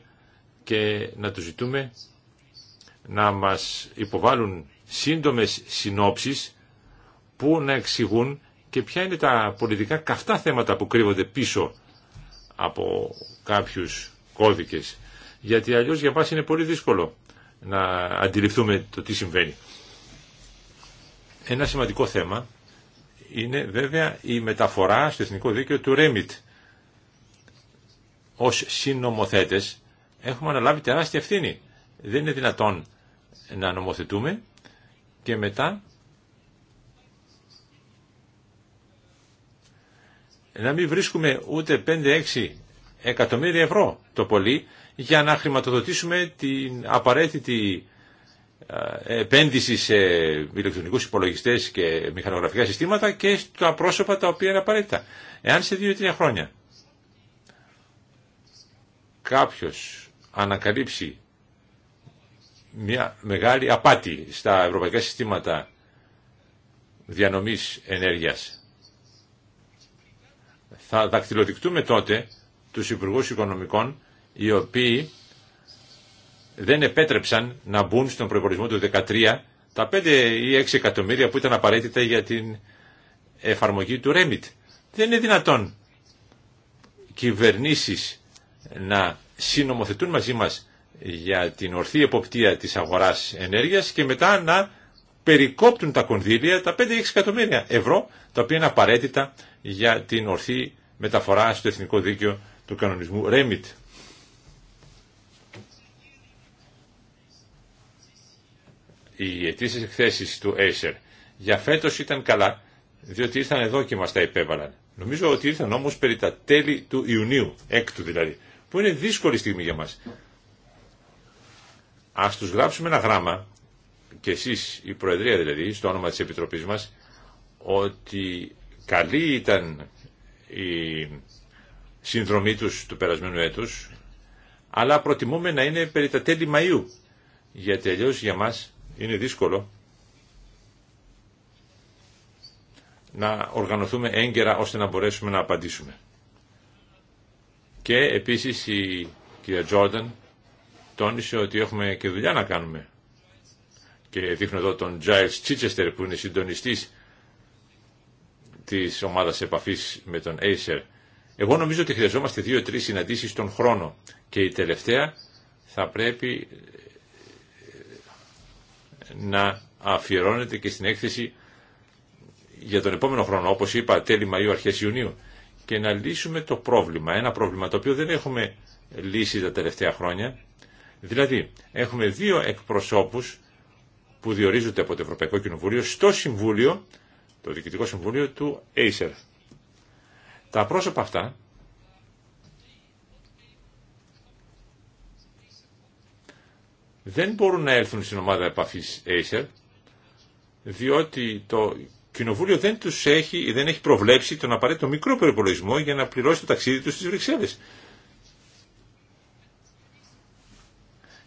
και να του ζητούμε να μας υποβάλουν σύντομες συνόψεις που να εξηγούν και ποια είναι τα πολιτικά καυτά θέματα που κρύβονται πίσω από κάποιους κώδικες. Γιατί αλλιώς για μας είναι πολύ δύσκολο να αντιληφθούμε το τι συμβαίνει. Ένα σημαντικό θέμα είναι βέβαια η μεταφορά στο εθνικό δίκαιο του REMIT. Ως συνομοθέτες έχουμε αναλάβει τεράστια ευθύνη. Δεν είναι δυνατόν να νομοθετούμε και μετά να μην βρίσκουμε ούτε 5-6 εκατομμύρια ευρώ το πολύ για να χρηματοδοτήσουμε την απαραίτητη ε, επένδυση σε ηλεκτρονικούς υπολογιστές και μηχανογραφικά συστήματα και στα πρόσωπα τα οποία είναι απαραίτητα. Εάν σε δύο ή τρία χρόνια κάποιος ανακαλύψει μια μεγάλη απάτη στα ευρωπαϊκά συστήματα διανομής ενέργειας. Θα δακτυλοδεικτούμε τότε τους Υπουργούς Οικονομικών οι οποίοι δεν επέτρεψαν να μπουν στον προϋπολογισμό του 2013 τα 5 ή 6 εκατομμύρια που ήταν απαραίτητα για την εφαρμογή του REMIT. Δεν είναι δυνατόν κυβερνήσεις να συνομοθετούν μαζί μας για την ορθή εποπτεία της αγοράς ενέργειας και μετά να περικόπτουν τα κονδύλια τα 5-6 εκατομμύρια ευρώ τα οποία είναι απαραίτητα για την ορθή μεταφορά στο εθνικό δίκαιο του κανονισμού REMIT. Οι αιτήσει εκθέσει του Acer για φέτο ήταν καλά, διότι ήρθαν εδώ και μα τα υπέβαλαν. Νομίζω ότι ήρθαν όμω περί τα τέλη του Ιουνίου, έκτου δηλαδή, που είναι δύσκολη στιγμή για μας. Α του γράψουμε ένα γράμμα, και εσείς η Προεδρία δηλαδή, στο όνομα της Επιτροπής μας, ότι καλή ήταν η συνδρομή τους του περασμένου έτους, αλλά προτιμούμε να είναι περί τα τέλη Μαΐου, γιατί αλλιώ για μας είναι δύσκολο να οργανωθούμε έγκαιρα ώστε να μπορέσουμε να απαντήσουμε. Και επίσης η κυρία Τζόρνταν τόνισε ότι έχουμε και δουλειά να κάνουμε. Και δείχνω εδώ τον Giles Τσίτσεστερ που είναι συντονιστής της ομάδας επαφής με τον Acer εγώ νομίζω ότι χρειαζόμαστε δύο-τρει συναντήσεις τον χρόνο και η τελευταία θα πρέπει ε, να αφιερώνεται και στην έκθεση για τον επόμενο χρόνο, όπως είπα, τέλη Μαΐου, αρχές Ιουνίου, και να λύσουμε το πρόβλημα, ένα πρόβλημα το οποίο δεν έχουμε λύσει τα τελευταία χρόνια. Δηλαδή, έχουμε δύο εκπροσώπους που διορίζονται από το Ευρωπαϊκό Κοινοβούλιο στο Συμβούλιο, το Διοικητικό Συμβούλιο του Acer. Τα πρόσωπα αυτά δεν μπορούν να έρθουν στην ομάδα επαφής Acer διότι το κοινοβούλιο δεν τους έχει, δεν έχει προβλέψει τον απαραίτητο μικρό περιπολογισμό για να πληρώσει το ταξίδι τους στις Βρυξέλλες.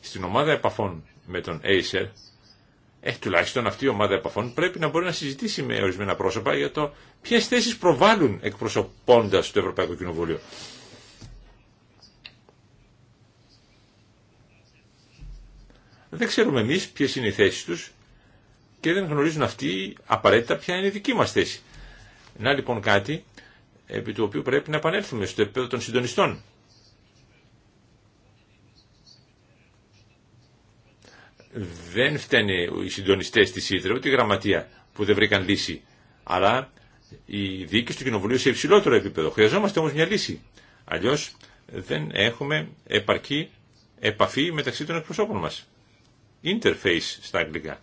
Στην ομάδα επαφών με τον Acer ε, τουλάχιστον αυτή η ομάδα επαφών πρέπει να μπορεί να συζητήσει με ορισμένα πρόσωπα για το ποιε θέσει προβάλλουν εκπροσωπώντα το Ευρωπαϊκό Κοινοβούλιο. Δεν ξέρουμε εμεί ποιε είναι οι θέσει του και δεν γνωρίζουν αυτοί απαραίτητα ποια είναι η δική μα θέση. Να λοιπόν κάτι επί του οποίου πρέπει να επανέλθουμε στο επίπεδο των συντονιστών. δεν φταίνε οι συντονιστέ τη Ήτρε, ούτε η γραμματεία που δεν βρήκαν λύση, αλλά οι διοίκηση του Κοινοβουλίου σε υψηλότερο επίπεδο. Χρειαζόμαστε όμω μια λύση. Αλλιώ δεν έχουμε επαρκή επαφή μεταξύ των εκπροσώπων μα. Interface στα αγγλικά.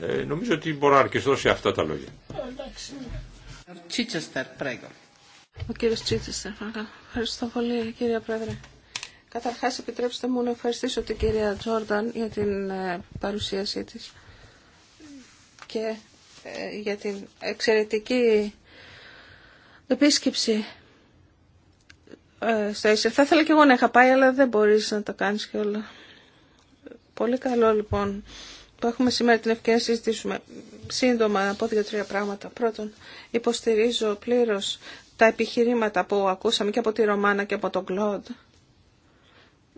Ε, νομίζω ότι μπορώ να αρκεστώ σε αυτά τα λόγια. Ε, ναι. Ο κύριος Τσίτσεστερ, ευχαριστώ πολύ κύριε Πρόεδρε. Καταρχάς επιτρέψτε μου να ευχαριστήσω την κυρία Τζόρνταν για την ε, παρουσίασή της και ε, για την εξαιρετική επίσκεψη ε, στο ΙΣΕΡ. Θα ήθελα και εγώ να είχα πάει, αλλά δεν μπορείς να τα κάνεις και όλα. Πολύ καλό λοιπόν που έχουμε σήμερα την ευκαιρία να συζητήσουμε σύντομα να πω δύο-τρία πράγματα. Πρώτον, υποστηρίζω πλήρως τα επιχειρήματα που ακούσαμε και από τη Ρωμάνα και από τον Κλοντ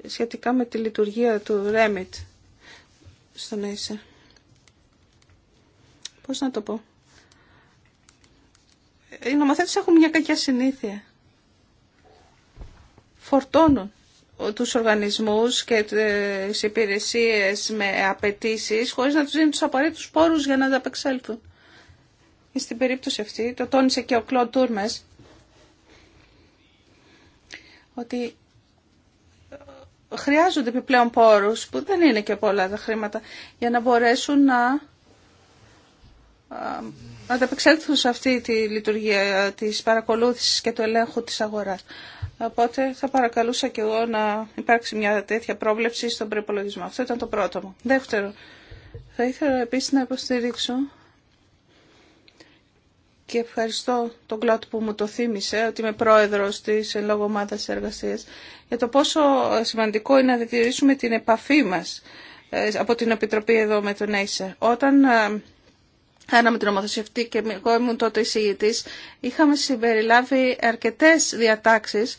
σχετικά με τη λειτουργία του REMIT στον είσαι. Πώς να το πω. Οι νομοθέτες έχουν μια κακιά συνήθεια. Φορτώνουν τους οργανισμούς και τις υπηρεσίες με απαιτήσει χωρίς να τους δίνουν τους απαραίτητους πόρους για να ανταπεξέλθουν. στην περίπτωση αυτή, το τόνισε και ο Κλοντ Τούρμες, ότι χρειάζονται επιπλέον πόρους, που δεν είναι και πολλά τα χρήματα, για να μπορέσουν να ανταπεξέλθουν σε αυτή τη λειτουργία της παρακολούθησης και του ελέγχου της αγοράς. Οπότε θα παρακαλούσα και εγώ να υπάρξει μια τέτοια πρόβλεψη στον προπολογισμό. Αυτό ήταν το πρώτο μου. Δεύτερο, θα ήθελα επίσης να υποστηρίξω και ευχαριστώ τον Κλώτ που μου το θύμισε ότι είμαι πρόεδρος της εν λόγω εργασίας για το πόσο ε, σημαντικό είναι να διατηρήσουμε την επαφή μας ε, από την Επιτροπή εδώ με τον ΕΙΣΕ. Όταν ε, κάναμε την ομοθεσία και εγώ ήμουν τότε εισηγητής, είχαμε συμπεριλάβει αρκετές διατάξεις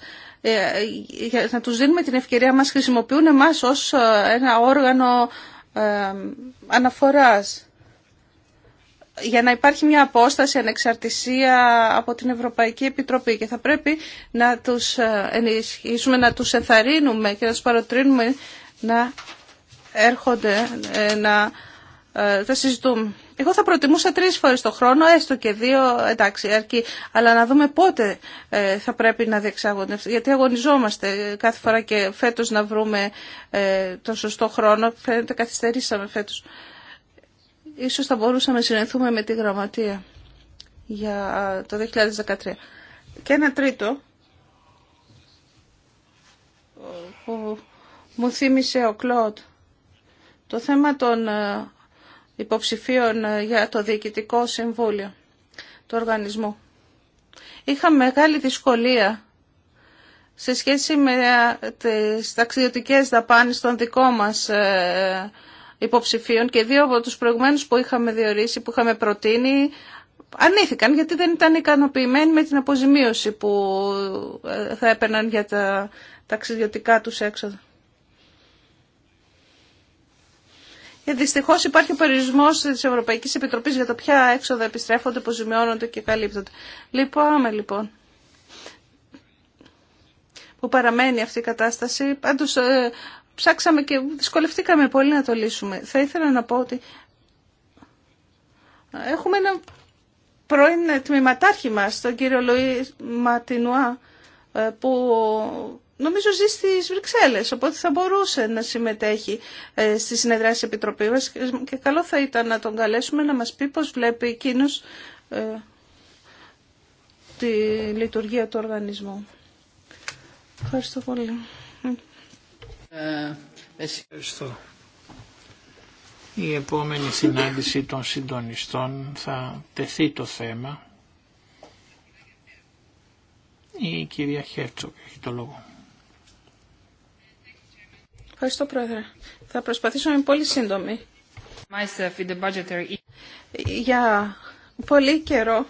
για να τους δίνουμε την ευκαιρία μας χρησιμοποιούν εμάς ως ένα όργανο αναφοράς για να υπάρχει μια απόσταση ανεξαρτησία από την Ευρωπαϊκή Επιτροπή και θα πρέπει να τους ε, ενισχύσουμε, να τους ενθαρρύνουμε και να τους παροτρύνουμε να έρχονται ε, να ε, τα συζητούμε. Εγώ θα προτιμούσα τρεις φορές το χρόνο, έστω και δύο, εντάξει, αρκεί. Αλλά να δούμε πότε θα πρέπει να διεξάγονται. Γιατί αγωνιζόμαστε κάθε φορά και φέτος να βρούμε το σωστό χρόνο. Φαίνεται καθυστερήσαμε φέτος. Ίσως θα μπορούσαμε να συνεχίσουμε με τη γραμματεία για το 2013. Και ένα τρίτο που μου θύμισε ο Κλοντ. Το θέμα των υποψηφίων για το Διοικητικό Συμβούλιο του οργανισμού. Είχα μεγάλη δυσκολία σε σχέση με τις ταξιδιωτικές δαπάνες των δικών μας ε, υποψηφίων και δύο από τους προηγουμένους που είχαμε διορίσει, που είχαμε προτείνει, ανήθηκαν γιατί δεν ήταν ικανοποιημένοι με την αποζημίωση που ε, θα έπαιρναν για τα ταξιδιωτικά τους έξοδα. Και ε, δυστυχώ υπάρχει ο περιορισμό τη Ευρωπαϊκή Επιτροπή για το ποια έξοδα επιστρέφονται, αποζημιώνονται και καλύπτονται. Λυπάμαι λοιπόν, λοιπόν που παραμένει αυτή η κατάσταση. Ε, ψάξαμε και δυσκολευτήκαμε πολύ να το λύσουμε. Θα ήθελα να πω ότι έχουμε ένα πρώην τμήματάρχη μας, τον κύριο Λοή Ματινουά, ε, που νομίζω ζει στις Βρυξέλλες, οπότε θα μπορούσε να συμμετέχει ε, στη συνεδράση της Επιτροπής μας και καλό θα ήταν να τον καλέσουμε να μας πει πώς βλέπει εκείνος ε, τη λειτουργία του οργανισμού. Ευχαριστώ πολύ. Ευχαριστώ. Η επόμενη συνάντηση των συντονιστών θα τεθεί το θέμα. Η κυρία Χέρτσοκ έχει το λόγο. Ευχαριστώ, Πρόεδρε. Θα προσπαθήσω να είμαι πολύ σύντομη. Για πολύ καιρό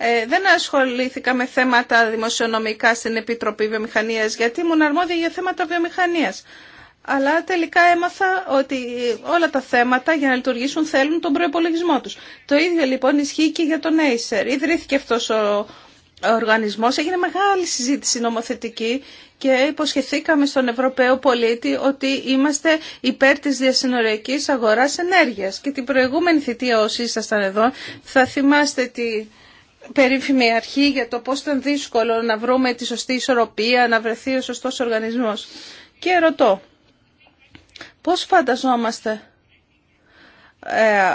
ε, δεν ασχολήθηκα με θέματα δημοσιονομικά στην Επιτροπή Βιομηχανίας, γιατί ήμουν αρμόδια για θέματα βιομηχανίας. Αλλά τελικά έμαθα ότι όλα τα θέματα για να λειτουργήσουν θέλουν τον προπολογισμό τους. Το ίδιο λοιπόν ισχύει και για τον Acer. Ιδρύθηκε αυτός ο οργανισμός, έγινε μεγάλη συζήτηση νομοθετική και υποσχεθήκαμε στον Ευρωπαίο πολίτη ότι είμαστε υπέρ της διασυνοριακής αγοράς ενέργειας. Και την προηγούμενη θητεία όσοι ήσασταν εδώ θα θυμάστε τι περίφημη αρχή για το πώς ήταν δύσκολο να βρούμε τη σωστή ισορροπία, να βρεθεί ο σωστός οργανισμός. Και ρωτώ, πώς φανταζόμαστε ε,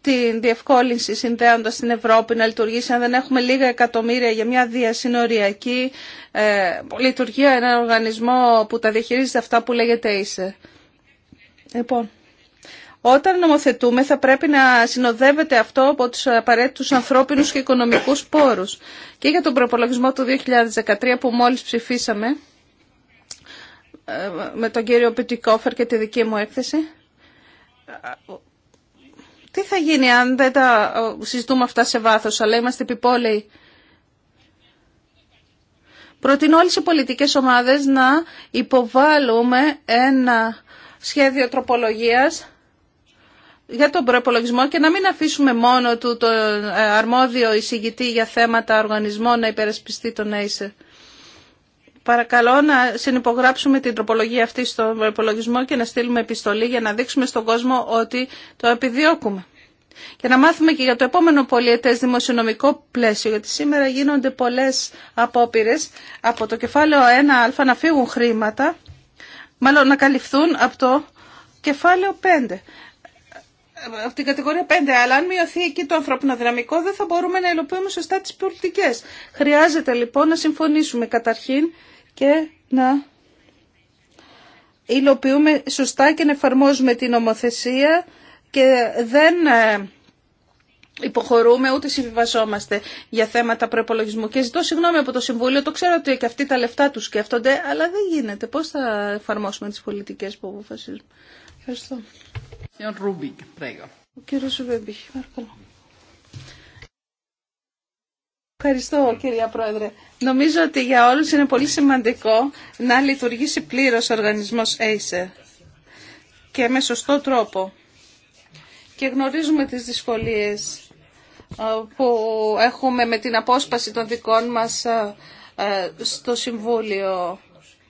την διευκόλυνση συνδέοντας την Ευρώπη να λειτουργήσει αν δεν έχουμε λίγα εκατομμύρια για μια διασυνοριακή ε, λειτουργία, ένα οργανισμό που τα διαχειρίζεται αυτά που λέγεται ίσε. Λοιπόν, όταν νομοθετούμε θα πρέπει να συνοδεύεται αυτό από τους απαραίτητους ανθρώπινους και οικονομικούς πόρους. Και για τον προπολογισμό του 2013 που μόλις ψηφίσαμε ε, με τον κύριο Πιτικόφερ και τη δική μου έκθεση. Τι θα γίνει αν δεν τα συζητούμε αυτά σε βάθος, αλλά είμαστε επιπόλαιοι. Προτείνω όλες οι πολιτικές ομάδες να υποβάλουμε ένα σχέδιο τροπολογίας για τον προπολογισμό και να μην αφήσουμε μόνο του τον ε, αρμόδιο εισηγητή για θέματα οργανισμών να υπερασπιστεί τον ΕΙΣΕ. Παρακαλώ να συνυπογράψουμε την τροπολογία αυτή στον προπολογισμό και να στείλουμε επιστολή για να δείξουμε στον κόσμο ότι το επιδιώκουμε. Και να μάθουμε και για το επόμενο πολιετές δημοσιονομικό πλαίσιο, γιατί σήμερα γίνονται πολλές απόπειρε από το κεφάλαιο 1α να φύγουν χρήματα, μάλλον να καλυφθούν από το κεφάλαιο 5 από την κατηγορία 5, αλλά αν μειωθεί εκεί το ανθρώπινο δυναμικό δεν θα μπορούμε να υλοποιούμε σωστά τις πολιτικές. Χρειάζεται λοιπόν να συμφωνήσουμε καταρχήν και να υλοποιούμε σωστά και να εφαρμόζουμε την νομοθεσία και δεν ε, υποχωρούμε ούτε συμβιβαζόμαστε για θέματα προπολογισμού. Και ζητώ συγγνώμη από το Συμβούλιο, το ξέρω ότι και αυτοί τα λεφτά τους σκέφτονται, αλλά δεν γίνεται. Πώς θα εφαρμόσουμε τις πολιτικές που αποφασίζουμε. Ευχαριστώ. Ευχαριστώ κυρία Πρόεδρε. Νομίζω ότι για όλους είναι πολύ σημαντικό να λειτουργήσει πλήρως ο οργανισμός Acer και με σωστό τρόπο. Και γνωρίζουμε τις δυσκολίες που έχουμε με την απόσπαση των δικών μας στο Συμβούλιο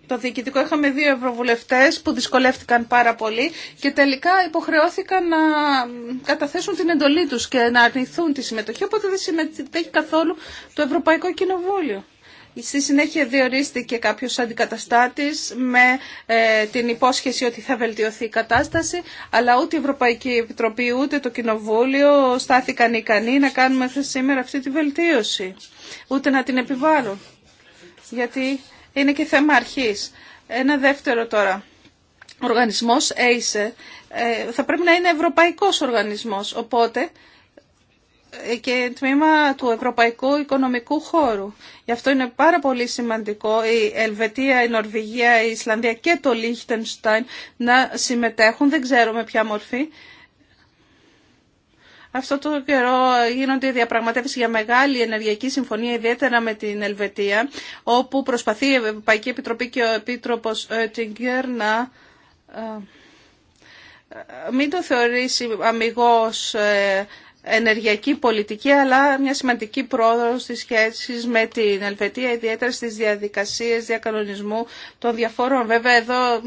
το διοικητικό είχαμε δύο ευρωβουλευτές που δυσκολεύτηκαν πάρα πολύ και τελικά υποχρεώθηκαν να καταθέσουν την εντολή τους και να αρνηθούν τη συμμετοχή, οπότε δεν συμμετέχει καθόλου το Ευρωπαϊκό Κοινοβούλιο. Στη συνέχεια διορίστηκε κάποιος αντικαταστάτης με ε, την υπόσχεση ότι θα βελτιωθεί η κατάσταση, αλλά ούτε η Ευρωπαϊκή Επιτροπή ούτε το Κοινοβούλιο στάθηκαν ικανοί να κάνουν μέχρι σήμερα αυτή τη βελτίωση, ούτε να την επιβάλλουν. Γιατί είναι και θέμα αρχής. Ένα δεύτερο τώρα. Ο οργανισμός ACER ε, θα πρέπει να είναι ευρωπαϊκός οργανισμός, οπότε ε, και τμήμα του Ευρωπαϊκού Οικονομικού Χώρου. Γι' αυτό είναι πάρα πολύ σημαντικό η Ελβετία, η Νορβηγία, η Ισλανδία και το Λίχτενστάιν να συμμετέχουν, δεν ξέρουμε ποια μορφή, αυτό το καιρό γίνονται διαπραγματεύσει για μεγάλη ενεργειακή συμφωνία, ιδιαίτερα με την Ελβετία, όπου προσπαθεί η Ευρωπαϊκή Επιτροπή και ο επίτροπο Τιγκέρ να ε, ε, μην το θεωρήσει αμυγός ε, ενεργειακή πολιτική, αλλά μια σημαντική πρόοδο στις σχέσεις με την Ελβετία, ιδιαίτερα στις διαδικασίες διακανονισμού των διαφόρων. Βέβαια, εδώ ε,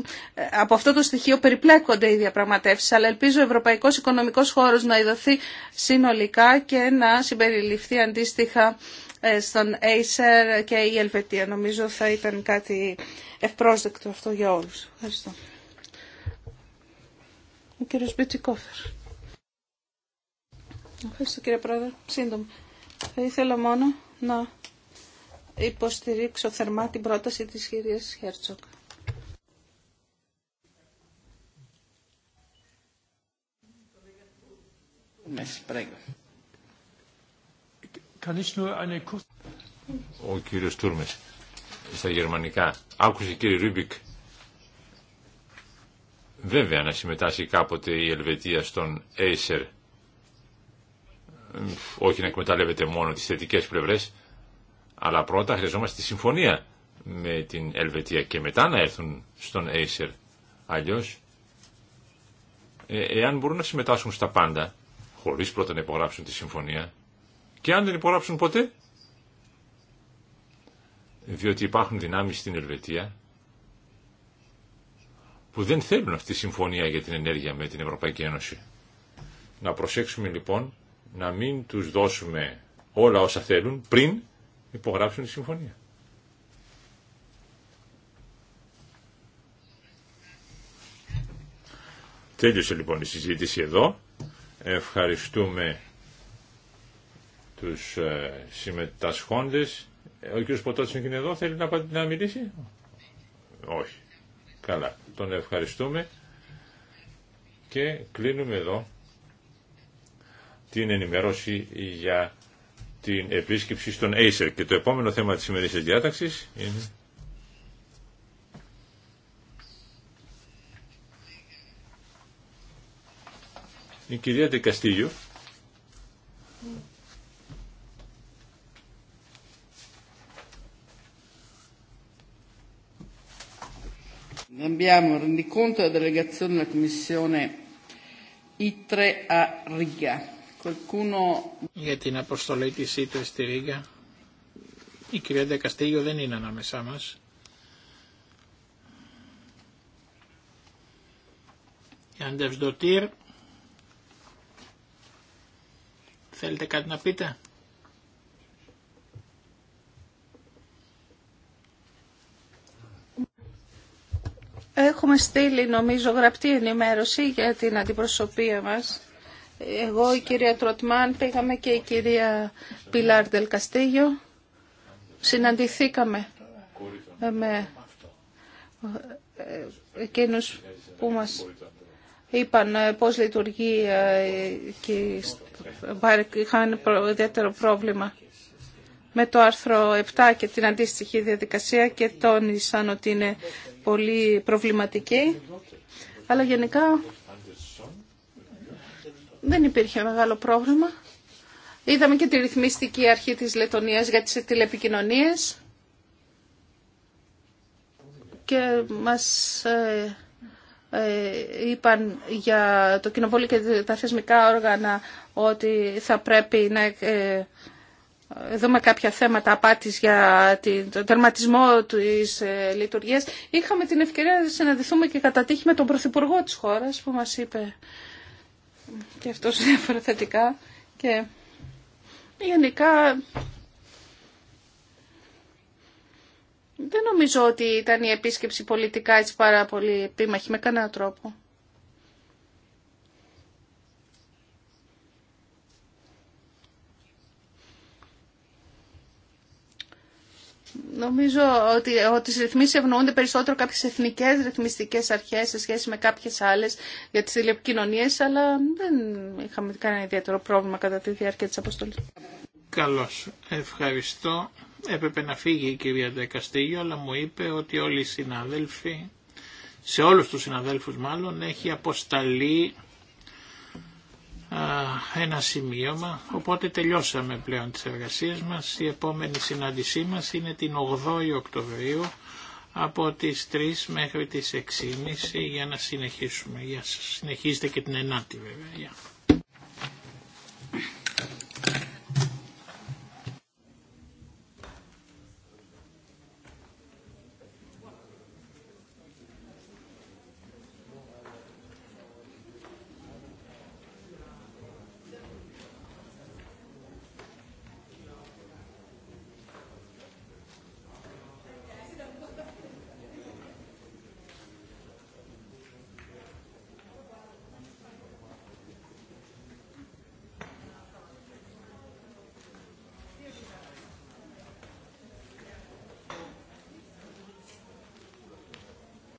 από αυτό το στοιχείο περιπλέκονται οι διαπραγματεύσεις, αλλά ελπίζω ο Ευρωπαϊκός Οικονομικός Χώρος να ειδωθεί συνολικά και να συμπεριληφθεί αντίστοιχα ε, στον Acer και η Ελβετία. Νομίζω θα ήταν κάτι ευπρόσδεκτο αυτό για όλους. Ευχαριστώ. Ο κύριος Ευχαριστώ κύριε Πρόεδρε. Σύντομα. Θα ήθελα μόνο να υποστηρίξω θερμά την πρόταση της κυρίας Χέρτσοκ. Ο κύριος Τούρμες στα γερμανικά. Άκουσε κύριε Ρούμπικ βέβαια να συμμετάσχει κάποτε η Ελβετία στον Acer όχι να εκμεταλλεύεται μόνο τις θετικές πλευρές, αλλά πρώτα χρειαζόμαστε τη συμφωνία με την Ελβετία και μετά να έρθουν στον Acer. Αλλιώς, ε, εάν μπορούν να συμμετάσχουν στα πάντα, χωρίς πρώτα να υπογράψουν τη συμφωνία, και αν δεν υπογράψουν ποτέ, διότι υπάρχουν δυνάμεις στην Ελβετία που δεν θέλουν αυτή τη συμφωνία για την ενέργεια με την Ευρωπαϊκή Ένωση. Να προσέξουμε λοιπόν να μην τους δώσουμε όλα όσα θέλουν πριν υπογράψουν τη συμφωνία. Τέλειωσε λοιπόν η συζήτηση εδώ. Ευχαριστούμε τους ε, συμμετασχόντες. Ο κ. ποτέ είναι εδώ, θέλει να, να μιλήσει. Όχι. Καλά. Τον ευχαριστούμε και κλείνουμε εδώ την ενημέρωση για την επίσκεψη στον Acer. Και το επόμενο θέμα της σημερινής διάταξης είναι... Η κυρία Τεκαστήγιο Abbiamo il rendiconto della delegazione della Commissione ITRE a Riga. Για την αποστολή της ΙΤΕ στη Ρίγα, η κυρία Δεκαστήγιο δεν είναι ανάμεσά μας. Η Αντευσδοτήρ, θέλετε κάτι να πείτε. Έχουμε στείλει νομίζω γραπτή ενημέρωση για την αντιπροσωπεία μας εγώ, η κυρία Τροτμάν, πήγαμε και η κυρία Πιλάρ Δελ Καστίγιο. Συναντηθήκαμε με ε, εκείνους που μας είπαν ε, πώς λειτουργεί ε, και είχαν ιδιαίτερο πρόβλημα με το άρθρο 7 και την αντίστοιχη διαδικασία και τόνισαν ότι είναι πολύ προβληματική. Αλλά γενικά δεν υπήρχε μεγάλο πρόβλημα. Είδαμε και τη ρυθμιστική αρχή της Λετωνίας για τις τηλεπικοινωνίες και μας ε, ε, είπαν για το κοινοβούλιο και τα θεσμικά όργανα ότι θα πρέπει να ε, δούμε κάποια θέματα απάτης για τον τερματισμό της λειτουργίας. Είχαμε την ευκαιρία να συναντηθούμε και κατά με τον Πρωθυπουργό της χώρας που μας είπε και αυτό διαφορετικά και γενικά δεν νομίζω ότι ήταν η επίσκεψη πολιτικά έτσι πάρα πολύ επίμαχη με κανένα τρόπο. Νομίζω ότι, ότι τις ρυθμίσεις ευνοούνται περισσότερο κάποιες εθνικές ρυθμιστικές αρχές σε σχέση με κάποιες άλλες για τις τηλεπικοινωνίες, αλλά δεν είχαμε κανένα ιδιαίτερο πρόβλημα κατά τη διάρκεια της αποστολής. Καλώς. Ευχαριστώ. Έπρεπε να φύγει η κυρία Δεκαστήγιο, αλλά μου είπε ότι όλοι οι συναδέλφοι, σε όλους τους συναδέλφους μάλλον, έχει αποσταλεί ένα σημείωμα, οπότε τελειώσαμε πλέον τις εργασίες μας. Η επόμενη συνάντησή μας είναι την 8η Οκτωβρίου από τις 3 μέχρι τις 6.30 για να συνεχίσουμε. Για Συνεχίζετε και την 9η βέβαια.